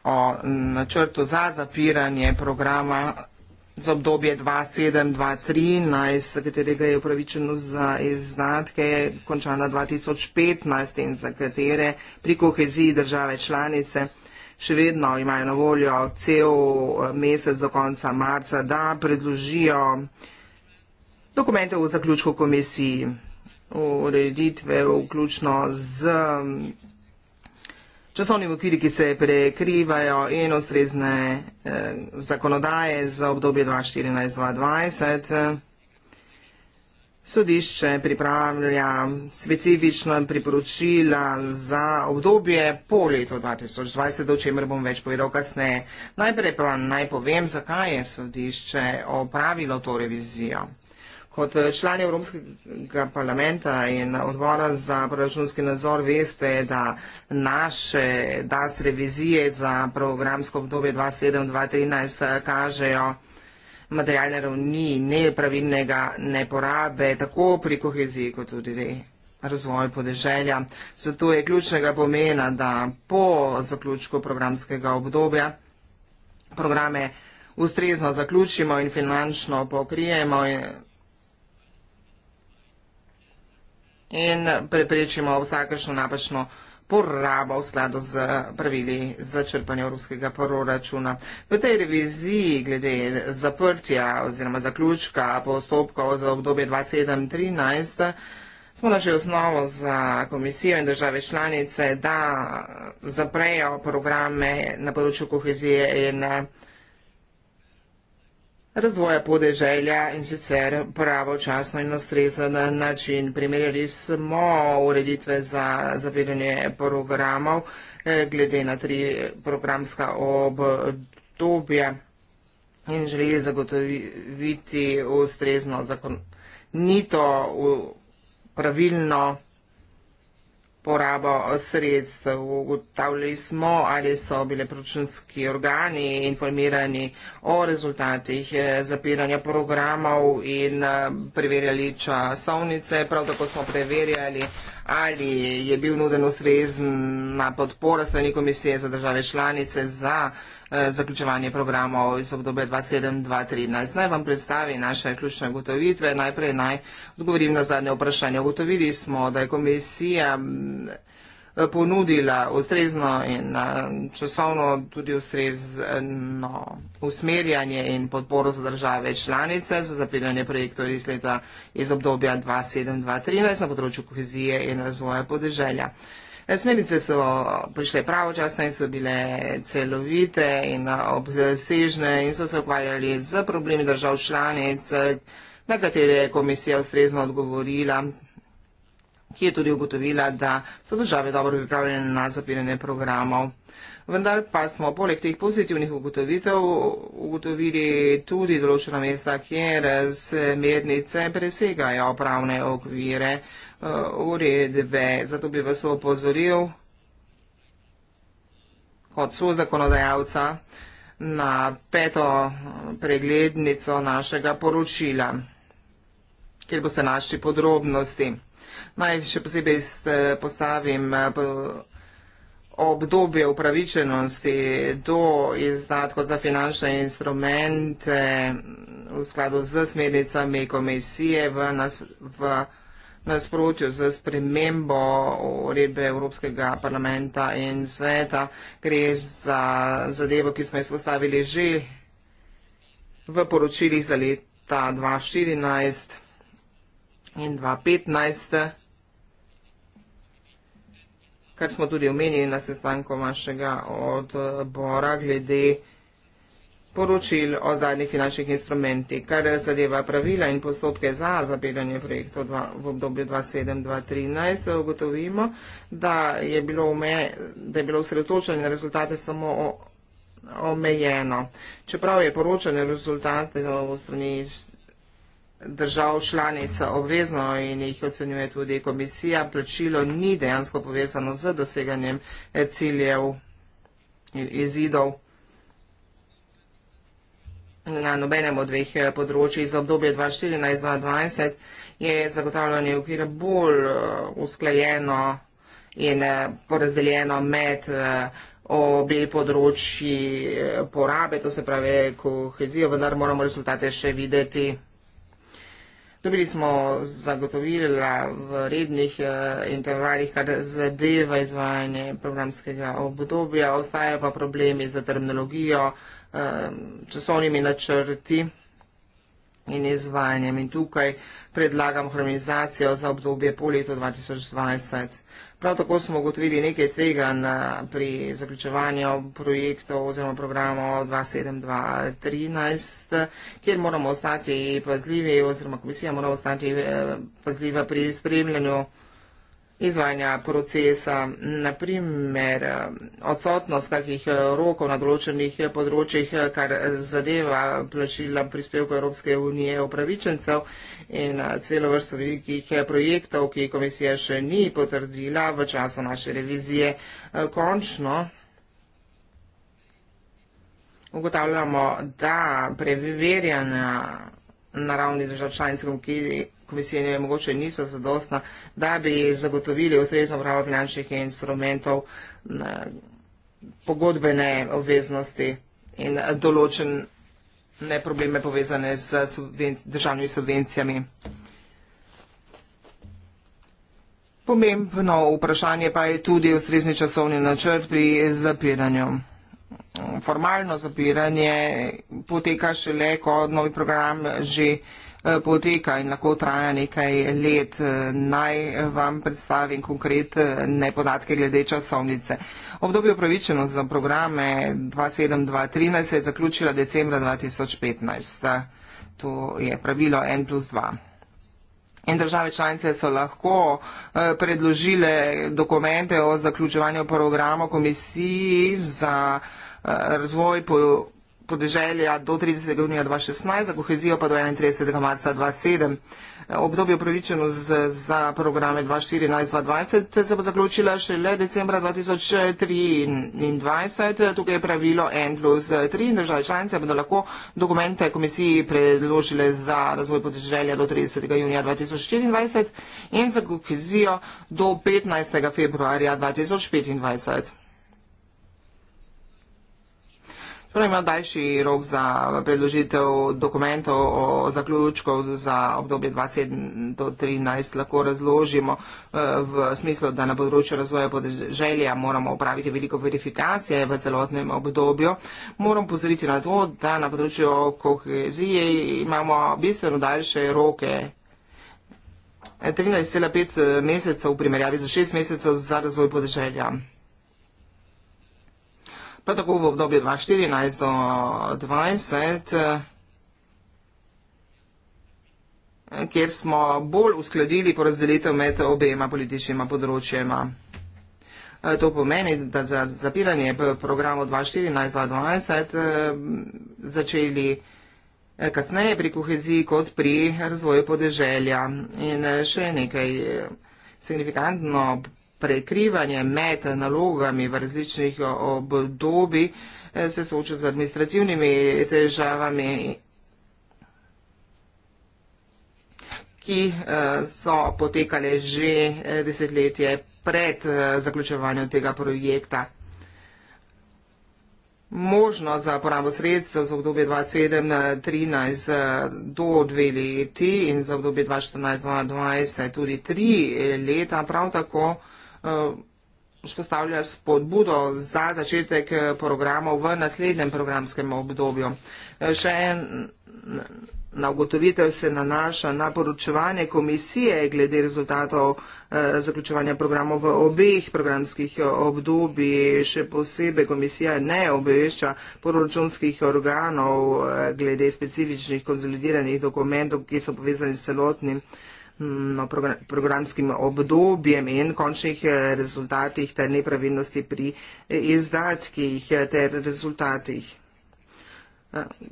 o načrtu za zapiranje programa za obdobje 2007-2013, katerega je upravičeno za izdatke končana 2015 in za katere pri koheziji države članice še vedno imajo na voljo cel mesec do konca marca, da predložijo dokumente v zaključku komisiji ureditve, vključno z časovnimi okviri, ki se prekrivajo in ustrezne eh, zakonodaje za obdobje 2014-2020. Eh, sodišče pripravlja specifično priporočila za obdobje po letu 2020, o čemer bom več povedal kasneje. Najprej pa naj povem, zakaj je sodišče opravilo to revizijo. Kot eh, član Evropskega parlamenta in odbora za proračunski nadzor veste, da naše DAS revizije za programsko obdobje 2007-2013 eh, kažejo materialne ravni nepravilnega neporabe tako pri koheziji kot tudi razvoju podeželja. Zato je ključnega pomena, da po zaključku programskega obdobja programe ustrezno zaključimo in finančno pokrijemo. In eh, in preprečimo vsakršno napačno porabo v skladu z pravili za črpanje evropskega proračuna. V tej reviziji glede zaprtja oziroma zaključka postopkov za obdobje 2007-2013 smo našli osnovo za komisijo in države članice, da zaprejo programe na področju kohezije in razvoja podeželja in sicer pravočasno in ustrezen način. Primerjali smo ureditve za zapiranje programov eh, glede na tri programska obdobja in želeli zagotoviti ustrezno zakon. Ni to pravilno porabo sredstev. Ugotavljali smo, ali so bile proračunski organi informirani o rezultatih eh, zapiranja programov in eh, preverjali časovnice. Prav tako smo preverjali, ali je bil nuden ustrezna podpora strani Komisije za države članice za Eh, zaključevanje programov iz obdobja 2007-2013. Naj vam predstavim naše ključne ugotovitve. Najprej naj odgovorim na zadnje vprašanje. Ugotovili smo, da je komisija mm, ponudila ustrezno in eh, časovno tudi ustrezno usmerjanje in podporo za države članice za zapiranje projektov iz leta iz obdobja 2007-2013 na področju kohezije in razvoja podeželja. Smernice so prišle pravočasno in so bile celovite in obsežne in so se ukvarjali z problemi držav članic, na katere je komisija ustrezno odgovorila ki je tudi ugotovila, da so države dobro pripravljene na zapiranje programov vendar pa smo poleg teh pozitivnih ugotovitev ugotovili tudi določena mesta, kjer se mednice presegajo pravne okvire eh, uredbe. Zato bi vas opozoril kot so zakonodajalca na peto preglednico našega poročila, kjer boste našli podrobnosti. Naj še posebej postavim podrobnosti eh, obdobje upravičenosti do izdatkov za finančne instrumente v skladu z smernicami komisije v, nas, v nasprotju z spremembo uredbe Evropskega parlamenta in sveta. Gre za zadevo, ki smo izpostavili že v poročilih za leta 2014 in 2015 kar smo tudi omenili na sestanku vašega odbora glede poročil o zadnjih finančnih instrumentih, kar zadeva pravila in postopke za zabiranje projektov v obdobju 2007-2013, ugotovimo, da je bilo, bilo usredotočanje na rezultate samo omejeno. Čeprav je poročanje rezultatov v strani držav članic obvezno in jih ocenjuje tudi komisija, plačilo ni dejansko povezano z doseganjem eh, ciljev izidov na nobenem od dveh eh, področji za obdobje 2014-2020 je zagotavljanje okvira bolj eh, usklajeno in porazdeljeno med obe področji porabe, to se pravi kohezijo, vendar moramo rezultate še videti. Dobili smo zagotovila v rednih eh, intervalih, kar zadeva izvajanje programskega obdobja. Ostajajo pa problemi z terminologijo, eh, časovnimi načrti in izvajanjem. In tukaj predlagam harmonizacijo za obdobje po letu 2020. Prav tako smo ugotovili nekaj tvegan eh, pri zaključevanju projektov oziroma programov 27213, kjer moramo ostati pazljivi oziroma komisija mora ostati eh, pazljiva pri spremljanju izvajanja procesa, naprimer odsotnost kakih rokov na določenih področjih, kar zadeva plačila prispevka Evropske unije upravičencev in celo vrsto velikih eh, projektov, ki komisija še ni potrdila v času naše revizije. Eh, končno ugotavljamo, da preverjanja na ravni državčlanskem, ki komisije ne, mogoče niso zadostna, da bi zagotovili ustrezno pravo finančnih instrumentov, ne, eh, pogodbene obveznosti in določene probleme povezane z državnimi subvencijami. Pomembno vprašanje pa je tudi ustrezni časovni načrt pri zapiranju. Formalno zapiranje poteka šele, ko novi program že Eh, poteka in lahko traja nekaj let. Eh, naj eh, vam predstavim konkretne podatke glede časovnice. Obdobje upravičenost za programe 27-2013 se je zaključila decembra 2015. To je pravilo N plus 2. In države članice so lahko predložile dokumente o zaključevanju programa komisiji za razvoj podeželja do 30. junija 2016, za kohezijo pa do 31. marca 2007. Obdobje upravičeno za programe 2014-2020 se bo zaključila šele decembra 2023. Tukaj je pravilo N plus 3 in države članice bodo lahko dokumente komisiji predložile za razvoj podeželja do 30. junija 2024 in za kohezijo do 15. februarja 2025. Torej ima daljši rok za predložitev dokumentov o zaključkov za obdobje 2007 do 2013 lahko razložimo eh, v smislu, da na področju razvoja podeželja moramo upraviti veliko verifikacije v celotnem obdobju. Moram pozoriti na to, da na področju kohezije imamo bistveno daljše roke. 13,5 eh, eh, mesecev v primerjavi za 6 mesecev za razvoj podeželja. Prav tako v obdobju 2014 do 2020, eh, kjer smo bolj uskladili porazdelitev med obema političnjima področjema. Eh, to pomeni, da za zapiranje programov 2014-2020 eh, začeli kasneje pri koheziji kot pri razvoju podeželja. In še nekaj signifikantno prekrivanje med nalogami v različnih obdobji, eh, se sooča z administrativnimi težavami, ki eh, so potekale že eh, desetletje pred zaključevanjem tega projekta. Možno za porabo sredstva za obdobje 2007-2013 do dve leti in za obdobje 2014-2020 tudi tri leta, prav tako Eh, vzpostavlja spodbudo za začetek eh, programov v naslednjem programskem obdobju. Eh, še en na ugotovitev se nanaša na poročevanje komisije glede rezultatov zaključevanja programov v obeh programskih obdobji. Še posebej komisija ne obvešča poročunskih organov glede specifičnih konsolidiranih dokumentov, ki so povezani s celotnim programom no, programskim obdobjem in končnih eh, rezultatih ter nepravilnosti pri eh, izdatkih eh, ter rezultatih.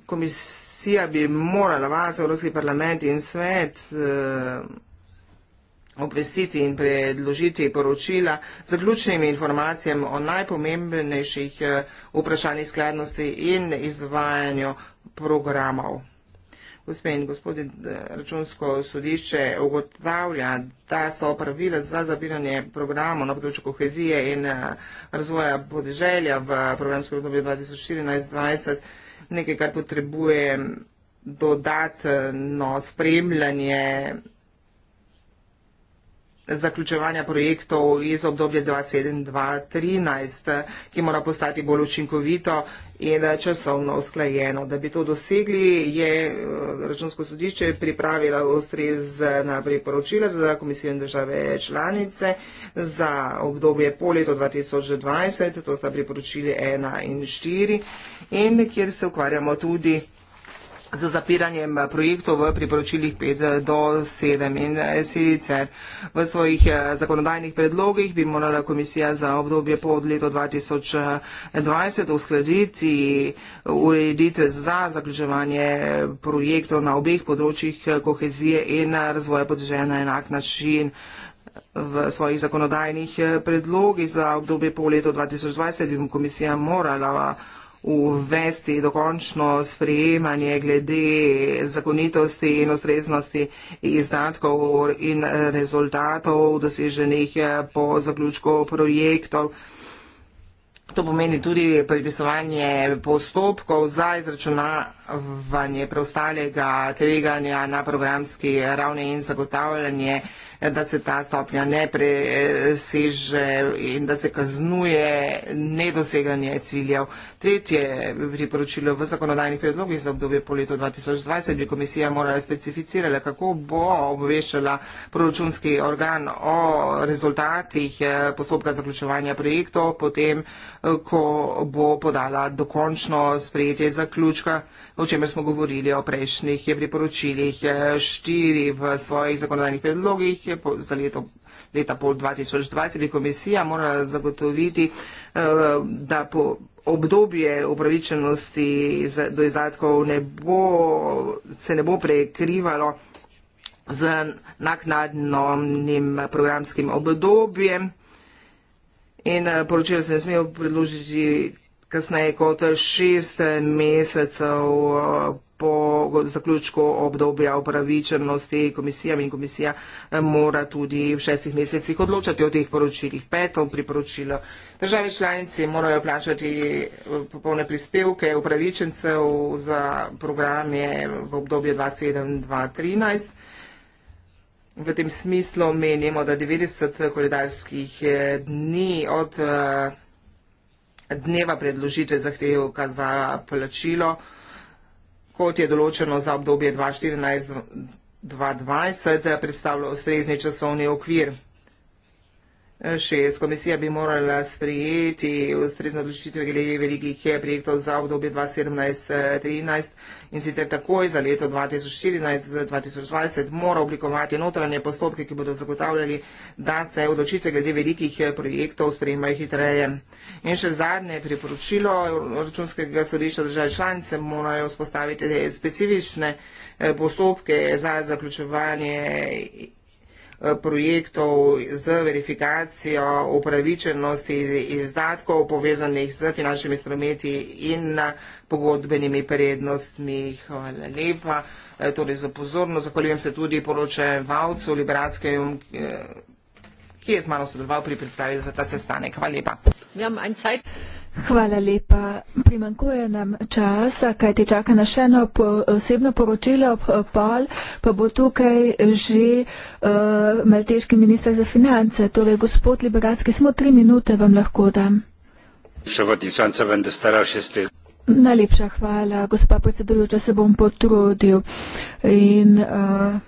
Komisija bi morala vas, Evropski parlament in svet, obvestiti in predložiti poročila z zaključnimi informacijami o najpomembnejših vprašanjih skladnosti in izvajanju programov gospe in gospodje, računsko sodišče ugotavlja, da so pravila za zabiranje programa na področju kohezije in eh, razvoja podeželja v programskem obdobju 2014-2020 nekaj, kar potrebuje dodatno spremljanje zaključevanja projektov iz obdobja 2007-2013, ki mora postati bolj učinkovito in eh, časovno usklajeno. Da bi to dosegli, je eh, računsko sodišče pripravila ustrezna priporočila za komisijo in države članice za obdobje po letu 2020, to sta priporočili 1 in 4, in kjer se ukvarjamo tudi z zapiranjem projektov v priporočilih 5 do 7. In eh, sicer v svojih eh, zakonodajnih predlogih bi morala komisija za obdobje po leto 2020 eh, uskladiti ureditve za zaključevanje projektov na obeh področjih kohezije in razvoja podeželja na enak način v svojih zakonodajnih predlogih za obdobje po letu 2020 bi komisija morala uvesti dokončno sprejemanje glede zakonitosti in ustreznosti izdatkov in rezultatov doseženih eh, po zaključku projektov. To pomeni tudi predpisovanje postopkov za izračunavanje zmanjševanje preostalega tveganja na programski ravni in zagotavljanje, da se ta stopnja ne preseže in da se kaznuje nedoseganje ciljev. Tretje priporočilo v zakonodajnih predlogih za obdobje po letu 2020 bi komisija morala specificirati, kako bo obveščala proračunski organ o rezultatih eh, postopka zaključovanja projektov, potem, eh, ko bo podala dokončno sprejetje zaključka o čemer smo govorili o prejšnjih priporočilih, eh, štiri v svojih zakonodajnih predlogih za leto, leta pol 2020, bi komisija morala zagotoviti, eh, da po obdobje upravičenosti do izdatkov ne bo, se ne bo prekrivalo z naknadnim programskim obdobjem. In eh, poročilo se ne smejo predložiti kasneje kot šest mesecev po zaključku obdobja upravičenosti komisijam in komisija eh, mora tudi v šestih mesecih odločati o teh poročilih. Peto priporočilo. Države članice morajo plačati eh, popolne prispevke upravičencev za programe v obdobju 2007-2013. V tem smislu menimo, da 90 koledarskih eh, dni od dneva predložitve zahtevka za plačilo, kot je določeno za obdobje 2014-2020, predstavlja ustrezni časovni okvir. 6. Komisija bi morala sprijeti ustrezne odločitve glede velikih projektov za obdobje 2017-2013 in sicer takoj za leto 2014-2020 mora oblikovati notranje postopke, ki bodo zagotavljali, da se odločitve glede velikih eh, projektov sprejemajo hitreje. In še zadnje priporočilo računskega sodišča države članice morajo spostaviti specifične eh, postopke za zaključevanje Eh, projektov z verifikacijo upravičenosti izdatkov povezanih z finančnimi strometi in pogodbenimi prednostmi. Hvala lepa eh, torej za pozorno. Zahvaljujem se tudi poročevalcu Liberatskemu, eh, ki je z mano sodeloval pri pripravi za ta sestanek. Hvala lepa. Ja, Hvala lepa. Primankuje nam časa, kaj ti čaka na še eno osebno poročilo, pol pa bo tukaj že uh, malteški minister za finance. Torej, gospod Liberacki, samo tri minute vam lahko dam. Najlepša hvala, gospa predsedujoča, se bom potrudil in uh,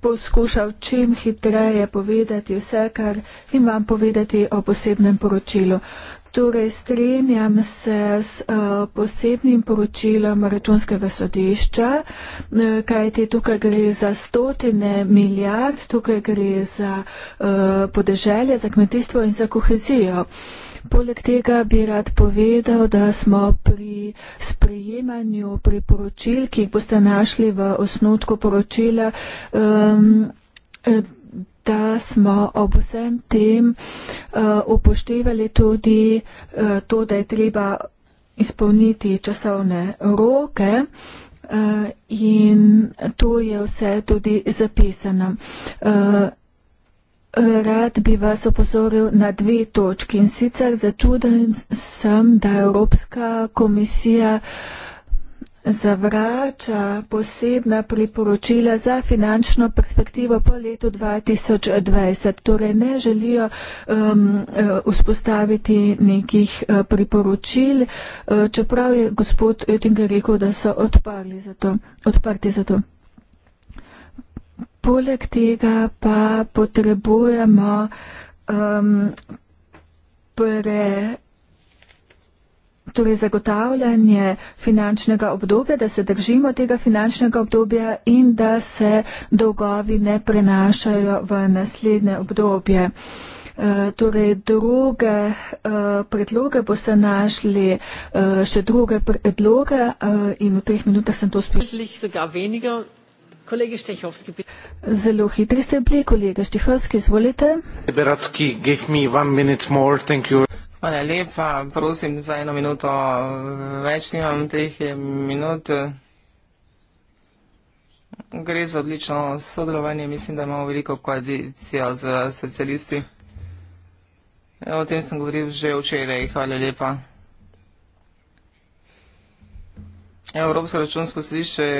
poskušal čim hitreje povedati vse, kar imam povedati o posebnem poročilu. Torej, strenjam se s uh, posebnim poročilom računskega sodišča, eh, kaj ti tukaj gre za stotine milijard, tukaj gre za uh, podeželje, za kmetijstvo in za kohezijo. Poleg tega bi rad povedal, da smo pri sprejemanju priporočil, ki jih boste našli v osnutku poročila, um, da smo ob vsem tem eh, upoštevali tudi eh, to, da je treba izpolniti časovne roke eh, in to je vse tudi zapisano. Rad bi vas opozoril na dve točki in sicer začuden sem, da Evropska komisija uh, zavrača posebna priporočila za finančno perspektivo po letu 2020. Torej ne želijo um, uh, vzpostaviti nekih uh, priporočil, uh, čeprav je gospod Oettinger rekel, da so odprli za to, odprti za to. Poleg tega pa potrebujemo um, pre, torej zagotavljanje finančnega obdobja, da se držimo tega finančnega obdobja in da se dolgovi ne prenašajo v naslednje obdobje. E, torej, druge e, predloge boste našli, e, še druge predloge in v treh minutah sem to spisal. Zelo hitri ste bili, kolega Štihovski, izvolite. Beratski, give me one minute more, thank you. Hvala lepa, prosim za eno minuto, več nimam teh eh, minut. Gre za odlično sodelovanje, mislim, da imamo veliko koalicijo z socialisti. O tem sem govoril že včeraj, hvala lepa. Evropsko računsko sodišče,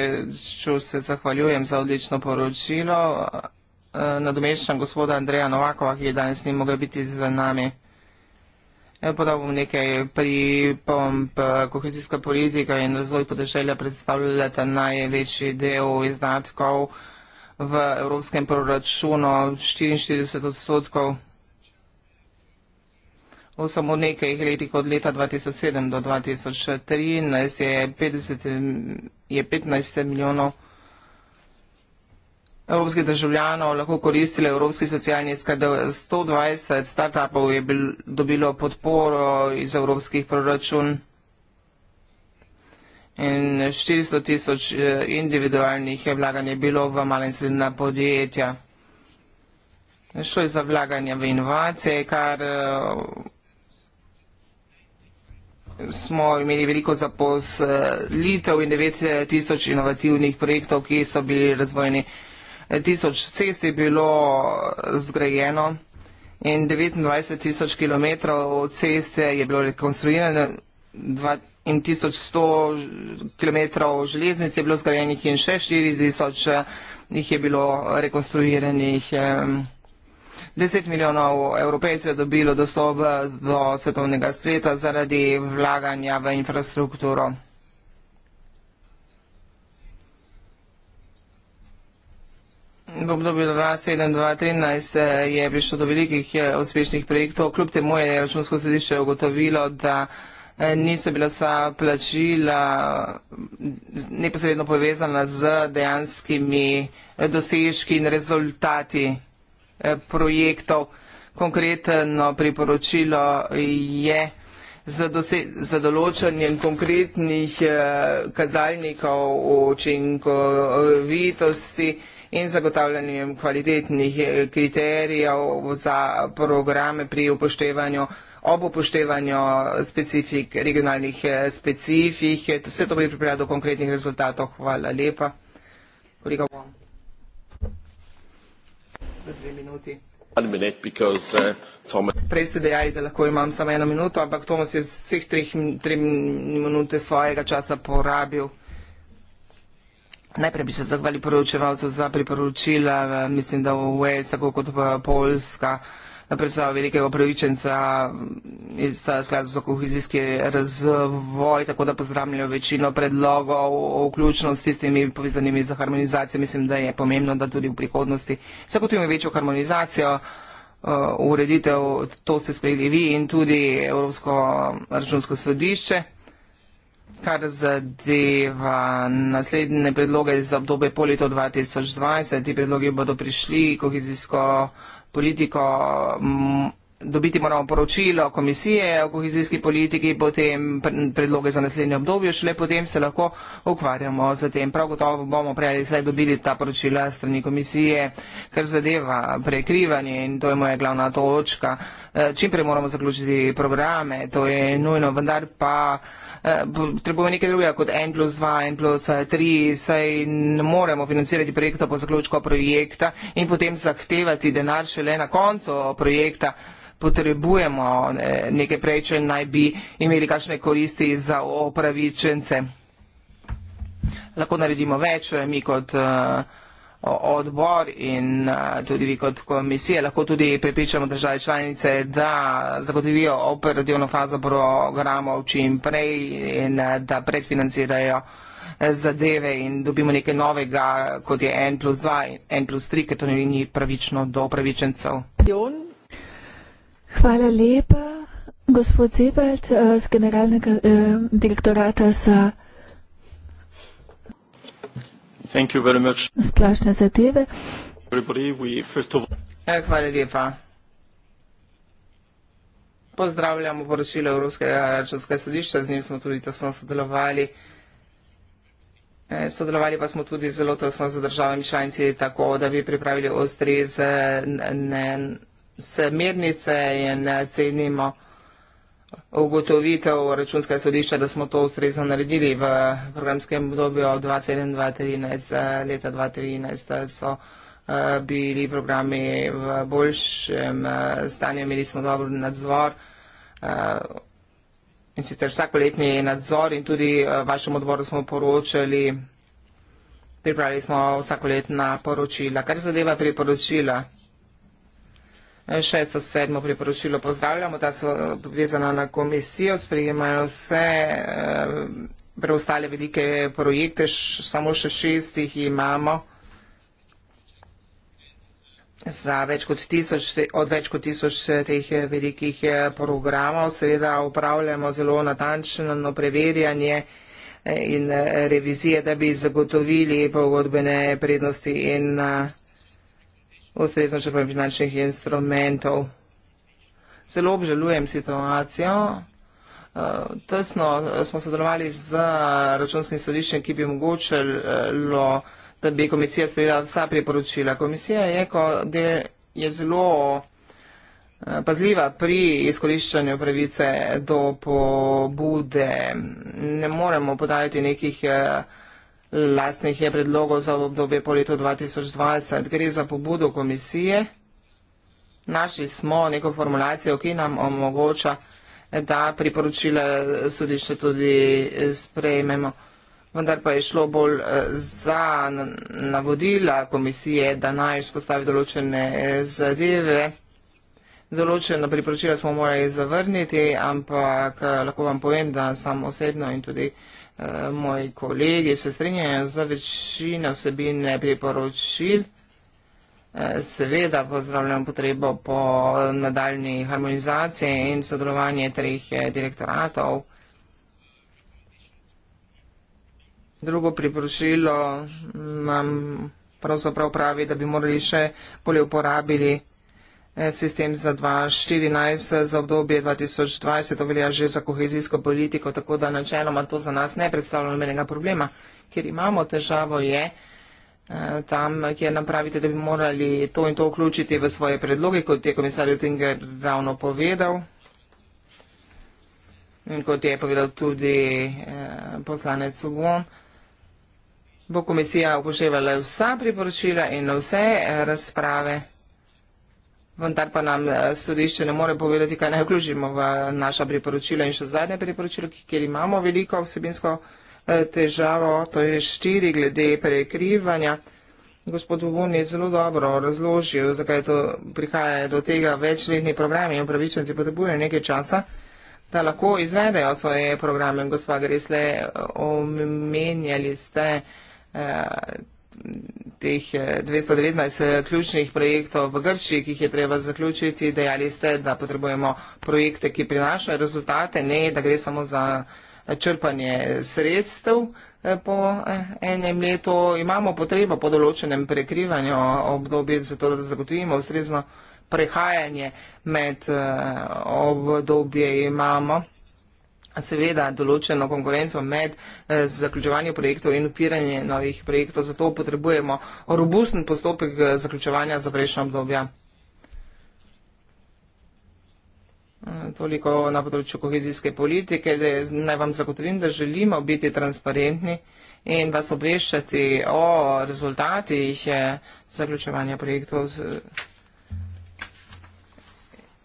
ču se zahvaljujem za odlično poročilo, eh, nadomeščam gospoda Andreja Novakova, ki je danes ni mogel biti za nami. Eh, podobno nekaj pripomp. Eh, kohezijska politika in razvoj podeželja predstavljata največji del izdatkov v evropskem proračunu 44 odstotkov v samo nekaj letih od leta 2007 do 2013 je 15 milijonov evropskih državljanov lahko koristile Evropski socialni sklad. 120 startupov je bil, dobilo podporo iz evropskih proračun in 400 tisoč eh, individualnih je vlaganje bilo v malo in srednja podjetja. Šlo je za vlaganje v inovacije, kar eh, smo imeli veliko zaposlitev in 9 eh, tisoč inovativnih projektov, ki so bili razvojeni tisoč cest je bilo zgrajeno in 29 tisoč kilometrov ceste je bilo rekonstruirane in 1100 kilometrov železnic je bilo zgrajenih in še 4000 eh, jih je bilo rekonstruiranih. 10 milijonov evropejcev je dobilo dostop eh, do svetovnega spleta zaradi vlaganja v infrastrukturo. v obdobju 2007-2013 eh, je prišlo do velikih eh, uspešnih projektov. Kljub temu je računsko središče ugotovilo, da eh, niso bila vsa plačila neposredno povezana z dejanskimi dosežki in rezultati projektov. Konkretno priporočilo je z določanjem konkretnih kazalnikov učinkovitosti, in zagotavljanjem kvalitetnih eh, kriterijev za programe pri upoštevanju ob upoštevanju specifik, regionalnih eh, specifik. Vse to bi pripravljalo do konkretnih rezultatov. Hvala lepa. Koliko bom? Za dve minuti. Because, uh, Tom... Prej ste dejali, da lahko imam samo eno minuto, ampak Tomas je vseh tri minute svojega časa porabil. Najprej bi se zahvali poročevalcu za priporočila, mislim, da v Wales, tako kot pa Poljska, predstavlja velikega upravičenca iz skladu za kohezijski razvoj, tako da pozdravljajo večino predlogov, vključno s tistimi povezanimi za harmonizacijo. Mislim, da je pomembno, da tudi v prihodnosti zagotovimo večjo harmonizacijo, uh, ureditev, to ste sprejeli vi in tudi Evropsko računsko sodišče kar zadeva naslednje predloge za obdobje po letu 2020. Ti predlogi bodo prišli kohezijsko politiko. Dobiti moramo poročilo komisije o kohezijski politiki, potem predloge za naslednje obdobje, šele potem se lahko ukvarjamo z tem. Prav gotovo bomo prej ali slej dobili ta poročila strani komisije, kar zadeva prekrivanje in to je moja glavna točka. Eh, Čimprej moramo zaključiti programe, to je nujno, vendar pa. Eh, potrebujemo nekaj drugega kot en plus dva, en plus eh, tri, saj ne moremo financirati projekta po zaključku projekta in potem zahtevati denar šele na koncu projekta. Potrebujemo eh, nekaj prej, če naj bi imeli kakšne koristi za opravičence. Lahko naredimo več, mi kot uh, odbor in eh, tudi vi kot komisije lahko tudi pripričamo države članice, da zagotovijo operativno fazo programov čim prej in eh, da predfinancirajo eh, zadeve in dobimo nekaj novega, kot je N plus 2, N plus 3, ker to ni pravično do pravičencev. Hvala lepa, gospod Zebelt, z generalnega eh, direktorata za splošne zadeve. E, hvala lepa. Pozdravljamo poročilo Evropskega računskega sodišča, z njim smo tudi tesno sodelovali. E, sodelovali pa smo tudi zelo tesno z državami članici, tako da bi pripravili ostri z e, smernice in cenimo ugotovitev računskega sodišča, da smo to ustrezno naredili v programskem obdobju 2007-2013, eh, leta 2013 eh, so eh, bili programi v boljšem stanju, imeli smo dobro nadzor in sicer vsakoletni nadzor in tudi vašem odboru smo poročali, pripravili smo vsakoletna poročila. Kar zadeva priporočila, šesto, sedmo priporočilo pozdravljamo, da so povezana na komisijo, sprejemajo vse eh, preostale velike projekte, samo še šestih imamo za več kot tisoč, od več kot tisoč eh, teh eh, velikih programov. Seveda upravljamo zelo natančno preverjanje in revizije, da bi zagotovili pogodbene prednosti in vsega ustrezno črpanje finančnih instrumentov. Zelo obžalujem situacijo. Eh, tesno eh, smo sodelovali z računskim sodiščem, ki bi omogočilo, da bi komisija sprejela vsa priporočila. Komisija je, ko del, je zelo eh, pazljiva pri izkoriščanju pravice do pobude. Ne moremo podajati nekih Lastnih je predlogov za obdobje po letu 2020. Gre za pobudo komisije. Našli smo neko formulacijo, ki nam omogoča, da priporočila sodišče tudi sprejmemo. Vendar pa je šlo bolj eh, za navodila komisije, da naj vzpostavi določene eh, zadeve. Določena priporočila smo morali zavrniti, ampak eh, lahko vam povem, da sam osebno in tudi. Eh, moji kolegi se strinjajo za večino vsebine priporočil. Eh, seveda pozdravljam potrebo po nadaljni harmonizaciji in sodelovanje treh eh, direktoratov. Drugo priporočilo nam pravzaprav pravi, da bi morali še bolje uporabili Eh, sistem za 2014 eh, za obdobje 2020, to velja že za kohezijsko politiko, tako da načeloma to za nas ne predstavlja nobenega problema, ker imamo težavo je eh, tam, kjer nam pravite, da bi morali to in to vključiti v svoje predloge, kot je komisar Tinger ravno povedal in kot je povedal tudi poslanec Ugon. Bo komisija upoštevala vsa priporočila in vse razprave vendar pa nam eh, sodišče ne more povedati, kaj naj vključimo v eh, naša priporočila in še zadnje priporočilo, kjer imamo veliko vsebinsko eh, težavo, to je štiri glede prekrivanja. Gospod Vuvun je zelo dobro razložil, zakaj to prihaja do tega večletni program in upravičenci potrebujejo nekaj časa, da lahko izvedejo svoje programe. Gospa Gresle, omenjali ste eh, teh 219 eh, eh, ključnih projektov v Grčiji, ki jih je treba zaključiti, dejali ste, da potrebujemo projekte, ki prinašajo rezultate, ne da gre samo za eh, črpanje sredstev po enem letu. Imamo potrebo po določenem prekrivanju obdobje, zato da zagotovimo ustrezno prehajanje med obdobje imamo seveda določeno konkurenco med eh, zaključevanjem projektov in upiranjem novih projektov. Zato potrebujemo robusten postopek eh, zaključevanja za prejšnja obdobja. Eh, toliko na področju kohezijske politike, da naj vam zagotovim, da želimo biti transparentni in vas obveščati o rezultatih eh, zaključevanja projektov. Z,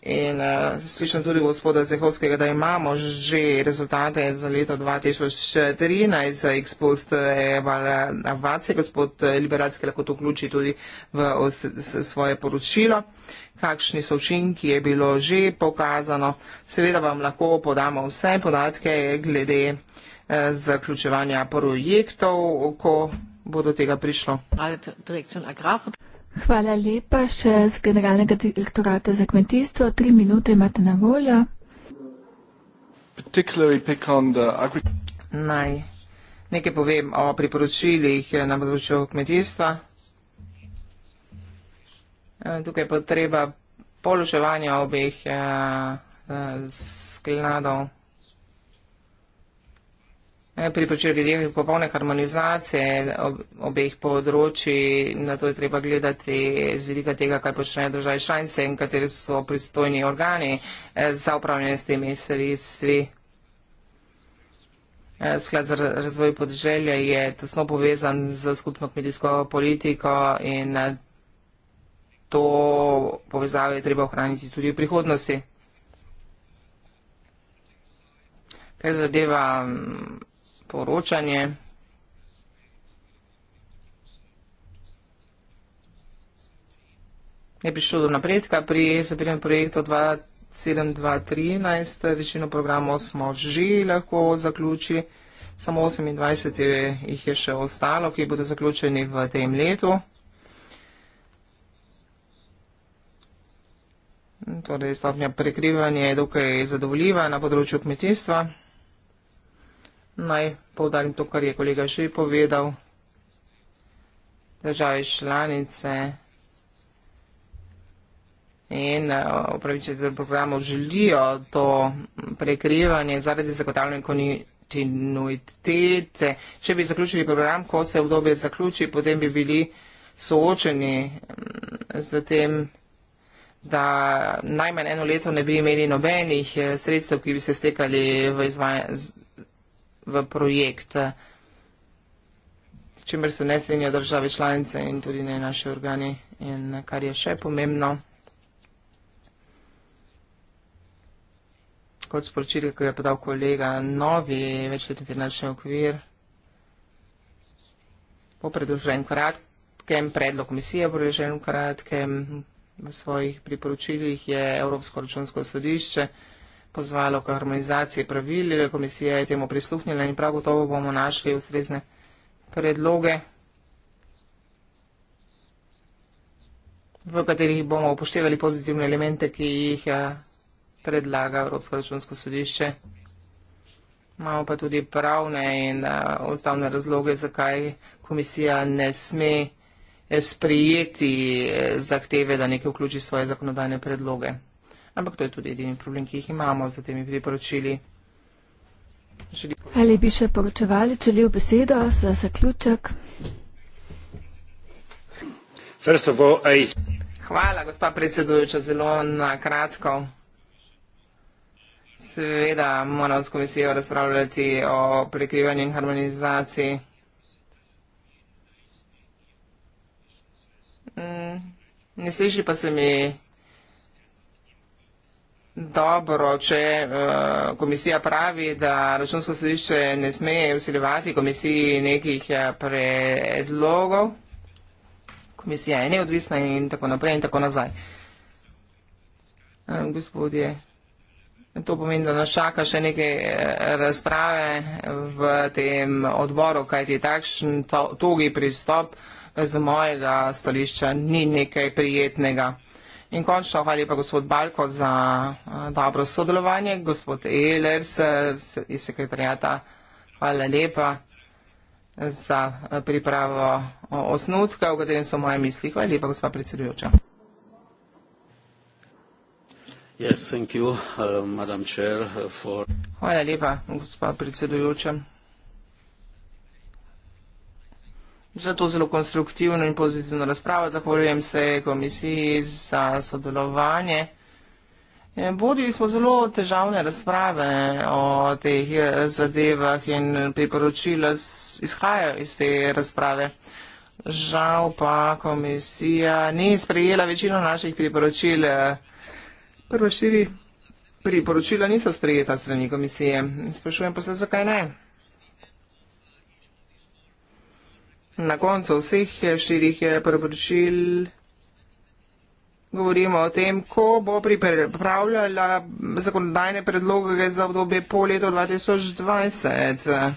In uh, slišim tudi gospoda Zehovskega, da imamo že rezultate za leto 2013 za ekspost evaluacije. Eh, Gospod eh, Liberacki lahko to vključi tudi v svoje poročilo, kakšni so učinki, je bilo že pokazano. Seveda vam lahko podamo vse podatke glede uh, zaključevanja projektov, ko bodo tega prišlo. Ali direkcija Agrafa? Hvala lepa še z generalnega direktorata za kmetijstvo. Tri minute imate na voljo. Naj nekaj povem o priporočilih eh, na področju kmetijstva. Eh, tukaj potreba položevanja obeh eh, skladov. Pri počrgih je popolne harmonizacije ob, obeh področji, na to je treba gledati z vidika tega, kaj počnejo države članice in kateri so pristojni organi eh, za upravljanje s temi sredstvi. Eh, sklad za razvoj podželja je tesno povezan z skupno kmetijsko politiko in eh, to povezavo je treba ohraniti tudi v prihodnosti. Kaj zadeva mm, poročanje. Je prišlo do napredka pri zapiranju projektu 2.7.2.13, večino programov smo že lahko zaključili, samo 28 je, jih je še ostalo, ki bodo zaključeni v tem letu. Torej, stopnja prekrivanja je dokaj zadovoljiva na področju kmetijstva naj povdarim to, kar je kolega že povedal, države članice in eh, upravičaj za programov želijo to prekrivanje zaradi zagotavljanja kontinuitete. Če bi zaključili program, ko se obdobje zaključi, potem bi bili soočeni z mm, tem, da najmanj eno leto ne bi imeli nobenih eh, sredstev, ki bi se stekali v izvajanje v projekt, eh, s čimer se ne strinjajo države članice in tudi ne naši organi. In eh, kar je še pomembno, kot sporočil, ki je podal kolega, novi večletni finančni okvir bo predložen kratkem, predlog komisije bo predložen kratkem, v svojih priporočilih je Evropsko računsko sodišče pozvalo k harmonizaciji pravil, komisija je temu prisluhnila in prav gotovo bomo našli ustrezne predloge, v katerih bomo upoštevali pozitivne elemente, ki jih eh, predlaga Evropsko računsko sodišče. Imamo pa tudi pravne in eh, ustavne razloge, zakaj komisija ne sme eh, sprijeti zahteve, da nekaj vključi svoje zakonodajne predloge ampak to je tudi edini problem, ki jih imamo z temi priporočili. Želi... Ali bi še poročevali, če li v besedo za zaključek? All, I... Hvala, gospa predsedujoča, zelo na kratko. Seveda moramo s komisijo razpravljati o prekrivanju in harmonizaciji. Mm, ne sliši pa se mi dobro, če uh, komisija pravi, da računsko sodišče ne sme usiljevati komisiji nekih eh, predlogov. Komisija je neodvisna in tako naprej in tako nazaj. Eh, gospodje, to pomeni, da nas čaka še neke razprave v tem odboru, kajti takšen to, togi pristop z mojega stališča ni nekaj prijetnega. In končno, hvala lepa gospod Balko za eh, dobro sodelovanje, gospod Ehlers eh, iz sekretarijata, hvala lepa za eh, pripravo osnutka, v katerem so moje misli. Hvala lepa, gospa predsedujoča. Yes, thank you, uh, Chair, uh, for... Hvala lepa, gospa predsedujoča. za to zelo konstruktivno in pozitivno razpravo. Zahvaljujem se komisiji za sodelovanje. Vodili smo zelo težavne razprave o teh eh, zadevah in priporočila izhajajo iz te razprave. Žal pa komisija ni sprejela večino naših priporočil. Prvo štiri priporočila niso sprejeta strani komisije. Sprašujem pa se, zakaj ne? na koncu vseh štirih eh, preporočil govorimo o tem, ko bo pripravljala zakonodajne predloge za obdobje po letu 2020.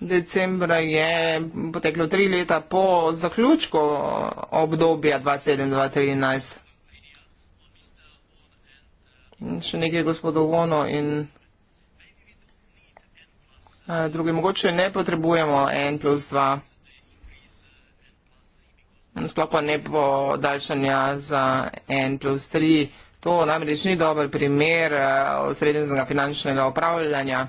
Decembra je poteklo tri leta po zaključku obdobja 2007-2013. Še nekaj gospodovono in Eh, drugi. Mogoče ne potrebujemo en plus dva. Sploh pa ne bo daljšanja za en plus tri. To namreč ni dober primer eh, osrednjega finančnega upravljanja.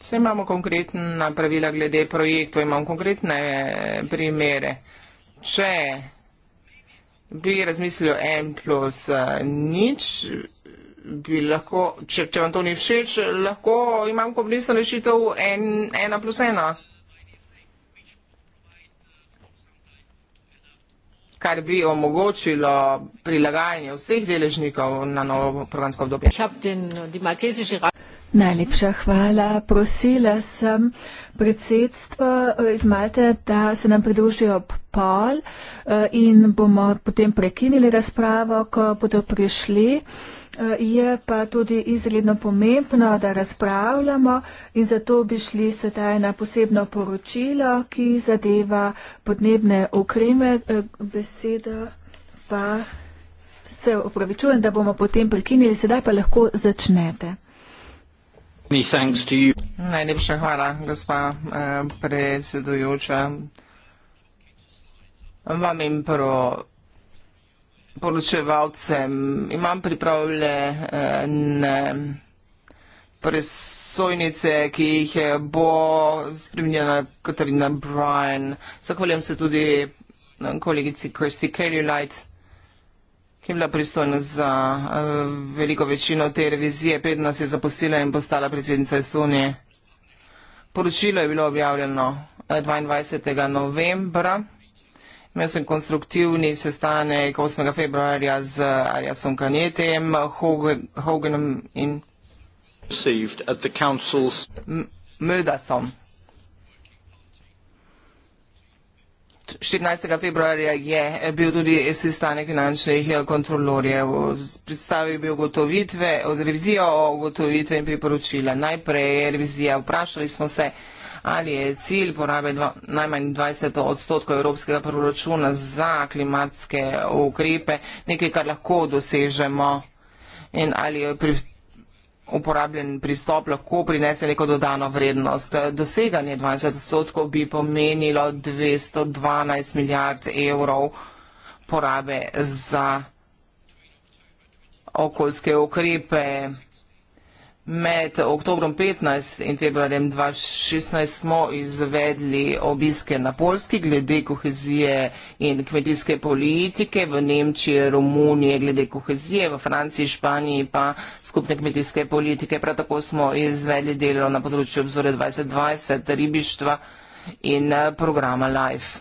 Vse imamo konkretna pravila glede projektov, imamo konkretne eh, primere. Če bi razmislil en plus nič, bi lahko, če, če vam to ni všeč, lahko imam kompromisno rešitev en, ena plus ena. kar bi omogočilo prilagajanje vseh deležnikov na novo programsko obdobje. Najlepša hvala. Prosila sem predsedstvo eh, iz Malte, da se nam pridružijo ob pol eh, in bomo potem prekinili razpravo, ko bodo prišli. Eh, je pa tudi izredno pomembno, da razpravljamo in zato bi šli sedaj na posebno poročilo, ki zadeva podnebne ukreme. Beseda pa se upravičujem, da bomo potem prekinili. Sedaj pa lahko začnete. Najlepša hvala, gospa eh, predsedujoča. Vam in prvo poročevalcem imam pripravljene eh, presojnice, ki jih eh, bo spremljena Katarina Bryan. Zahvaljujem se tudi kolegici Kristi Kelly-Light ki je bila pristojna za eh, veliko večino te revizije, predna se je zapustila in postala predsednica Estonije. Poročilo je bilo objavljeno 22. Eh, novembra. Imel sem konstruktivni sestanek 8. februarja z Arjasom Kanjetem, Hoganom in Mödasom. 14. februarja je bil tudi sestanek finančnih kontrolorjev. Predstavil bi ugotovitve od revizijo o ugotovitve in priporočila. Najprej je revizija. Vprašali smo se, ali je cilj porabe dva, najmanj 20 odstotkov evropskega proračuna za klimatske ukrepe nekaj, kar lahko dosežemo in ali je pri uporabljen pristop lahko prinese neko dodano vrednost. Doseganje 20 odstotkov bi pomenilo 212 milijard evrov porabe za okoljske ukrepe. Med oktobrom 15 in februarjem 2016 smo izvedli obiske na Polski glede kohezije in kmetijske politike, v Nemčiji, Romuniji glede kohezije, v Franciji, Španiji pa skupne kmetijske politike. Prav tako smo izvedli delo na področju obzore 2020, ribištva in eh, programa LIFE.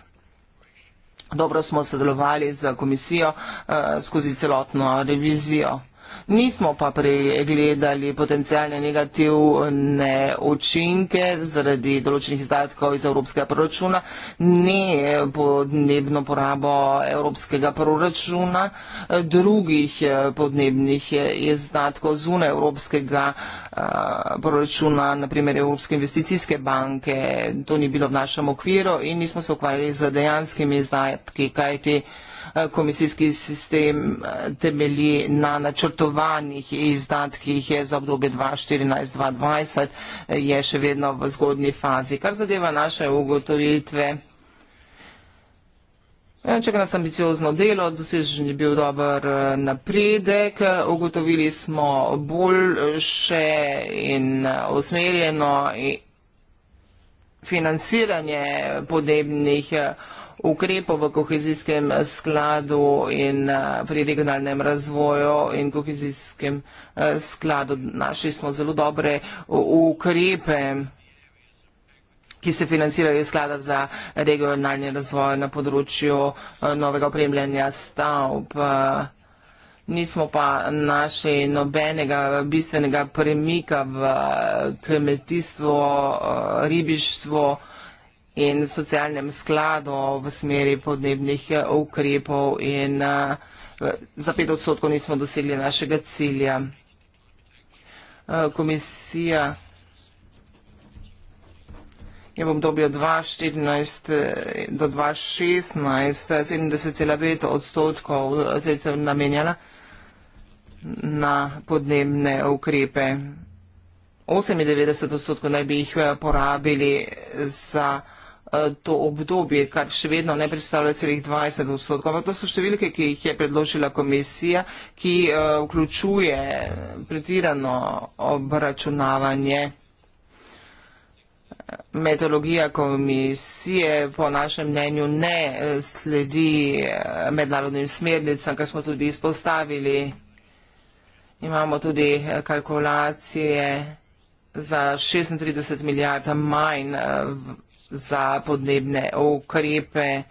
Dobro smo sodelovali z komisijo eh, skozi celotno revizijo. Nismo pa pregledali potencijalne negativne učinke zaradi določenih izdatkov iz evropskega proračuna, ne podnebno porabo evropskega proračuna, drugih eh, podnebnih eh, izdatkov zune evropskega eh, proračuna, naprimer Evropske investicijske banke. To ni bilo v našem okviru in nismo se ukvarjali z dejanskimi izdatki, kajti komisijski sistem eh, temelji na načrtovanih izdatkih za obdobje 2014-2020, eh, je še vedno v zgodnji fazi. Kar zadeva naše ugotovitve, ja, Če ga nas ambiciozno delo, dosežen je bil dober eh, napredek, ugotovili smo boljše in usmerjeno financiranje podebnih ukrepov v kohezijskem skladu in eh, pri regionalnem razvoju in kohezijskem eh, skladu. Našli smo zelo dobre ukrepe ki se financirajo iz sklada za regionalni razvoj na področju eh, novega opremljanja stavb. Nismo pa našli nobenega bistvenega premika v kmetijstvo, ribištvo, in socialnem skladu v smeri podnebnih eh, ukrepov in eh, za pet odstotkov nismo dosegli našega cilja. Eh, komisija je v obdobju 2014 do 2016 70,5 odstotkov sredstev namenjala na podnebne ukrepe. 98 odstotkov naj bi jih porabili za podnebne ukrepe Eh, to obdobje, kar še vedno ne predstavlja celih 20 odstotkov. To so številke, ki jih je predložila komisija, ki eh, vključuje pretirano obračunavanje. Eh, metodologija komisije po našem mnenju ne sledi mednarodnim smernicam, kar smo tudi izpostavili. Imamo tudi kalkulacije za 36 milijard manj za podnebne ukrepe,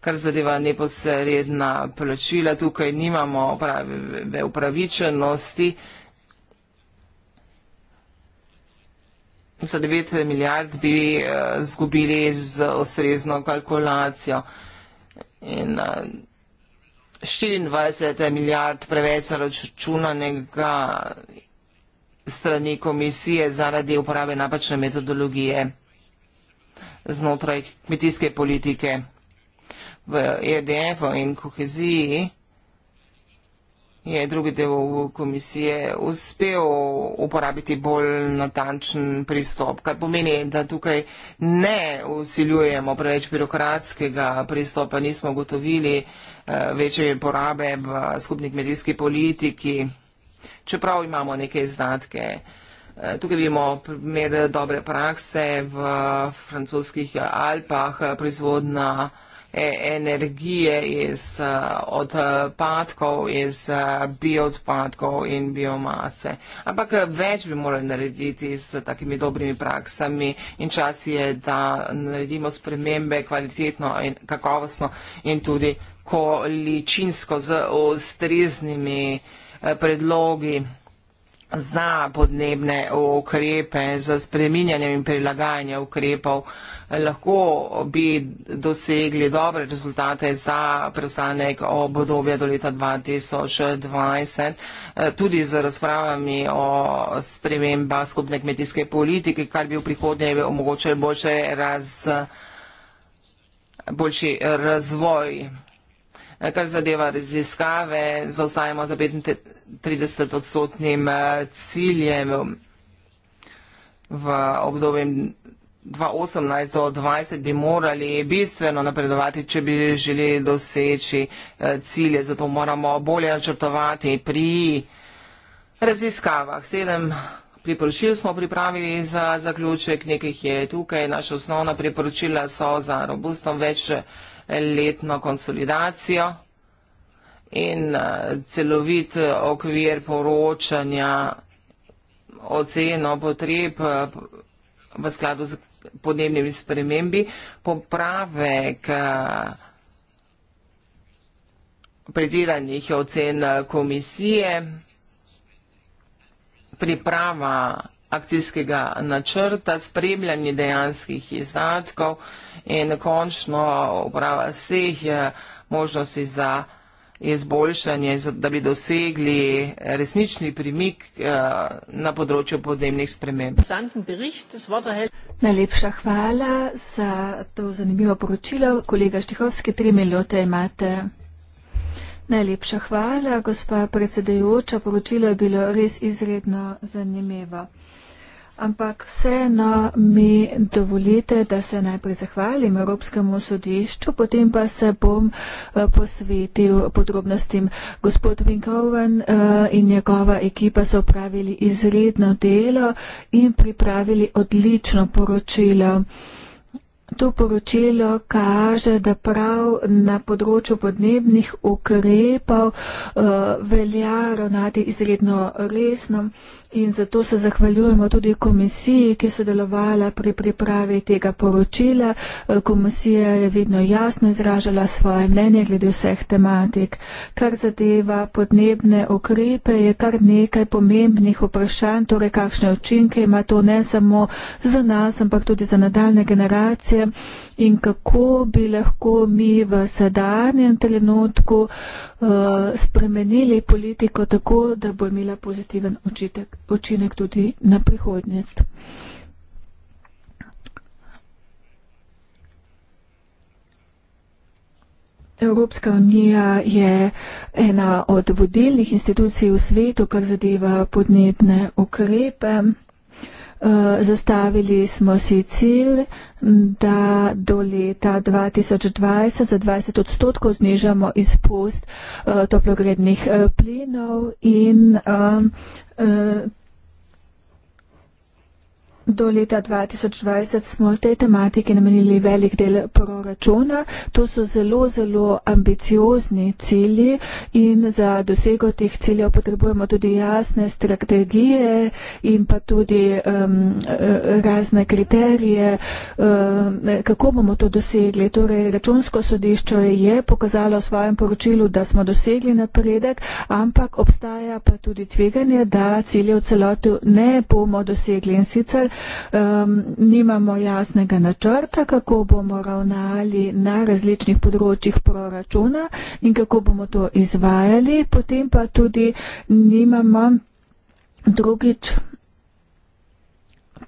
kar zadeva neposredna plačila. Tukaj nimamo prave upravičenosti. Za 9 milijard bi eh, zgubili z ustrezno kalkulacijo. In 24 eh, milijard preveč zaračunanega strani komisije zaradi uporabe napačne metodologije znotraj kmetijske politike. V EDF in koheziji je drugi del komisije uspel uporabiti bolj natančen pristop, kar pomeni, da tukaj ne usiljujemo preveč birokratskega pristopa, nismo gotovili eh, večje porabe v skupni kmetijski politiki, čeprav imamo neke izdatke. Eh, tukaj vidimo primer dobre prakse v francoskih Alpah, eh, proizvodna e, energije iz eh, odpadkov, iz bioodpadkov in biomase. Ampak več bi morali narediti s takimi dobrimi praksami in čas je, da naredimo spremembe kvalitetno in kakovostno in tudi količinsko z ustreznimi predlogi za podnebne ukrepe, za spreminjanje in prilagajanje ukrepov, lahko bi dosegli dobre rezultate za preostanek obdobja do leta 2020, eh, tudi z razpravami o sprememba skupne kmetijske politike, kar bi v prihodnje omogočili boljši razvoj. Eh, kar zadeva raziskave, zaostajamo za 35 odstotnim eh, ciljem v obdobju 2018 do 2020 bi morali bistveno napredovati, če bi želeli doseči eh, cilje, zato moramo bolje načrtovati pri raziskavah. Sedem priporočil smo pripravili za zaključek, nekih je tukaj. Naša osnovna priporočila so za robustno večje letno konsolidacijo in eh, celovit eh, okvir poročanja oceno potreb eh, v skladu z podnebnimi spremembi, popravek prediranih ocen komisije, priprava akcijskega načrta, spremljanje dejanskih izdatkov in končno uprava vseh eh, možnosti za izboljšanje, da bi dosegli resnični primik eh, na področju podnebnih sprememb. Najlepša hvala za to zanimivo poročilo. Kolega Štihovski, tri minute imate. Najlepša hvala, gospa predsedajoča. Poročilo je bilo res izredno zanimivo ampak vseeno mi dovolite, da se najprej zahvalim Evropskemu sodišču, potem pa se bom eh, posvetil podrobnostim. Gospod Vinkovan eh, in njegova ekipa so opravili izredno delo in pripravili odlično poročilo. To poročilo kaže, da prav na področju podnebnih ukrepov uh, velja ravnati izredno resno. Uh, In zato se zahvaljujemo tudi komisiji, ki je sodelovala pri pripravi tega poročila. Eh, Komisija je vedno jasno izražala svoje mnenje glede vseh tematik. Kar zadeva podnebne okrepe, je kar nekaj pomembnih vprašanj, torej kakšne učinke ima to ne samo za nas, ampak tudi za nadaljne generacije in kako bi lahko mi v sedanjem trenutku uh, Eh, spremenili politiko tako, da bo imela pozitiven očitek, učinek tudi na prihodnost. Evropska unija je ena od vodilnih institucij v svetu, kar zadeva podnebne ukrepe. Zastavili smo si cilj, da do leta 2020 za 20 odstotkov znižamo izpust eh, toplogrednih eh, plinov in eh, Do leta 2020 smo tej tematiki namenili velik del proračuna. To so zelo, zelo ambiciozni cilji in za dosego teh ciljev potrebujemo tudi jasne strategije in pa tudi um, razne kriterije, um, kako bomo to dosegli. Torej, računsko sodišče je pokazalo v svojem poročilu, da smo dosegli napredek, ampak obstaja pa tudi tveganje, da cilje v celoti ne bomo dosegli in sicer um, nimamo jasnega načrta, kako bomo ravnali na različnih področjih proračuna in kako bomo to izvajali, potem pa tudi nimamo drugič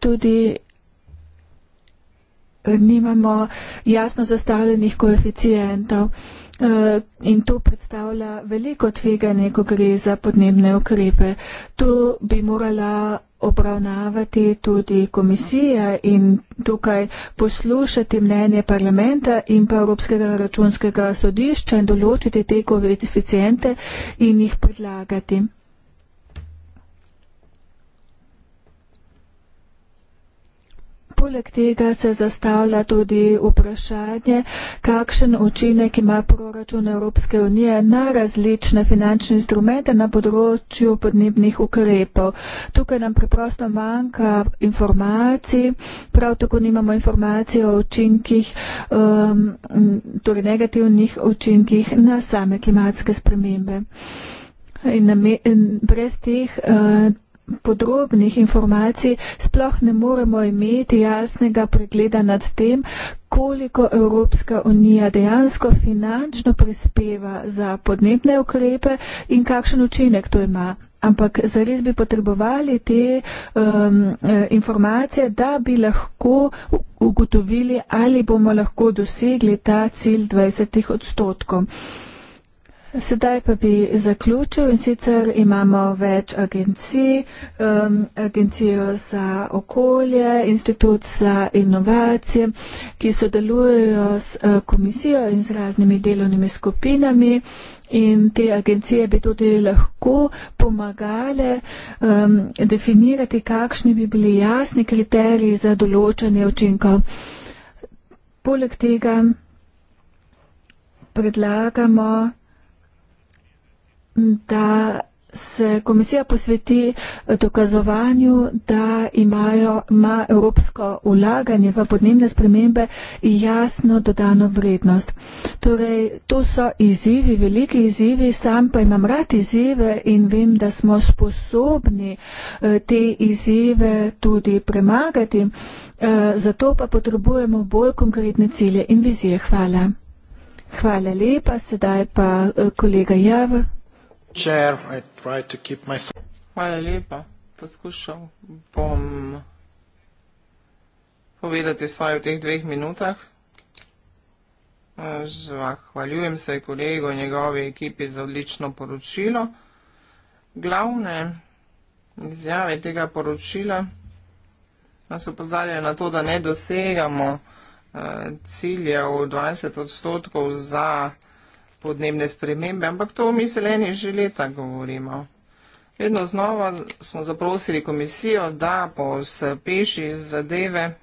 tudi nimamo jasno zastavljenih koeficijentov. Eh, in to predstavlja veliko tveganje, ko gre za podnebne ukrepe. To bi morala obravnavati tudi komisija in tukaj poslušati mnenje parlamenta in pa Evropskega računskega sodišča in določiti te koeficiente in jih predlagati. Poleg tega se zastavlja tudi vprašanje, kakšen učinek ima proračun Evropske unije na različne finančne instrumente na področju podnebnih ukrepov. Tukaj nam preprosto manjka informacij, prav tako nimamo informacij o učinkih, um, torej negativnih učinkih na same klimatske spremembe. In, in brez teh. Uh, podrobnih informacij sploh ne moremo imeti jasnega pregleda nad tem, koliko Evropska unija dejansko finančno prispeva za podnebne ukrepe in kakšen učinek to ima. Ampak zares bi potrebovali te um, eh, informacije, da bi lahko ugotovili, ali bomo lahko dosegli ta cilj 20 odstotkov. Sedaj pa bi zaključil in sicer imamo več agencij, um, agencijo za okolje, institut za inovacije, ki sodelujejo s uh, komisijo in z raznimi delovnimi skupinami in te agencije bi tudi lahko pomagale um, definirati, kakšni bi bili jasni kriteriji za določanje učinkov. Poleg tega predlagamo, da se komisija posveti eh, dokazovanju, da imajo, ima evropsko ulaganje v podnebne spremembe jasno dodano vrednost. Torej, to so izzivi, veliki izzivi, sam pa imam rad izzive in vem, da smo sposobni eh, te izzive tudi premagati, eh, zato pa potrebujemo bolj konkretne cilje in vizije. Hvala. Hvala lepa, sedaj pa kolega Javr chair. I try to keep myself. Hvala lepa. Poskušal bom povedati svoje v teh dveh minutah. Zahvaljujem se kolego in njegovi ekipi za odlično poročilo. Glavne izjave tega poročila nas upozarjajo na to, da ne dosegamo eh, ciljev 20 odstotkov za podnebne spremembe, ampak to mi zeleni že leta govorimo. Vedno znova smo zaprosili komisijo, da pospeši zadeve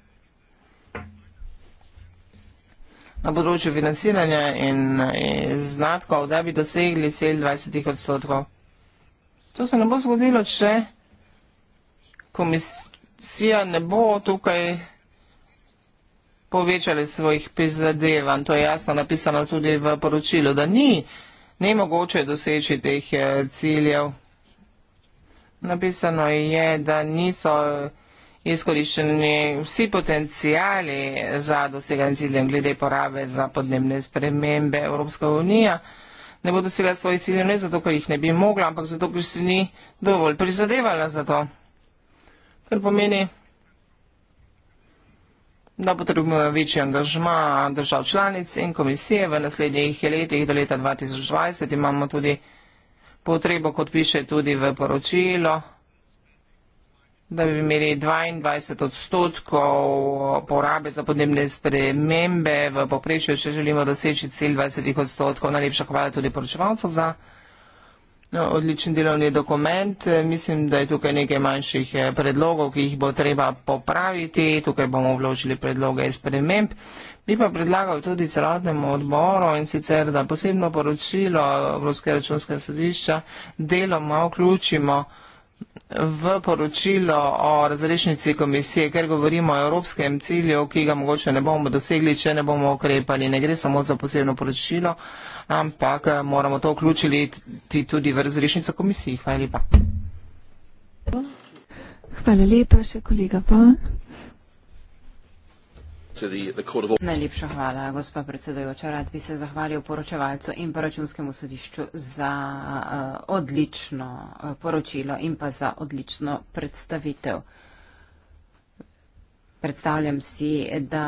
na področju financiranja in znatkov, da bi dosegli cel 20 odstotkov. To se ne bo zgodilo, če komisija ne bo tukaj povečali svojih prizadevanj. To je jasno napisano tudi v poročilu, da ni nemogoče doseči teh eh, ciljev. Napisano je, da niso eh, izkoriščeni vsi potencijali za doseganje ciljev glede porabe za podnebne spremembe Evropska unija. Ne bo dosegla svojih ciljev ne zato, ker jih ne bi mogla, ampak zato, ker si ni dovolj prizadevala za to. Kar pomeni, da potrebujemo večji angažma držav članic in komisije. V naslednjih letih do leta 2020 imamo tudi potrebo, kot piše tudi v poročilo, da bi imeli 22 odstotkov porabe za podnebne spremembe v poprečju, če želimo doseči cilj 20 odstotkov. Najlepša hvala tudi poročevalcu za poročilo. No, odličen delovni dokument. Mislim, da je tukaj nekaj manjših eh, predlogov, ki jih bo treba popraviti. Tukaj bomo vložili predloge iz prememb. Bi pa predlagal tudi celotnemu odboru in sicer, da posebno poročilo Evropske računske sodišča deloma vključimo v poročilo o razrešnici komisije, ker govorimo o evropskem cilju, ki ga mogoče ne bomo dosegli, če ne bomo okrepali. Ne gre samo za posebno poročilo, ampak eh, moramo to vključiti tudi v razrešnico komisije. Hvala lepa. Hvala lepa, še kolega Pan. Najlepša hvala, gospa predsedojoča. Rad bi se zahvalil poročevalcu in poračunskemu sodišču za eh, odlično eh, poročilo in pa za odlično predstavitev predstavljam si, da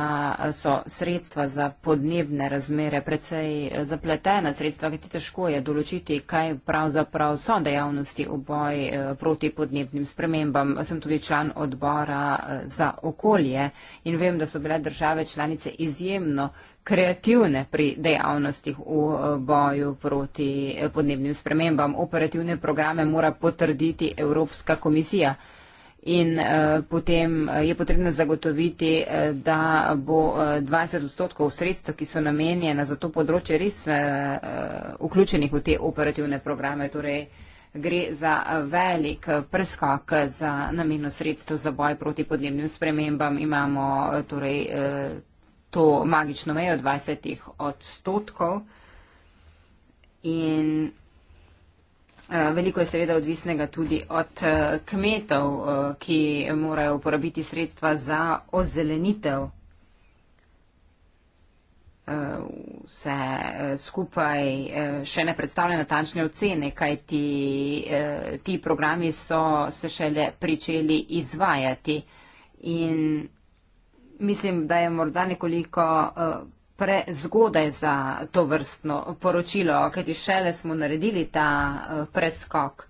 so sredstva za podnebne razmere precej zapletena, sredstva, ki ti težko je določiti, kaj pravzaprav so dejavnosti v boj eh, proti podnebnim spremembam. Sem tudi član odbora eh, za okolje in vem, da so bile države članice izjemno kreativne pri dejavnostih v eh, boju proti podnebnim spremembam. Operativne programe mora potrditi Evropska komisija in uh, potem eh, je potrebno zagotoviti, eh, da bo 20 odstotkov sredstv, ki so namenjena za to področje, res uh, vključenih v te operativne programe. Torej, gre za velik preskak za namenno sredstvo za boj proti podnebnim spremembam. Imamo uh, torej, uh, to magično mejo 20 odstotkov. In Eh, veliko je seveda odvisnega tudi od eh, kmetov, eh, ki morajo uporabiti sredstva za ozelenitev. Vse skupaj še ne predstavlja natančne ocene, kaj ti, ti programi so se šele pričeli izvajati. In mislim, da je morda nekoliko prezgodaj za to vrstno poročilo, kajti šele smo naredili ta eh, preskok.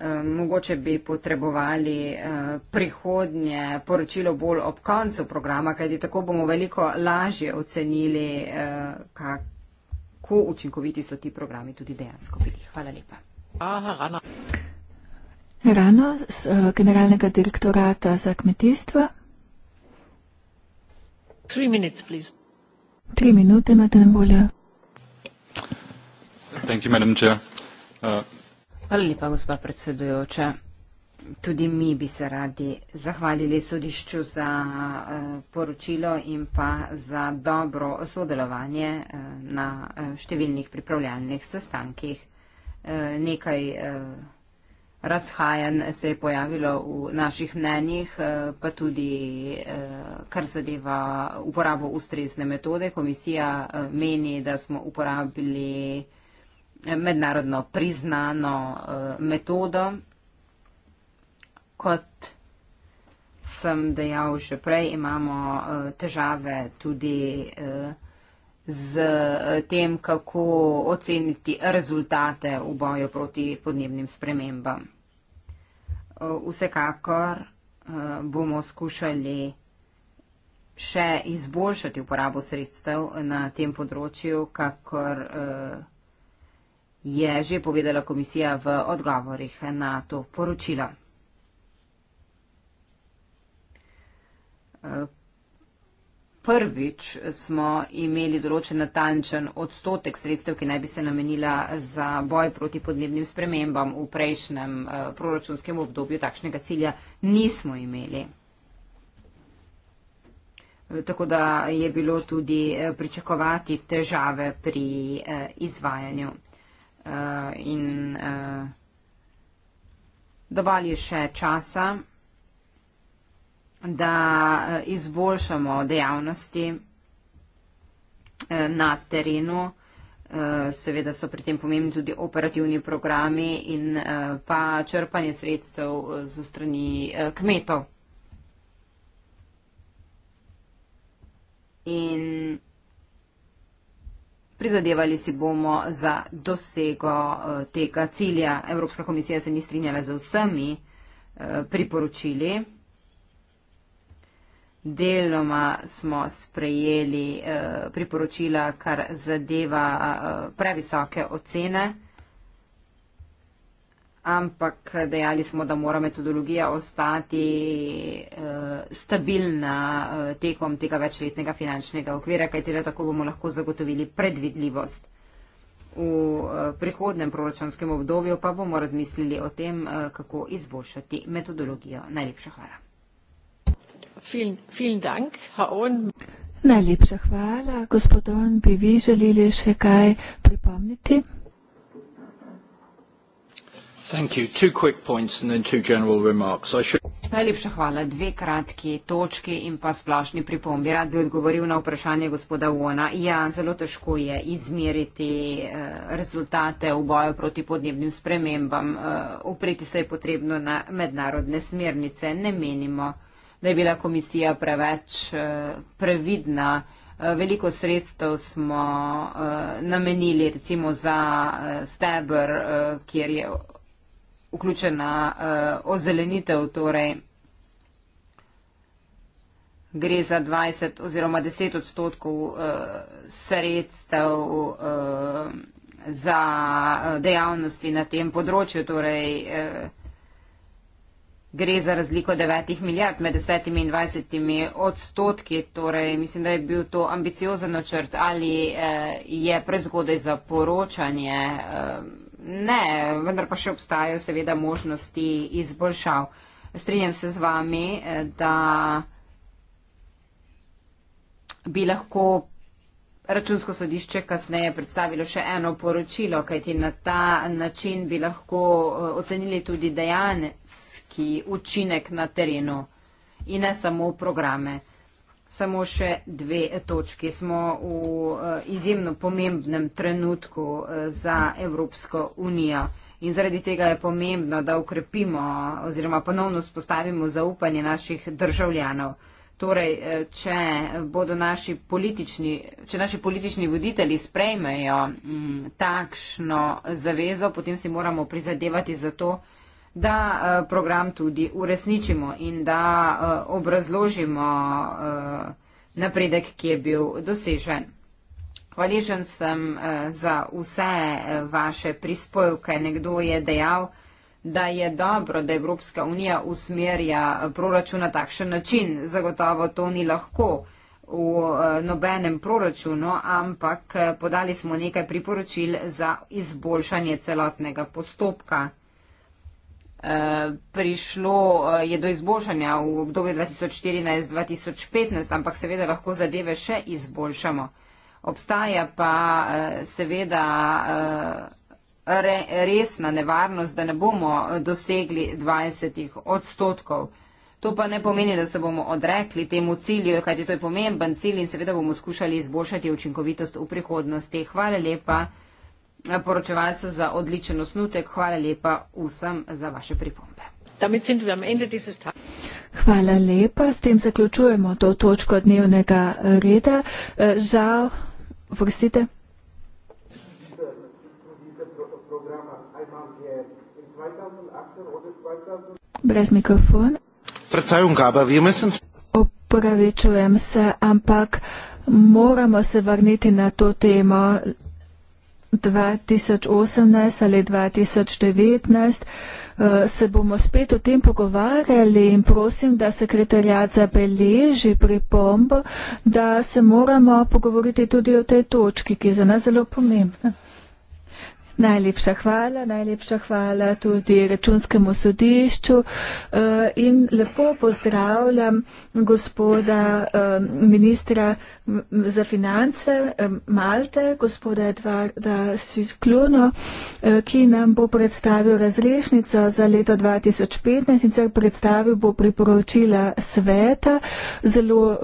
Eh, mogoče bi potrebovali eh, prihodnje poročilo bolj ob koncu programa, kajti tako bomo veliko lažje ocenili, kako učinkoviti so ti programi tudi dejansko bili. Hvala lepa. Aha, Rano z generalnega direktorata za kmetijstvo. 3 minutes, please. Tri minute imate na voljo. Thank you, madam chair. Uh, Hvala lepa, gospa predsedujoča. Tudi mi bi se radi zahvalili sodišču za eh, poročilo in pa za dobro sodelovanje eh, na eh, številnih pripravljalnih sestankih. Nekaj razhajanj se je pojavilo v naših mnenjih, eh, pa tudi eh, kar zadeva uporabo ustrezne metode. Komisija eh, meni, da smo uporabili mednarodno priznano metodo, kot sem dejal že prej, imamo težave tudi z eh, tem, kako oceniti rezultate v boju proti podnebnim spremembam. Eh, vsekakor eh, bomo skušali še izboljšati uporabo sredstev na tem področju, kakor je že povedala komisija v odgovorih na to poročilo prvič smo imeli določen natančen odstotek sredstev, ki naj bi se namenila za boj proti podnebnim spremembam v prejšnjem eh, proračunskem obdobju, takšnega cilja nismo imeli. Eh, tako da je bilo tudi eh, pričakovati težave pri izvajanju. In dovali še časa da eh, izboljšamo dejavnosti eh, na terenu. Eh, seveda so pri tem pomembni tudi operativni programi in pa črpanje sredstev za strani kmetov. In prizadevali si bomo za dosego tega cilja. Evropska komisija se ni strinjala z vsemi priporočili. Deloma smo sprejeli eh, priporočila, kar zadeva eh, previsoke ocene, ampak dejali smo, da mora metodologija ostati eh, stabilna eh, tekom tega večletnega finančnega okvira, kajti le tako bomo lahko zagotovili predvidljivost. V eh, prihodnem proračunskem obdobju pa bomo razmislili o tem, eh, kako izboljšati metodologijo. Najlepša hvala. Vielen, vielen Dank, Herr Owen. Najlepša hvala, gospod Owen, bi vi želeli še kaj pripomniti? Najlepša hvala. Dve kratki točki in pa splošni pripombi. Rad bi odgovoril na vprašanje gospoda Wona. Ja, zelo težko je izmeriti eh, rezultate v boju proti podnebnim spremembam. Eh, upreti se je potrebno na mednarodne smernice. Ne menimo, da je bila komisija preveč eh, previdna. Eh, veliko sredstev smo eh, namenili recimo za steber, kjer je vključena ozelenitev, torej gre za 20 oziroma 10 odstotkov sredstev za dejavnosti na tem področju, torej Gre za razliko 9 milijard med 10 in 20 odstotki, torej mislim, da je bil to ambiciozen načrt ali eh, je prezgodaj za poročanje. Eh, ne, vendar pa še obstajajo seveda možnosti izboljšav. Strinjam se z vami, eh, da bi lahko računsko sodišče kasneje predstavilo še eno poročilo, kajti na ta način bi lahko eh, ocenili tudi dejanec neki učinek na terenu in ne samo v programe. Samo še dve točki. Smo v eh, izjemno pomembnem trenutku eh, za Evropsko unijo in zaradi tega je pomembno, da ukrepimo oziroma ponovno spostavimo zaupanje naših državljanov. Torej, eh, če bodo naši politični, če naši politični voditelji sprejmejo mm, takšno zavezo, potem si moramo prizadevati za to, da eh, program tudi uresničimo in da eh, obrazložimo eh, napredek, ki je bil dosežen. Hvaležen sem za vse vaše prispevke. Nekdo je dejal, da je dobro, da Evropska unija usmerja proračun na takšen način. Zagotovo to ni lahko v nobenem proračunu, ampak podali smo nekaj priporočil za izboljšanje celotnega postopka prišlo eh, je do izboljšanja v obdobju 2014-2015, ampak seveda lahko zadeve še izboljšamo. Obstaja pa eh, seveda eh, resna nevarnost, da ne bomo dosegli 20 odstotkov. To pa ne pomeni, da se bomo odrekli temu cilju, kajti to je pomemben cilj in seveda bomo skušali izboljšati učinkovitost v prihodnosti. Hvala lepa poročevalcu za odličen osnutek. Hvala lepa vsem za vaše pripombe. Hvala lepa. S tem zaključujemo to točko dnevnega eh, reda. Eh, žal, oprostite. Brez mikrofona. Predstavljam, kaj pa vi mislim? Opravičujem se, ampak moramo se vrniti na to temo. 2018 ali 2019. Eh, se bomo spet o tem pogovarjali in prosim, da sekretarjat zabeleži pripombo, da se moramo pogovoriti tudi o tej točki, ki je za nas zelo pomembna. Najlepša hvala, najlepša hvala tudi računskemu sodišču eh, in lepo pozdravljam gospoda eh, ministra za finance eh, Malte, gospoda Edvarda Sikluno, ki nam bo predstavil razrešnico za leto 2015 in sicer predstavil bo priporočila sveta. Zelo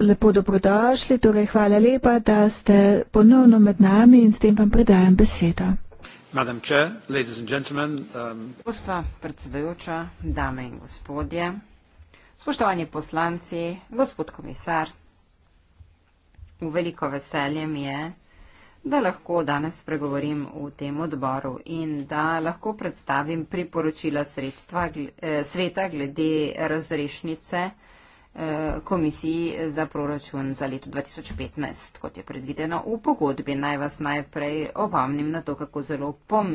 lepo dobrodošli, torej hvala lepa, da ste ponovno med nami in s tem vam predajam besedo. Um, gospa predsedujoča dame in gospodje spoštovani poslanci gospod komisar v veliko veselje mi je da lahko danes spregovorim v tem odboru in da lahko predstavim priporočila sredstva, eh, sveta glede razrešnice Eh, komisiji za proračun za leto 2015, kot je predvideno v pogodbi. Naj vas najprej obamnim na to, kako zelo eh,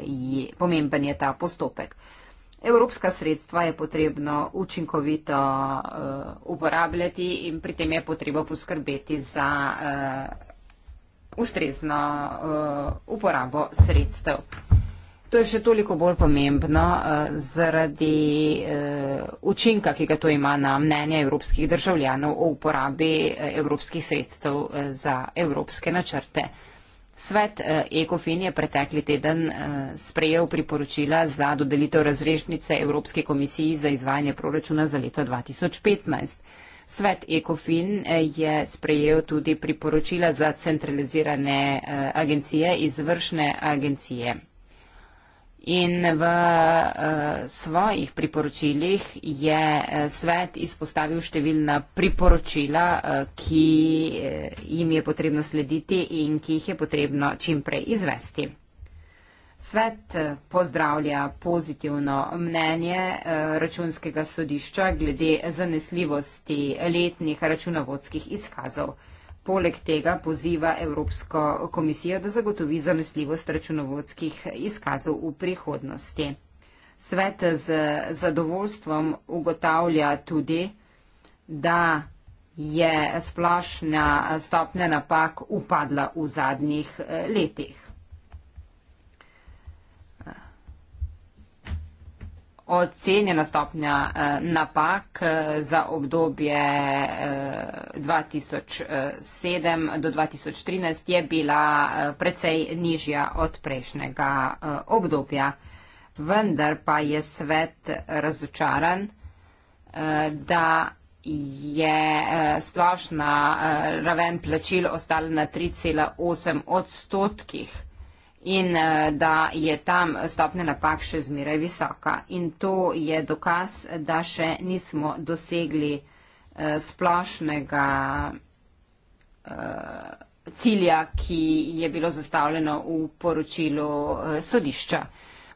je, pomemben je ta postopek. Evropska sredstva je potrebno učinkovito uh, uporabljati in pri tem je potrebo poskrbeti za uh, ustrezno uh, uporabo sredstev. Uh, To je še toliko bolj pomembno uh, zaradi uh, učinka, ki ga to ima na mnenje evropskih državljanov o uporabi uh, evropskih sredstev uh, za evropske načrte. Svet uh, ECOFIN je pretekli teden uh, sprejel priporočila za dodelitev razrešnice Evropske komisiji za izvajanje proračuna za leto 2015. Svet ECOFIN je sprejel tudi priporočila za centralizirane uh, agencije, izvršne agencije In v uh, svojih priporočilih je uh, svet izpostavil številna priporočila, uh, ki uh, jim je potrebno slediti in ki jih je potrebno čimprej izvesti. Svet pozdravlja pozitivno mnenje računskega sodišča glede zanesljivosti letnih računovodskih izkazov. Poleg tega poziva Evropsko komisijo, da zagotovi zanesljivost računovodskih izkazov v prihodnosti. Svet z zadovoljstvom ugotavlja tudi, da je splošna stopnja napak upadla v zadnjih eh, letih. ocenjena stopnja eh, napak eh, za obdobje 2007 eh, do 2013 je bila precej nižja od prejšnjega obdobja. Vendar pa je svet razočaran, da je splošna raven plačil ostala na 3,8 odstotkih in eh, da je tam stopnja napak še zmeraj visoka. In to je dokaz, da še nismo dosegli eh, splošnega eh, cilja, ki je bilo zastavljeno v poročilu sodišča.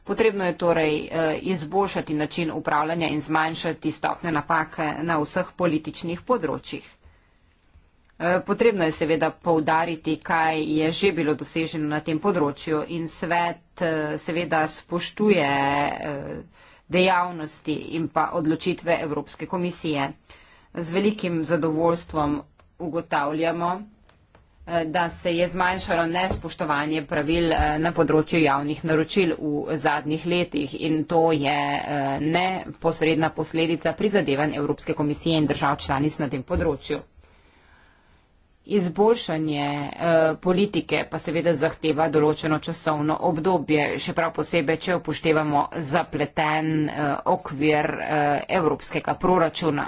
Potrebno je torej izboljšati način upravljanja in zmanjšati stopne napake na vseh političnih področjih. Eh, potrebno je seveda poudariti, kaj je že bilo doseženo na tem področju in svet eh, seveda spoštuje eh, dejavnosti in pa odločitve Evropske komisije. Z velikim zadovoljstvom ugotavljamo, da se je zmanjšalo nespoštovanje pravil na področju javnih naročil v zadnjih letih in to je neposredna posledica prizadevanj Evropske komisije in držav članic na tem področju. Izboljšanje eh, politike pa seveda zahteva določeno časovno obdobje, še prav posebej, če upoštevamo zapleten eh, okvir eh, evropskega proračuna.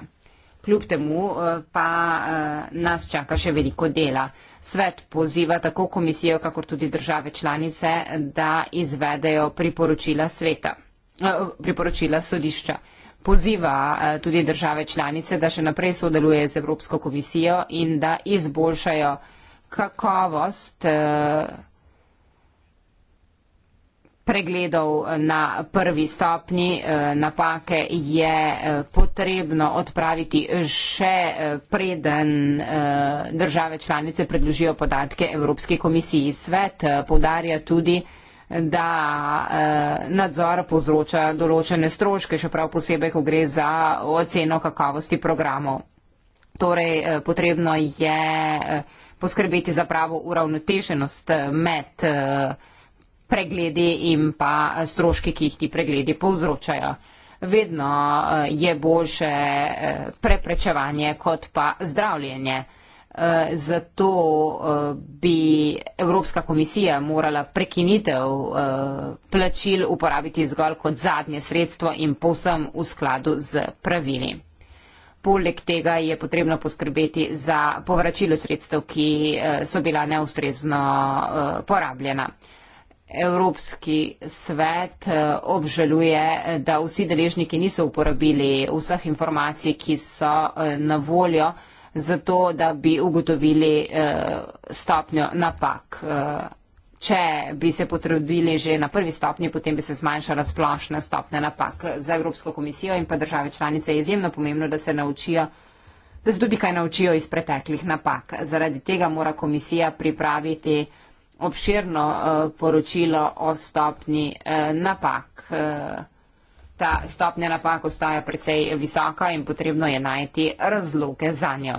Kljub temu eh, pa eh, nas čaka še veliko dela. Svet poziva tako komisijo, kakor tudi države članice, da izvedejo priporočila, sveta, eh, priporočila sodišča poziva eh, tudi države članice, da še naprej sodelujejo z Evropsko komisijo in da izboljšajo kakovost eh, pregledov na prvi stopni eh, napake je potrebno odpraviti še preden države članice predložijo podatke Evropske komisiji. Svet podarja tudi, da eh, nadzor povzroča določene stroške, še prav posebej, ko gre za oceno kakovosti programov. Torej, eh, potrebno je eh, poskrbeti za pravo uravnotešenost eh, med eh, pregledi in pa stroški, ki jih ti pregledi povzročajo. Vedno eh, je boljše eh, preprečevanje kot pa zdravljenje. Eh, zato eh, bi Evropska komisija morala prekinitev eh, plačil uporabiti zgolj kot zadnje sredstvo in povsem v skladu z pravili. Poleg tega je potrebno poskrbeti za povračilo sredstev, ki so bila neustrezno porabljena. Evropski svet obžaluje, da vsi deležniki niso uporabili vseh informacij, ki so na voljo zato da bi ugotovili uh, stopnjo napak. Uh, Če bi se potrudili že na prvi stopnji, potem bi se zmanjšala splošna stopnja napak. Za Evropsko komisijo in pa države članice je izjemno pomembno, da se naučijo, da se tudi kaj naučijo iz preteklih napak. Zaradi tega mora komisija pripraviti obširno uh, poročilo o stopnji uh, napak. Uh, ta stopnja napak ostaja precej visoka in potrebno je najti razloge za njo.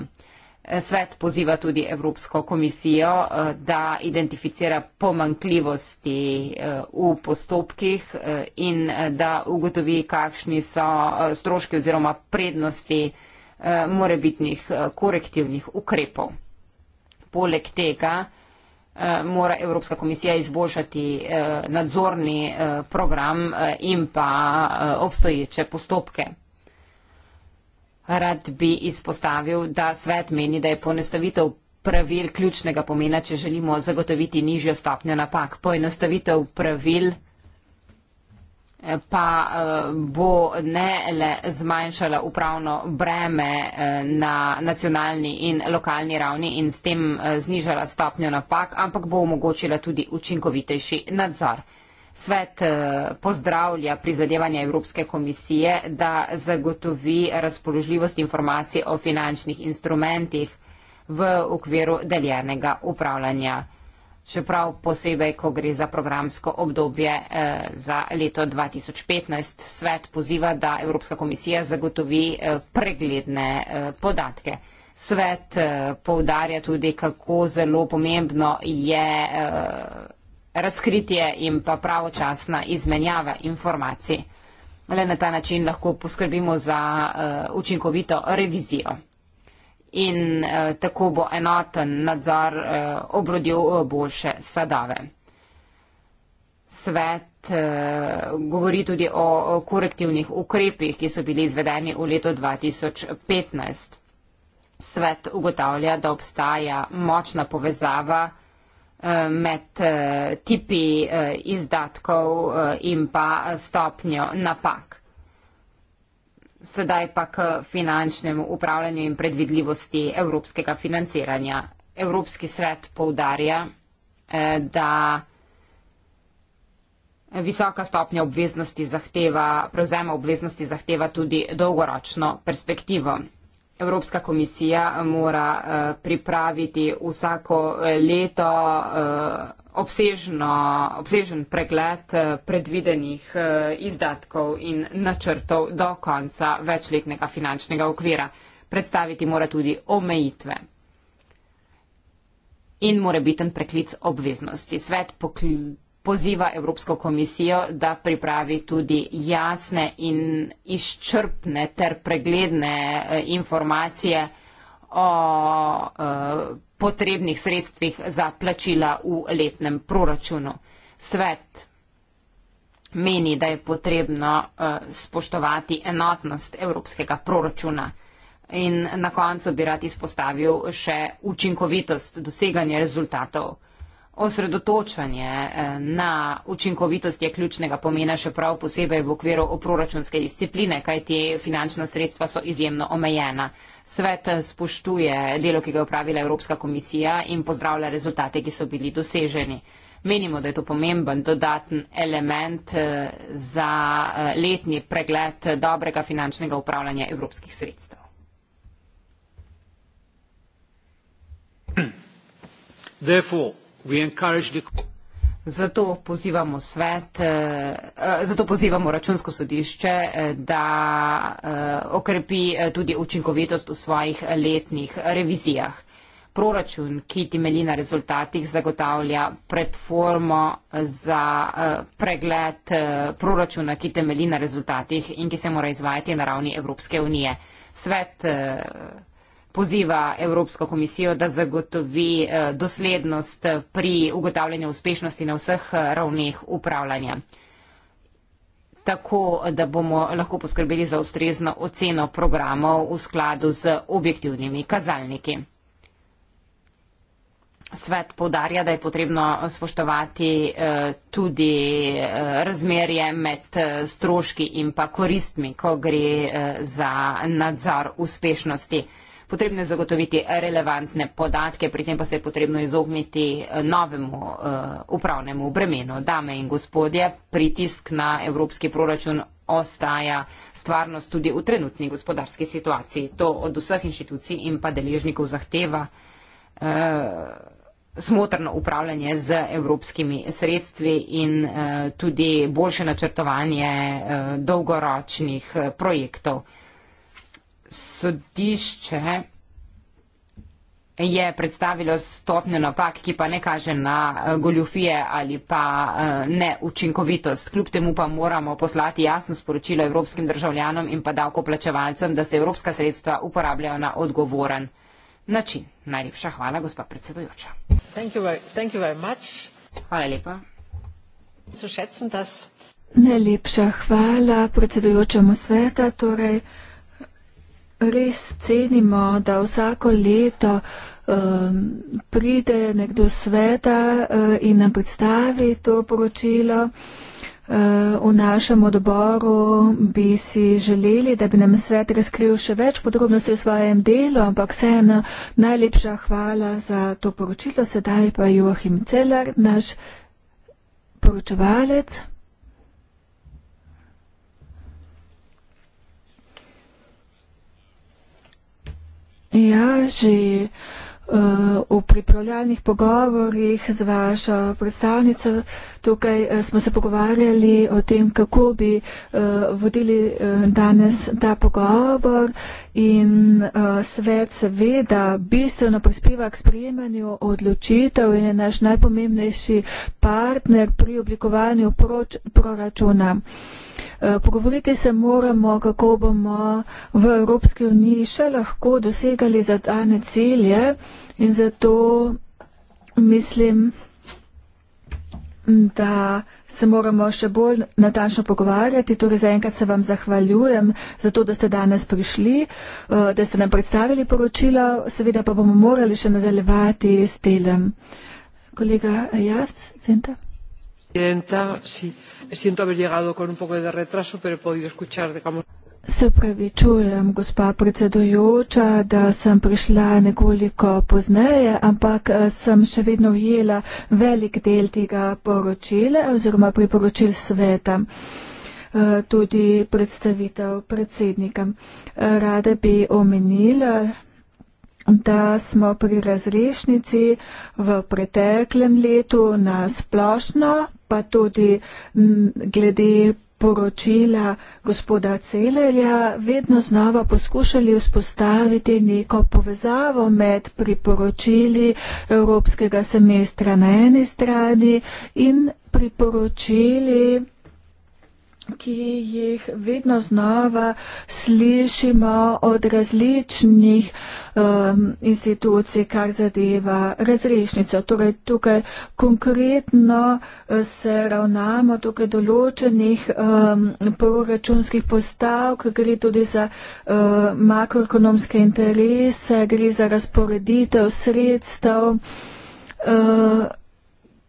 Svet poziva tudi Evropsko komisijo, eh, da identificira pomankljivosti eh, v postopkih eh, in da ugotovi, kakšni so stroški oziroma prednosti morebitnih korektivnih ukrepov. Poleg tega, Eh, mora Evropska komisija izboljšati eh, nadzorni eh, program in pa obstoječe postopke. Rad bi izpostavil, da svet meni, da je ponestavitev pravil ključnega pomena, če želimo zagotoviti nižjo stopnjo napak. Poenostavitev pravil pa eh, bo ne le zmanjšala upravno breme eh, na nacionalni in lokalni ravni in s tem eh, znižala stopnjo napak, ampak bo omogočila tudi učinkovitejši nadzor. Svet pozdravlja prizadevanja Evropske komisije, da zagotovi razpoložljivost informacij o finančnih instrumentih v okviru deljenega upravljanja čeprav posebej, ko gre za programsko obdobje eh, za leto 2015, svet poziva, da Evropska komisija zagotovi eh, pregledne eh, podatke. Svet poudarja tudi, kako zelo pomembno je razkritje in pa pravočasna izmenjava informacij. Le na ta način lahko poskrbimo za učinkovito revizijo in eh, tako bo enoten nadzor eh, obrodil eh, boljše sadave. Svet eh, govori tudi o korektivnih ukrepih, ki so bili izvedeni v letu 2015. Svet ugotavlja, da obstaja močna povezava eh, med eh, tipi eh, izdatkov eh, in pa stopnjo napak sedaj pa k finančnemu upravljanju in predvidljivosti evropskega financiranja. Evropski svet poudarja, eh, da visoka stopnja obveznosti zahteva, prevzema obveznosti zahteva tudi dolgoročno perspektivo. Evropska komisija eh, mora eh, pripraviti vsako eh, leto obsežno, obsežen pregled predvidenih izdatkov in načrtov do konca večletnega finančnega okvira. Predstaviti mora tudi omejitve in morebiten preklic obveznosti. Svet pokl poziva Evropsko komisijo, da pripravi tudi jasne in izčrpne ter pregledne eh, informacije o eh, potrebnih sredstvih za plačila v letnem proračunu. Svet meni, da je potrebno eh, spoštovati enotnost evropskega proračuna. In na koncu bi rad izpostavil še učinkovitost doseganja rezultatov osredotočanje eh, na učinkovitost je ključnega pomena, še prav posebej v okviru proračunske discipline, kajti finančna sredstva so izjemno omejena. Svet eh, spoštuje delo, ki ga je upravila Evropska komisija in pozdravlja rezultate, ki so bili doseženi. Menimo, da je to pomemben dodaten element eh, za letni pregled dobrega finančnega upravljanja evropskih sredstev. Therefore, Zato pozivamo svet, eh, eh, zato pozivamo računsko sodišče, eh, da okrepi tudi učinkovitost v svojih letnih revizijah. Proračun, ki temelji na rezultatih, zagotavlja predformo za pregled proračuna, ki temelji na rezultatih in ki se mora izvajati na ravni Evropske unije. Svet poziva Evropsko komisijo, da zagotovi eh, doslednost pri ugotavljanju uspešnosti na vseh eh, ravneh upravljanja. Tako, da bomo lahko poskrbeli za ustrezno oceno programov v skladu z objektivnimi kazalniki. Svet povdarja, da je potrebno spoštovati eh, tudi razmerje med stroški in pa koristmi, ko gre za nadzor uspešnosti potrebno je zagotoviti relevantne podatke, pri tem pa se je potrebno izogniti eh, novemu eh, upravnemu bremenu. Dame in gospodje, pritisk na evropski proračun ostaja stvarnost tudi v trenutni gospodarski situaciji. To od vseh inštitucij in pa deležnikov zahteva eh, smotrno upravljanje z evropskimi sredstvi in tudi boljše načrtovanje dolgoročnih projektov sodišče je predstavilo stopnjo napak, ki pa ne kaže na eh, goljufije ali pa eh, neučinkovitost. Kljub temu pa moramo poslati jasno sporočilo evropskim državljanom in pa davkoplačevalcem, da se evropska sredstva uporabljajo na odgovoren način. Najlepša hvala, gospa predsedujoča. Hvala lepa. Najlepša hvala, predsedujoča mu sveta. Torej, res cenimo, da vsako leto um, pride nekdo sveta uh, in nam predstavi to poročilo. Uh, v našem odboru bi si želeli, da bi nam svet razkril še več podrobnosti o svojem delu, ampak vseeno najlepša hvala za to poročilo. Sedaj pa Joachim Celer, naš poročevalec. Ja, že uh, v pripravljalnih pogovorjih z vašo predstavnico tukaj uh, smo se pogovarjali o tem, kako bi uh, vodili uh, danes ta pogovor in uh, svet seveda bistveno prispeva k sprejemanju odločitev in je naš najpomembnejši partner pri oblikovanju proč, proračuna. Uh, Eh, pogovoriti se moramo, kako bomo v Evropski uniji še lahko dosegali zadane cilje in zato mislim, da se moramo še bolj natančno pogovarjati. Torej, zaenkrat se vam zahvaljujem za to, da ste danes prišli, eh, da ste nam predstavili poročilo, seveda pa bomo morali še nadaljevati s telem. Kolega, ja, center presidenta siento haber llegado con un poco de retraso pero he podido escuchar digamos Se upravičujem, gospa predsedujoča, da sem prišla nekoliko pozneje, ampak eh, sem še vedno ujela velik del tega poročila oziroma priporočil sveta, eh, tudi predstavitev predsednika. Eh, rada bi omenila, da smo pri razrešnici v preteklem letu na splošno, pa tudi glede poročila gospoda Celerja, vedno znova poskušali vzpostaviti neko povezavo med priporočili Evropskega semestra na eni strani in priporočili ki jih vedno znova slišimo od različnih um, institucij, kar zadeva razrešnico. Torej, tukaj konkretno uh, se ravnamo tukaj določenih um, proračunskih postavk, gre tudi za um, makroekonomske interese, gre za razporeditev sredstev. Um,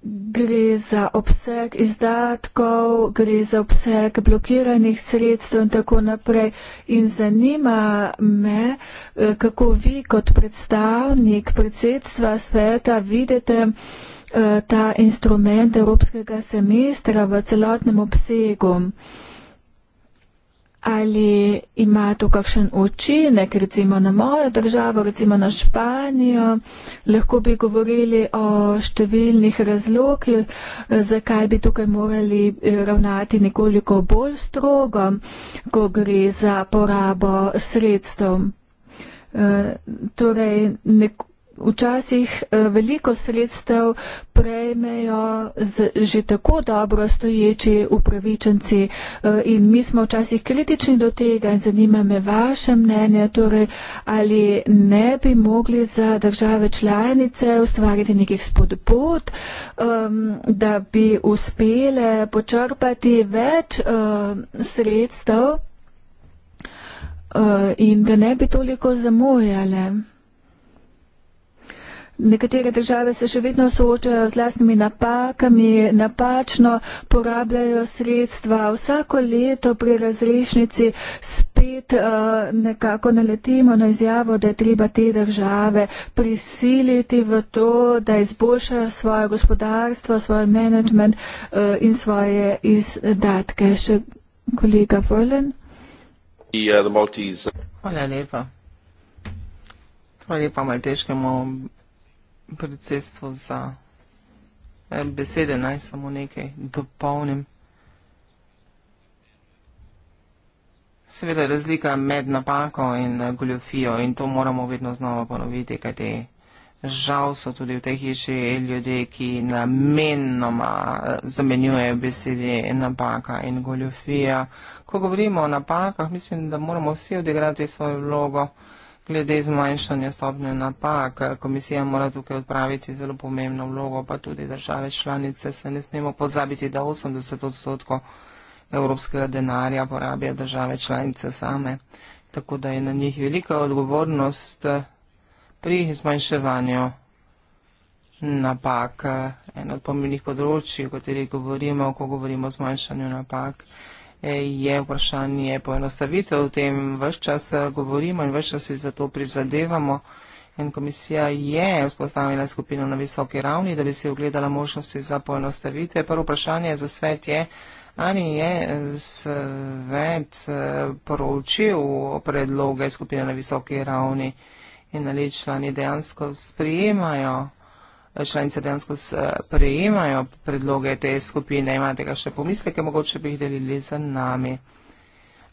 Gre za obseg izdatkov, gre za obseg blokiranih sredstev in tako naprej. In zanima me, eh, kako vi kot predstavnik predsedstva sveta vidite eh, ta instrument evropskega semestra v celotnem obsegu ali ima to kakšen učinek, recimo na mojo državo, recimo na Španijo. Lahko bi govorili o številnih razlogih, zakaj bi tukaj morali eh, ravnati nekoliko bolj strogo, ko gre za porabo sredstev. Eh, torej, neko včasih eh, veliko sredstev prejmejo z, že tako dobro stoječi upravičenci eh, in mi smo včasih kritični do tega in zanima me vaše mnenje, torej ali ne bi mogli za države članice ustvariti nekih spodbud, um, da bi uspele počrpati več um, sredstev. In da ne bi toliko zamujale. Nekatere države se še vedno soočajo z lastnimi napakami, napačno porabljajo sredstva. Vsako leto pri razrešnici spet uh, nekako naletimo na izjavo, da je treba te države prisiliti v to, da izboljšajo svoje gospodarstvo, svoj menedžment uh, eh, in svoje izdatke. Še kolega Vrlen. Ja, Hvala lepa. Hvala lepa malteškemu predsedstvo za eh, besede, naj samo nekaj dopolnim. Seveda je razlika med napako in eh, goljofijo in to moramo vedno znova ponoviti, kajti žal so tudi v tej hiši ljudje, ki namenoma eh, zamenjujejo besede napaka in goljofija. Ko govorimo o napakah, mislim, da moramo vsi odigrati svojo vlogo glede zmanjšanja stopnje napak. Komisija mora tukaj odpraviti zelo pomembno vlogo, pa tudi države članice. Se ne smemo pozabiti, da 80 odstotkov evropskega denarja porabijo države članice same. Tako da je na njih velika odgovornost pri zmanjševanju napak. Eno od pomembnih področji, o katerih govorimo, ko govorimo o zmanjšanju napak je vprašanje poenostavitev. O tem vse čas eh, govorimo in vse čas si za to prizadevamo. In komisija je vzpostavila skupino na visoki ravni, da bi si ogledala možnosti za poenostavitve. Prvo vprašanje za svet je, ali je eh, svet eh, poročil predloge skupine na visoki ravni in ali člani dejansko sprijemajo članice dejansko prejemajo predloge te skupine, imate ga še pomisleke, mogoče bi jih delili z nami.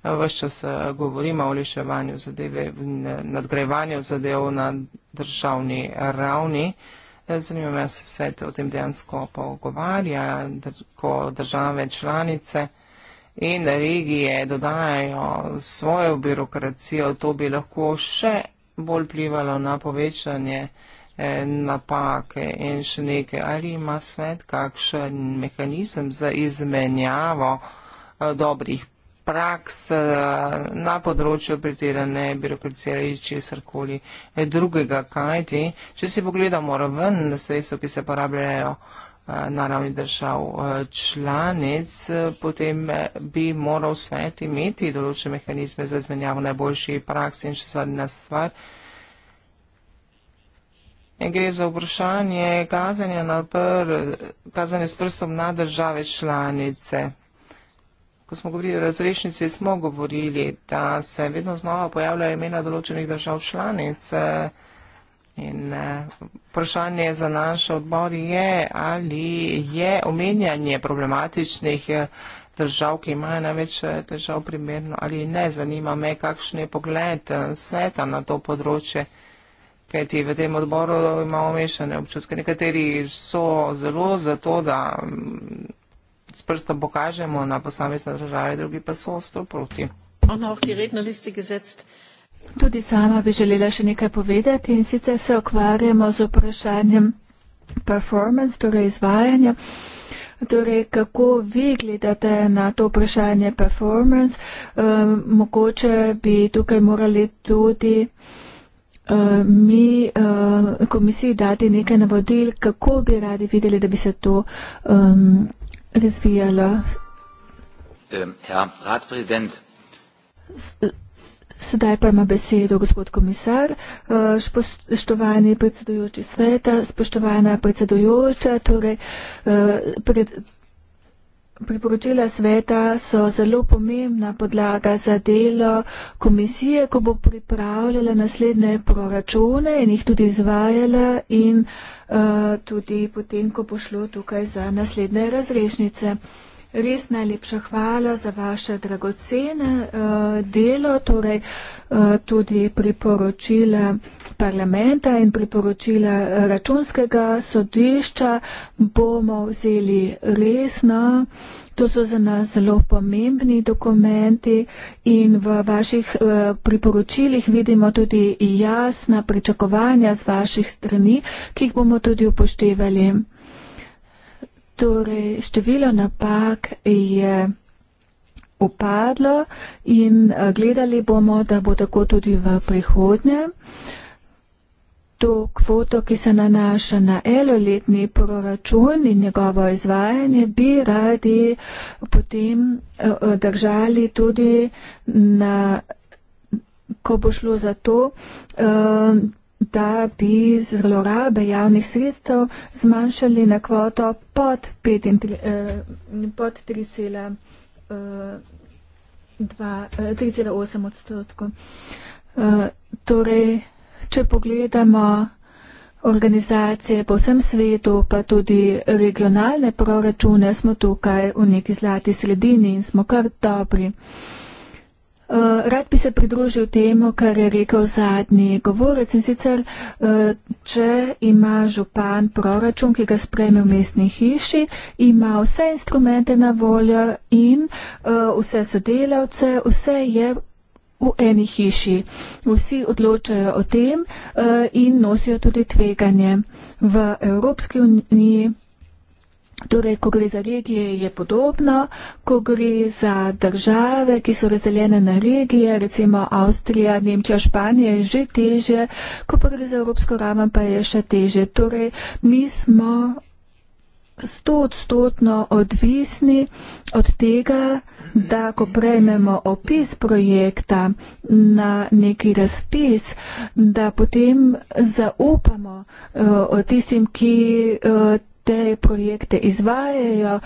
Vse čas eh, govorimo o liševanju zadeve in nadgrajevanju zadev na državni ravni. Eh, zanima me, se svet o tem dejansko pogovarja, ko države članice in regije dodajajo svojo birokracijo, to bi lahko še bolj plivalo na povečanje eh, napake in še nekaj, ali ima svet kakšen mehanizem za izmenjavo eh, dobrih praks eh, na področju pretirane birokracije ali česar koli eh, drugega, kajti, če si pogledamo raven sredstev, ki se porabljajo na ravni držav članic, potem bi moral svet imeti določene mehanizme za izmenjavo najboljših praks in še zadnja stvar. Gre za vprašanje kazanja, na pr, kazanja s prstom na države članice. Ko smo govorili o razrešnici, smo govorili, da se vedno znova pojavljajo imena določenih držav članic. In vprašanje za naš odbor je, ali je omenjanje problematičnih držav, ki imajo največ težav primerno ali ne. Zanima me, kakšen je pogled sveta na to področje kajti v tem odboru imamo mešane občutke. Nekateri so zelo za to, da mm, s prstom pokažemo na posamezne države, drugi pa so s to proti. Tudi sama bi želela še nekaj povedati in sicer se ukvarjamo z vprašanjem performance, torej izvajanja. Torej, kako vi gledate na to vprašanje performance? Um, mogoče bi tukaj morali tudi. Um, Eh, mi eh, komisiji dati nekaj navodil, kako bi radi videli, da bi se to um, razvijalo. Ja, rad prezident. Sedaj pa ima besedo gospod komisar, eh, spoštovani predsedujoči sveta, spoštovana predsedujoča, torej pred, Priporočila sveta so zelo pomembna podlaga za delo komisije, ko bo pripravljala naslednje proračune in jih tudi izvajala in uh, tudi potem, ko bo šlo tukaj za naslednje razrešnice. Res najlepša hvala za vaše dragocene uh, delo, torej uh, tudi priporočila parlamenta in priporočila računskega sodišča bomo vzeli resno. To so za nas zelo pomembni dokumenti in v vaših uh, priporočilih vidimo tudi jasna pričakovanja z vaših strani, ki jih bomo tudi upoštevali. Torej, število napak je upadlo in eh, gledali bomo, da bo tako tudi v prihodnje. To kvoto, ki se nanaša na eloletni proračun in njegovo izvajanje, bi radi potem eh, držali tudi na, ko bo šlo za to, eh, da bi zlorabe javnih sredstev zmanjšali na kvoto pod, eh, pod 3,8 eh, eh, odstotkov. Torej, če pogledamo organizacije po vsem svetu, pa tudi regionalne proračune, smo tukaj v neki zlati sredini in smo kar dobri. Eh, rad bi se pridružil temu, kar je rekel zadnji govorec in sicer, eh, če ima župan proračun, ki ga spreme v mestni hiši, ima vse instrumente na voljo in eh, vse sodelavce, vse je v eni hiši. Vsi odločajo o tem in nosijo tudi tveganje v Evropski uniji. Torej, ko gre za regije, je podobno, ko gre za države, ki so razdeljene na regije, recimo Avstrija, Nemčija, Španija, je že teže, ko pa gre za Evropsko raven, pa je še teže. Torej, mi smo stotstotno odvisni od tega, da ko prejmemo opis projekta na neki razpis, da potem zaupamo uh, tistim, ki uh, te projekte izvajajo,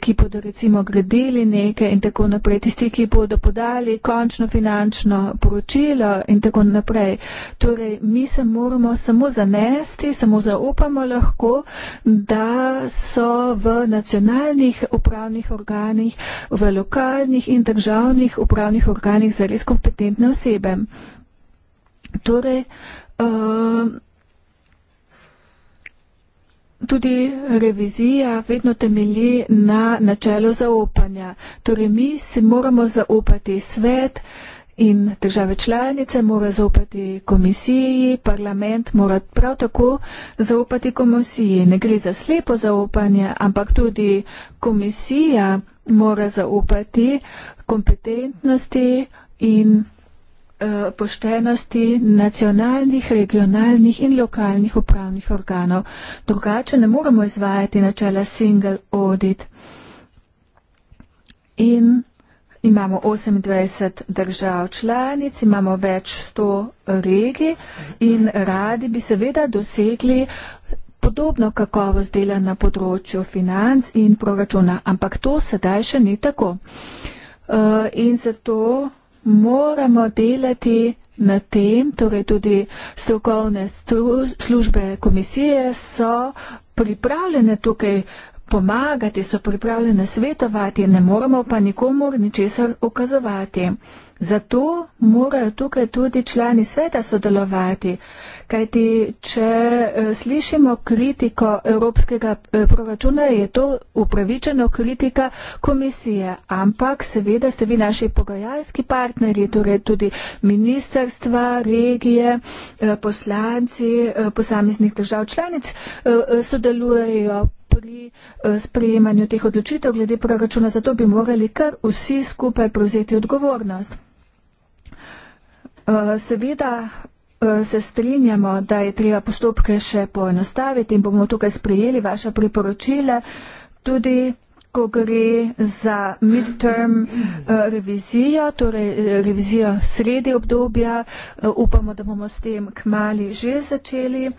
ki bodo recimo gradili neke in tako naprej, tisti, ki bodo podali končno finančno poročilo in tako naprej. Torej, mi se moramo samo zanesti, samo zaupamo lahko, da so v nacionalnih upravnih organih, v lokalnih in državnih upravnih organih zares kompetentne osebe. Torej, uh, tudi revizija vedno temelji na načelu zaupanja. Torej mi si moramo zaupati svet in države članice morajo zaupati komisiji, parlament mora prav tako zaupati komisiji. Ne gre za slepo zaupanje, ampak tudi komisija mora zaupati kompetentnosti in Eh, poštenosti nacionalnih, regionalnih in lokalnih upravnih organov. Drugače ne moremo izvajati načela single audit. In imamo 28 držav članic, imamo več 100 regij in radi bi seveda dosegli podobno kakovost dela na področju financ in proračuna, ampak to sedaj še ni tako. Uh, in zato moramo delati na tem, torej tudi strokovne službe komisije so pripravljene tukaj pomagati, so pripravljene svetovati, ne moramo pa nikomu ničesar ukazovati. Zato morajo tukaj tudi člani sveta sodelovati, kajti če eh, slišimo kritiko evropskega eh, proračuna, je to upravičeno kritika komisije, ampak seveda ste vi naši pogajalski partnerji, torej tudi ministerstva, regije, eh, poslanci posameznih držav članic sodelujejo pri sprejemanju teh odločitev glede proračuna, zato bi morali kar vsi skupaj prevzeti odgovornost. Eh, seveda eh, se strinjamo, da je treba postopke še poenostaviti in bomo tukaj sprejeli vaše priporočile. Tudi ko gre za midterm eh, revizijo, torej revizijo sredi obdobja, upamo, da bomo s tem kmali že začeli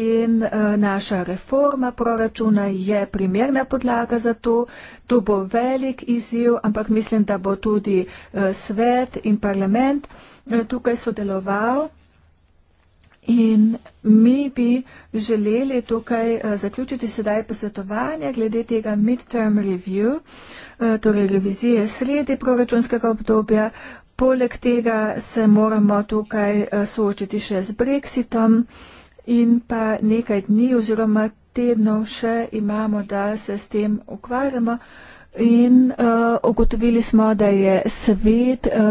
in naša reforma proračuna je primerna podlaga za to. To bo velik izziv, ampak mislim, da bo tudi svet in parlament. Eh, tukaj sodeloval. In mi bi želeli tukaj eh, zaključiti sedaj posvetovanje glede tega midterm review, eh, torej revizije sredi proračunskega obdobja. Poleg tega se moramo tukaj soočiti še z Brexitom in pa nekaj dni oziroma tednov še imamo, da se s tem ukvarjamo. In uh, ugotovili smo, da je svet uh,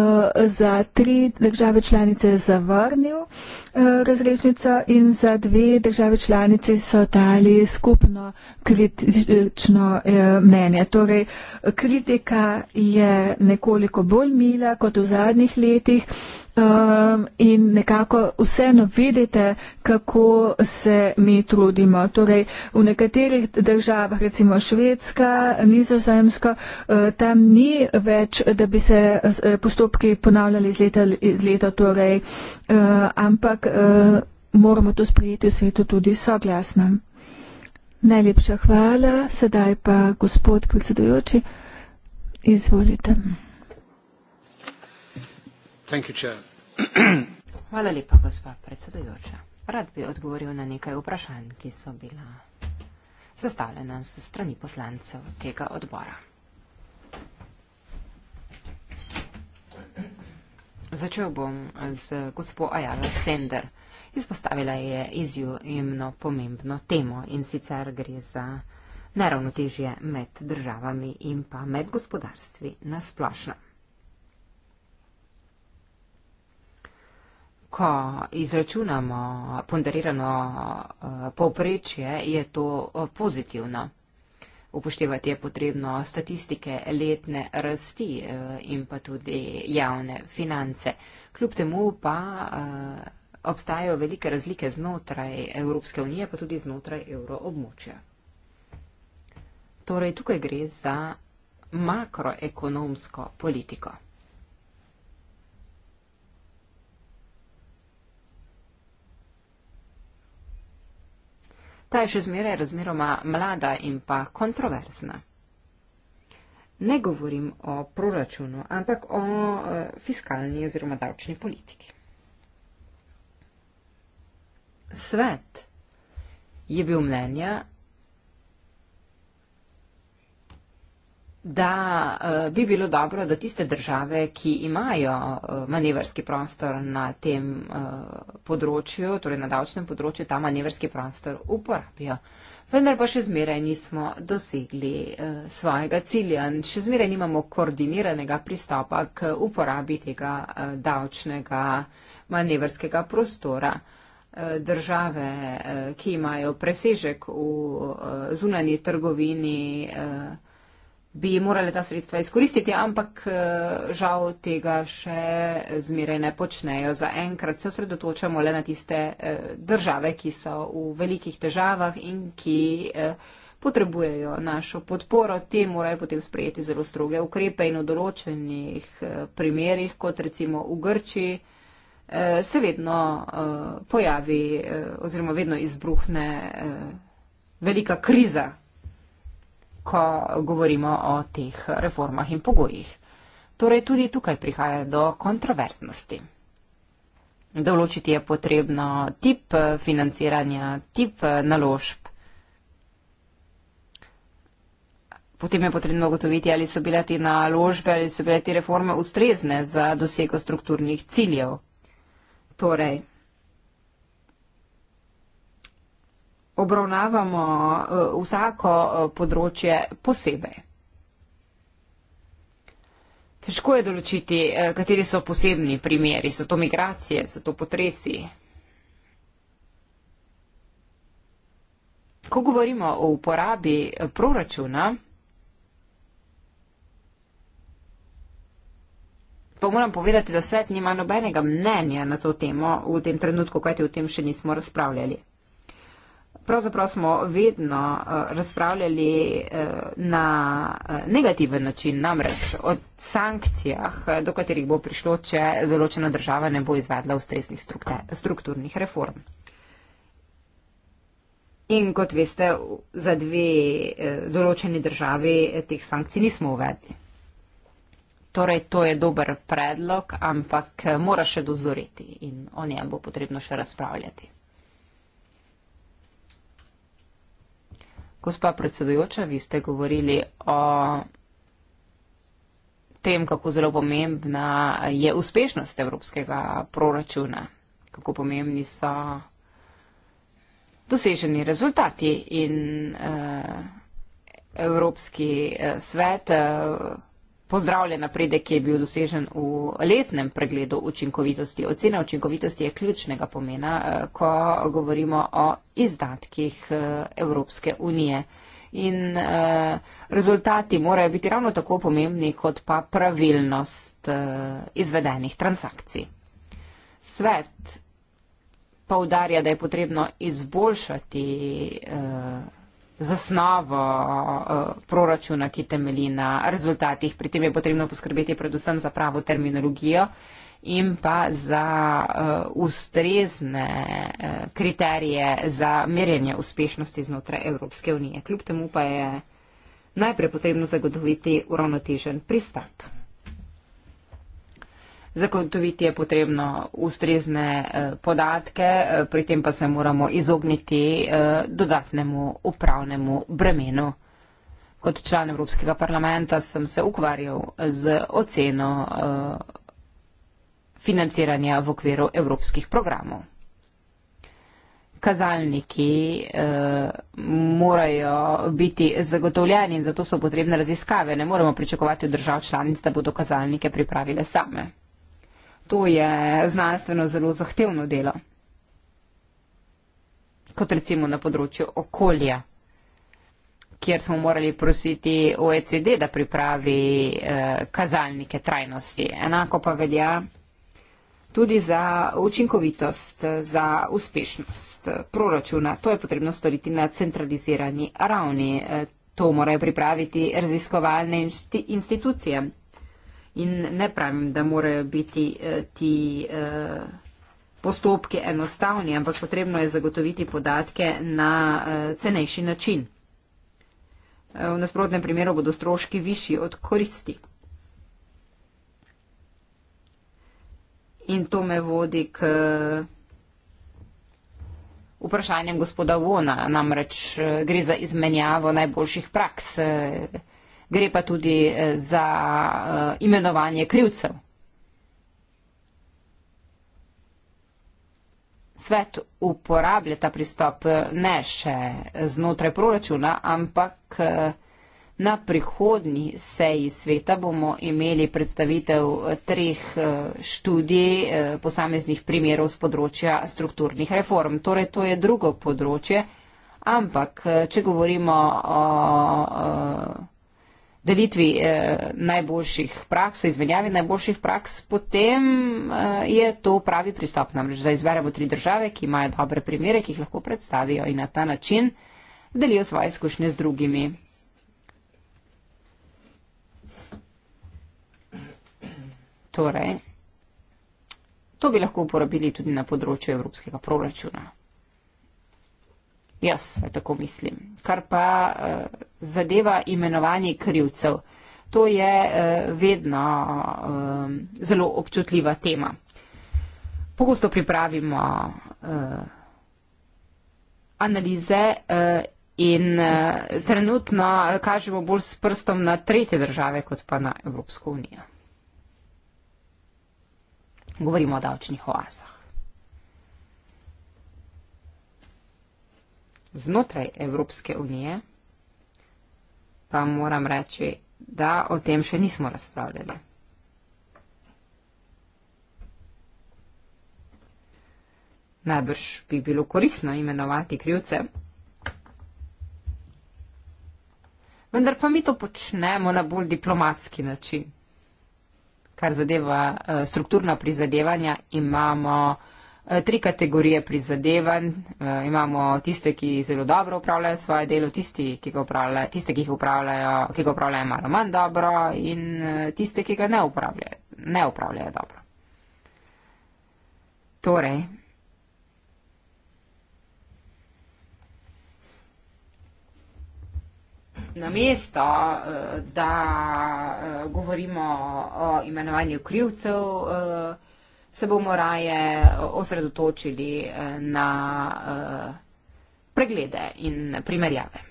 za tri države članice zavrnil uh, razrešnico in za dve države članice so dali skupno kritično uh, mnenje. Torej, kritika je nekoliko bolj mila kot v zadnjih letih. Uh, um, in nekako vseeno vidite, kako se mi trudimo. Torej, v nekaterih državah, recimo Švedska, Nizozemska, uh, tam ni več, da bi se uh, postopki ponavljali iz leta v leto, torej, uh, ampak uh, moramo to sprejeti v svetu tudi soglasno. Najlepša hvala, sedaj pa gospod predsedujoči, izvolite. Thank you, Chair. Hvala lepa, gospa predsedujoča. Rad bi odgovoril na nekaj vprašanj, ki so bila sestavljena z strani poslancev tega odbora. Začel bom z gospo Ajalo Sender. Izpostavila je izjemno pomembno temo in sicer gre za neravnotežje med državami in pa med gospodarstvi na splošno. ko izračunamo ponderirano eh, povprečje, je to eh, pozitivno. Upoštevati je potrebno statistike letne rasti eh, in pa tudi javne finance. Kljub temu pa obstajajo velike razlike znotraj Evropske unije, pa tudi znotraj evroobmočja. Torej, tukaj gre za makroekonomsko politiko. ta je še zmeraj razmeroma mlada in pa kontroverzna. Ne govorim o proračunu, ampak o e, fiskalni oziroma davčni politiki. Svet je bil mnenja, da eh, bi bilo dobro, da tiste države, ki imajo eh, manevrski prostor na tem eh, področju, torej na davčnem področju, ta manevrski prostor uporabijo. Vendar pa še zmeraj nismo dosegli svojega cilja in še zmeraj nimamo koordiniranega pristopa k uporabi tega davčnega manevrskega prostora. Države, ki imajo presežek v zunanji trgovini, bi morali ta sredstva izkoristiti, ampak eh, žal tega še zmeraj ne počnejo. Za enkrat se osredotočamo le na tiste eh, države, ki so v velikih težavah in ki eh, potrebujejo našo podporo. Te morajo potem sprejeti zelo stroge ukrepe in v določenih primerjih, kot recimo v Grči, se vedno pojavi oziroma vedno izbruhne velika kriza ko govorimo o teh reformah in pogojih. Torej tudi tukaj prihaja do kontroverznosti. Določiti je potrebno tip financiranja, tip naložb. Potem je potrebno ugotoviti, ali so bile te naložbe, ali so bile te reforme ustrezne za dosego strukturnih ciljev. Torej, obravnavamo eh, vsako eh, področje posebej. Težko je določiti, eh, kateri so posebni primeri. So to migracije, so to potresi. Ko govorimo o uporabi proračuna, pa moram povedati, da svet nima nobenega mnenja na to temo v tem trenutku, kajti o tem še nismo razpravljali pravzaprav smo vedno uh, razpravljali uh, na uh, negativen način, namreč od sankcijah, uh, do katerih bo prišlo, če določena država ne bo izvedla ustreznih strukturnih reform. In kot veste, za dve uh, določeni državi teh sankcij nismo uvedli. Torej, to je dober predlog, ampak mora še dozoreti in o njem bo potrebno še razpravljati. Gospa predsedujoča, vi ste govorili o tem, kako zelo pomembna je uspešnost evropskega proračuna, kako pomembni so doseženi rezultati in uh, Evropski uh, svet. Uh, pozdravlja napredek, ki je bil dosežen v letnem pregledu učinkovitosti. Ocena učinkovitosti je ključnega pomena, eh, ko govorimo o izdatkih eh, Evropske unije. In eh, rezultati morajo biti ravno tako pomembni, kot pa pravilnost izvedenih transakcij. Svet pa udarja, da je potrebno izboljšati zasnovo eh, proračuna, ki temelji na rezultatih. Pri tem je potrebno poskrbeti predvsem za pravo terminologijo in pa za eh, ustrezne eh, kriterije za merjenje uspešnosti znotraj Evropske unije. Kljub temu pa je najprej potrebno zagotoviti uravnotežen pristop. Zagotoviti je potrebno ustrezne eh, podatke, eh, pri tem pa se moramo izogniti eh, dodatnemu upravnemu bremenu. Kot član Evropskega parlamenta sem se ukvarjal z oceno financiranja v okviru evropskih programov. Kazalniki eh, morajo biti zagotovljeni in zato so potrebne raziskave. Ne moremo pričakovati od držav članic, da bodo kazalnike pripravile same to je znanstveno zelo zahtevno delo. Kot recimo na področju okolja, kjer smo morali prositi OECD, da pripravi eh, kazalnike trajnosti. Enako pa velja tudi za učinkovitost, za uspešnost proračuna. To je potrebno storiti na centralizirani ravni. Eh, to morajo pripraviti raziskovalne inštitucije. In ne pravim, da morajo biti eh, ti eh, postopki enostavni, ampak potrebno je zagotoviti podatke na eh, cenejši način. Eh, v nasprotnem primeru bodo stroški višji od koristi. In to me vodi k eh, vprašanjem gospoda Vona, namreč eh, gre za izmenjavo najboljših praks. Eh, gre pa tudi eh, za eh, imenovanje krivcev. Svet uporablja ta pristop eh, ne še znotraj proračuna, ampak na prihodnji seji sveta bomo imeli predstavitev treh študij posameznih primerov z področja strukturnih reform. Torej, to je drugo področje, ampak če govorimo o. o delitvi eh, najboljših praks, izmenjavi najboljših praks, potem eh, je to pravi pristop. Namreč za izberemo tri države, ki imajo dobre primere, ki jih lahko predstavijo in na ta način delijo svoje izkušnje z drugimi. Torej, to bi lahko uporabili tudi na področju evropskega proračuna. Jaz tako mislim. Kar pa. Eh, zadeva imenovanje krivcev. To je eh, vedno eh, zelo občutljiva tema. Pogosto pripravimo eh, analize in trenutno kažemo bolj s prstom na tretje države, kot pa na Evropsko unijo. Govorimo o davčnih oazah. Znotraj Evropske unije pa moram reči, da o tem še nismo razpravljali. Najbrž bi bilo korisno imenovati krivce. Vendar pa mi to počnemo na bolj diplomatski način. Kar zadeva eh, strukturna prizadevanja, imamo uh, Eh, tri kategorije prizadevanj. Eh, imamo tiste, ki zelo dobro upravljajo svoje delo, tisti, ki ga upravljajo, tiste, ki, upravljajo, ki ga upravljajo malo manj dobro in eh, tiste, ki ga ne upravljajo, ne upravljajo dobro. Torej, Namesto, da govorimo o imenovanju krivcev, se bomo raje osredotočili eh, na eh, preglede in primerjave.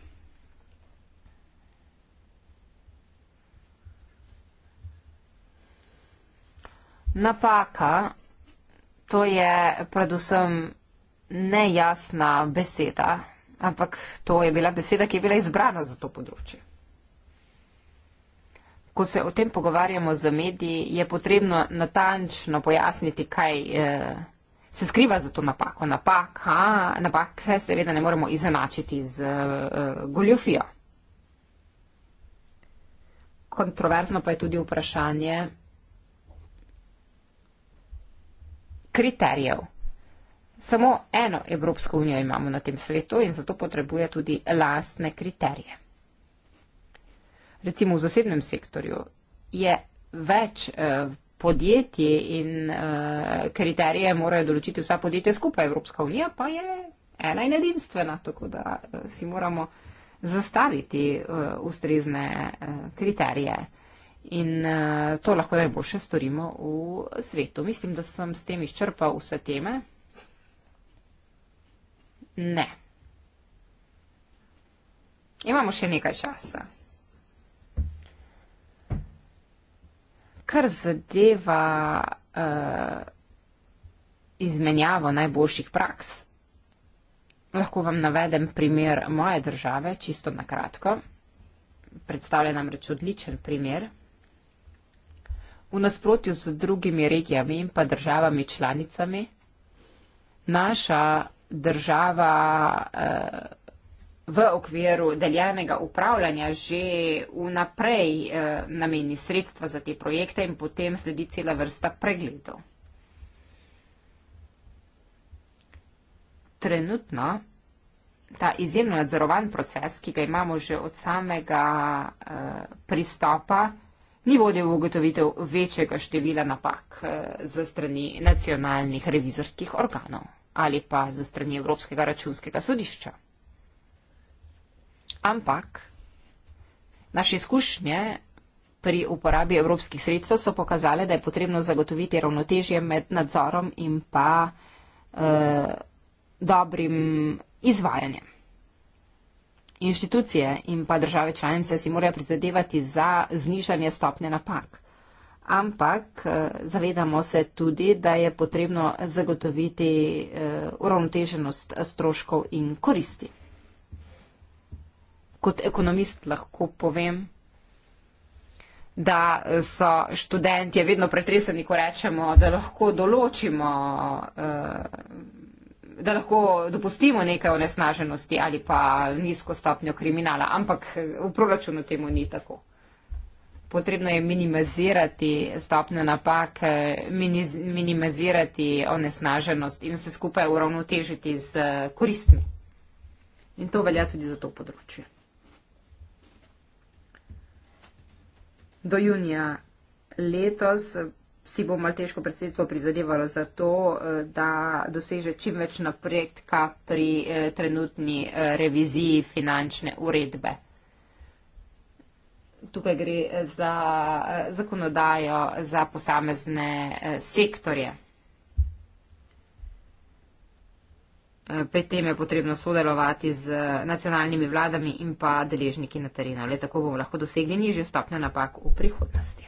Napaka, to je predvsem nejasna beseda, ampak to je bila beseda, ki je bila izbrana za to področje ko se o tem pogovarjamo z mediji, je potrebno natančno pojasniti, kaj eh, se skriva za to napako. Napaka, napake seveda ne moremo izenačiti z eh, goljofijo. Kontroverzno pa je tudi vprašanje kriterijev. Samo eno Evropsko unijo imamo na tem svetu in zato potrebuje tudi lastne kriterije recimo v zasebnem sektorju, je več eh, podjetij in eh, kriterije morajo določiti vsa podjetja skupaj. Evropska unija pa je ena in edinstvena, tako da eh, si moramo zastaviti ustrezne kriterije. In to lahko najboljše storimo v svetu. Mislim, da sem s tem izčrpal vse teme. Ne. Imamo še nekaj časa. kar zadeva uh, izmenjavo najboljših praks, lahko vam navedem primer moje države, čisto na kratko. Predstavlja nam reč odličen primer. V nasprotju z drugimi regijami in pa državami članicami, naša država. Uh, v okviru deljenega upravljanja že vnaprej eh, nameni sredstva za te projekte in potem sledi cela vrsta pregledov. Trenutno ta izjemno nadzorovan proces, ki ga imamo že od samega eh, pristopa, ni vodil v ugotovitev večjega števila napak eh, za strani nacionalnih revizorskih organov ali pa za strani Evropskega računskega sodišča ampak naše izkušnje pri uporabi evropskih sredstev so pokazale, da je potrebno zagotoviti ravnotežje med nadzorom in pa eh, dobrim izvajanjem. Inštitucije in pa države članice si morajo prizadevati za znižanje stopne napak. Ampak eh, zavedamo se tudi, da je potrebno zagotoviti eh, uravnoteženost stroškov in koristi kot ekonomist lahko povem, da so študentje vedno pretreseni, ko rečemo, da lahko določimo, eh, da lahko dopustimo nekaj onesnaženosti ali pa nizko stopnjo kriminala, ampak v proračunu temu ni tako. Potrebno je minimizirati stopne napake, minimizirati onesnaženost in vse skupaj uravnotežiti z eh, koristmi. In to velja tudi za to področje. do junija letos si bo malteško predsedstvo prizadevalo za to, eh, da doseže čim več napredka pri eh, trenutni eh, reviziji finančne uredbe. Tukaj gre za zakonodajo za posamezne sektorje. pri tem je potrebno sodelovati z nacionalnimi vladami in pa deležniki na terenu. Le tako bomo lahko dosegli nižjo stopnjo napak v prihodnosti.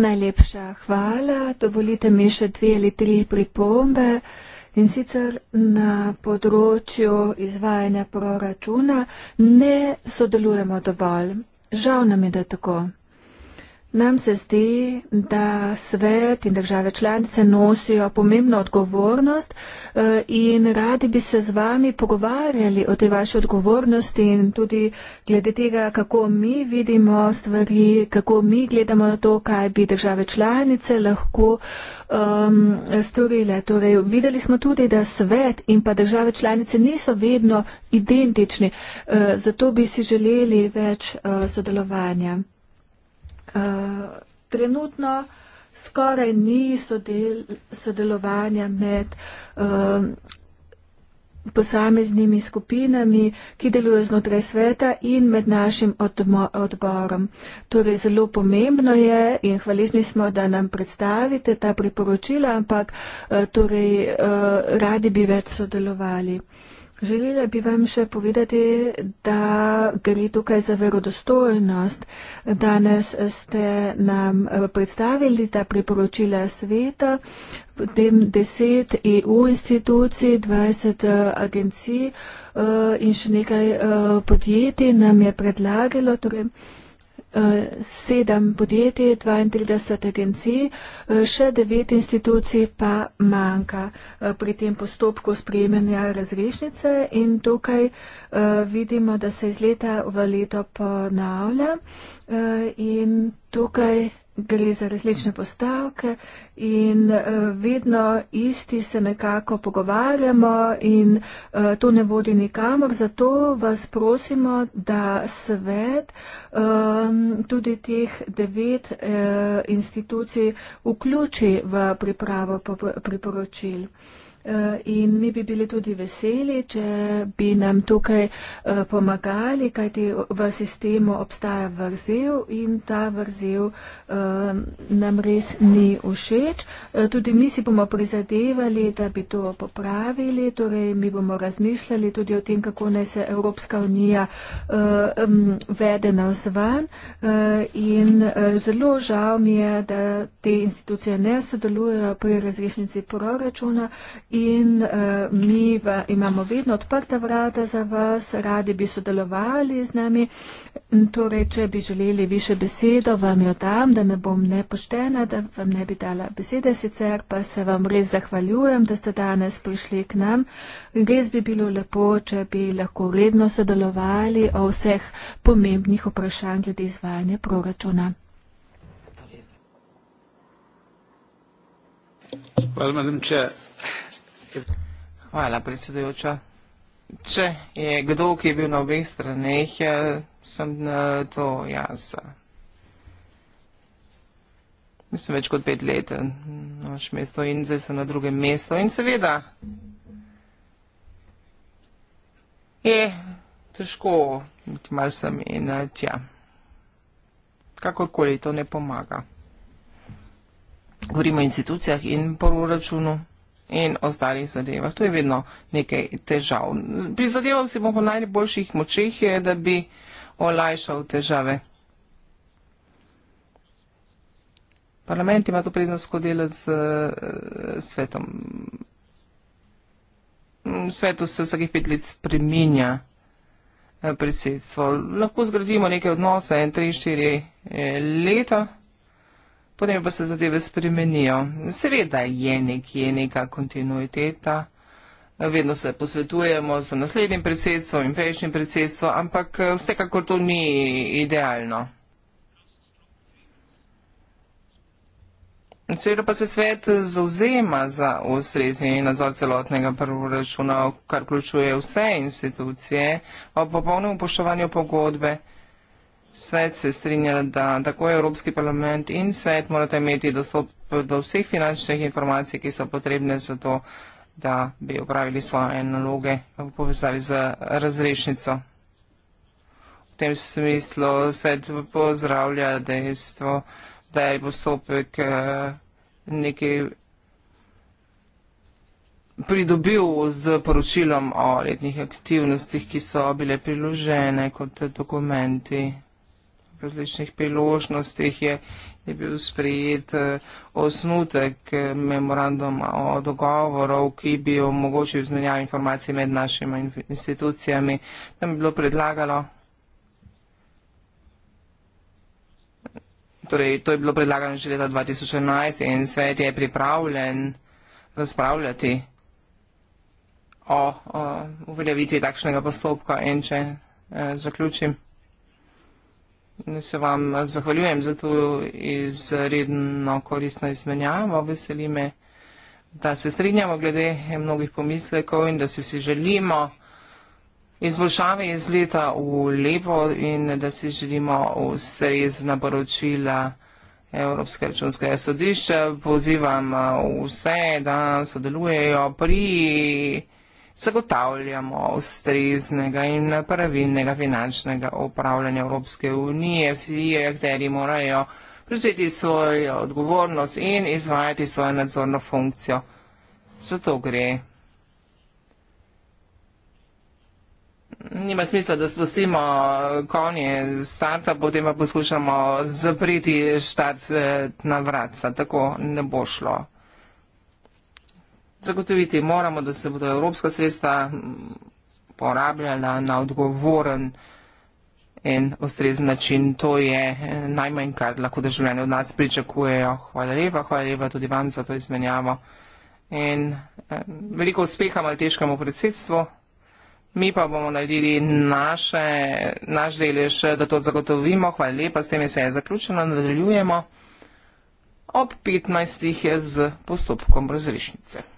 Najlepša hvala. Dovolite mi še dve ali tri pripombe. In sicer na področju izvajanja proračuna ne sodelujemo dovolj. Žal nam je, da tako. Nam se zdi, da svet in države članice nosijo pomembno odgovornost eh, in radi bi se z vami pogovarjali o tej vaši odgovornosti in tudi glede tega, kako mi vidimo stvari, kako mi gledamo na to, kaj bi države članice lahko um, storile. Torej, videli smo tudi, da svet in pa države članice niso vedno identični, eh, zato bi si želeli več eh, sodelovanja. Eh, trenutno skoraj ni sodel, sodelovanja med um, posameznimi skupinami, ki delujejo znotraj sveta in med našim odborom. Torej zelo pomembno je in hvaležni smo, da nam predstavite ta priporočila, ampak eh, torej, radi bi več sodelovali. Želela bi vam še povedati, da gre tukaj za verodostojnost. Danes ste nam predstavili ta priporočila sveta, potem 10 EU institucij, 20 eh, agencij eh, in še nekaj eh, podjetij nam je predlagalo. Torej, sedem podjetij, 32 agencij, e, še devet institucij pa manjka e, pri tem postopku sprejemanja razrešnice in tukaj e, vidimo, da se iz leta v leto ponavlja in tukaj gre za različne postavke in eh, vedno isti se nekako pogovarjamo in eh, to ne vodi nikamor. Zato vas prosimo, da svet ehm, tudi teh devet eh, institucij vključi v pripravo priporočil. Eh, in mi bi bili tudi veseli, če bi nam tukaj eh, pomagali, kajti v sistemu obstaja vrzel in ta vrzel eh, nam res ni všeč. Tudi mi si bomo prizadevali, da bi to popravili, torej mi bomo razmišljali tudi o tem, kako naj se Evropska unija vede na vzvan. In zelo žal mi je, da te institucije ne sodelujejo pri razrešnici proračuna in uh, mi va, imamo vedno odprta vrata za vas, radi bi sodelovali z nami. Torej, če bi želeli više besedo, vam jo dam, da ne bom nepoštena, da vam ne bi dala besede, sicer pa se vam res zahvaljujem, da ste danes prišli k nam. Res bi bilo lepo, če bi lahko redno sodelovali o vseh pomembnih vprašanj glede izvajanja proračuna. Hvala, madam Če. Hvala, predsedujoča. Če je kdo, ki je bil na obeh straneh, ja, sem na eh, to jaz. Mislim, več kot pet let eh, naš mesto in zdaj sem na drugem mestu. In seveda je težko, tudi malo sem in eh, tja. Kakorkoli to ne pomaga. Govorimo o institucijah in proračunu in ostalih zadevah. To je vedno nekaj težav. Prizadeval si bom po najboljših močeh, je, da bi olajšal težave. Parlament ima to prednost, ko dela z eh, svetom. Svetu se vsakih pet let spreminja eh, predsedstvo. Lahko zgradimo neke odnose in tri, štiri eh, leta potem pa se zadeve spremenijo. Seveda je nekje neka kontinuiteta, vedno se posvetujemo z naslednjim predsedstvom in prejšnjim predsedstvom, ampak eh, vsekakor to ni idealno. Seveda pa se svet zauzema za ustrezni nadzor celotnega proračuna, kar vključuje vse institucije o popolnem upoštovanju pogodbe. Svet se strinja, da tako Evropski parlament in svet morate imeti dostop do vseh finančnih informacij, ki so potrebne za to, da bi upravili svoje naloge v povezavi z razrešnico. V tem smislu svet pozdravlja dejstvo, da je postopek eh, neki pridobil z poročilom o letnih aktivnostih, ki so bile priložene kot dokumenti različnih priložnostih je, je bil sprejet eh, osnutek eh, memoranduma o dogovorov, ki bi omogočil izmenjavo informacij med našimi institucijami. Tam bi bilo predlagalo. Torej, to je bilo predlagano že leta 2011 in svet je pripravljen razpravljati o, o uveljavitvi takšnega postopka. In če eh, zaključim se vam zahvaljujem za to izredno koristno izmenjavo. Veseli me, da se strinjamo glede mnogih pomislekov in da si vsi želimo izboljšave iz leta v lepo in da si želimo ustrezna poročila. Evropske računske sodišče pozivam eh, vse, da sodelujejo pri zagotavljamo ustreznega in pravilnega finančnega upravljanja Evropske unije. Vsi akteri morajo prevzeti svojo odgovornost in izvajati svojo nadzorno funkcijo. Zato gre. Nima smisla, da spustimo konje starta, potem pa poskušamo zapriti štart eh, na vratca. Tako ne bo šlo zagotoviti moramo, da se bodo evropska sredstva porabljala na odgovoren in ustrezen način. To je eh, najmanj, kar lahko državljani od nas pričakujejo. Hvala lepa, hvala lepa tudi vam za to izmenjavo. In eh, veliko uspeha malteškemu predsedstvu. Mi pa bomo naredili naše, naš delež, da to zagotovimo. Hvala lepa, s tem je se je zaključeno, nadaljujemo. Ob 15. je z postopkom razrešnice.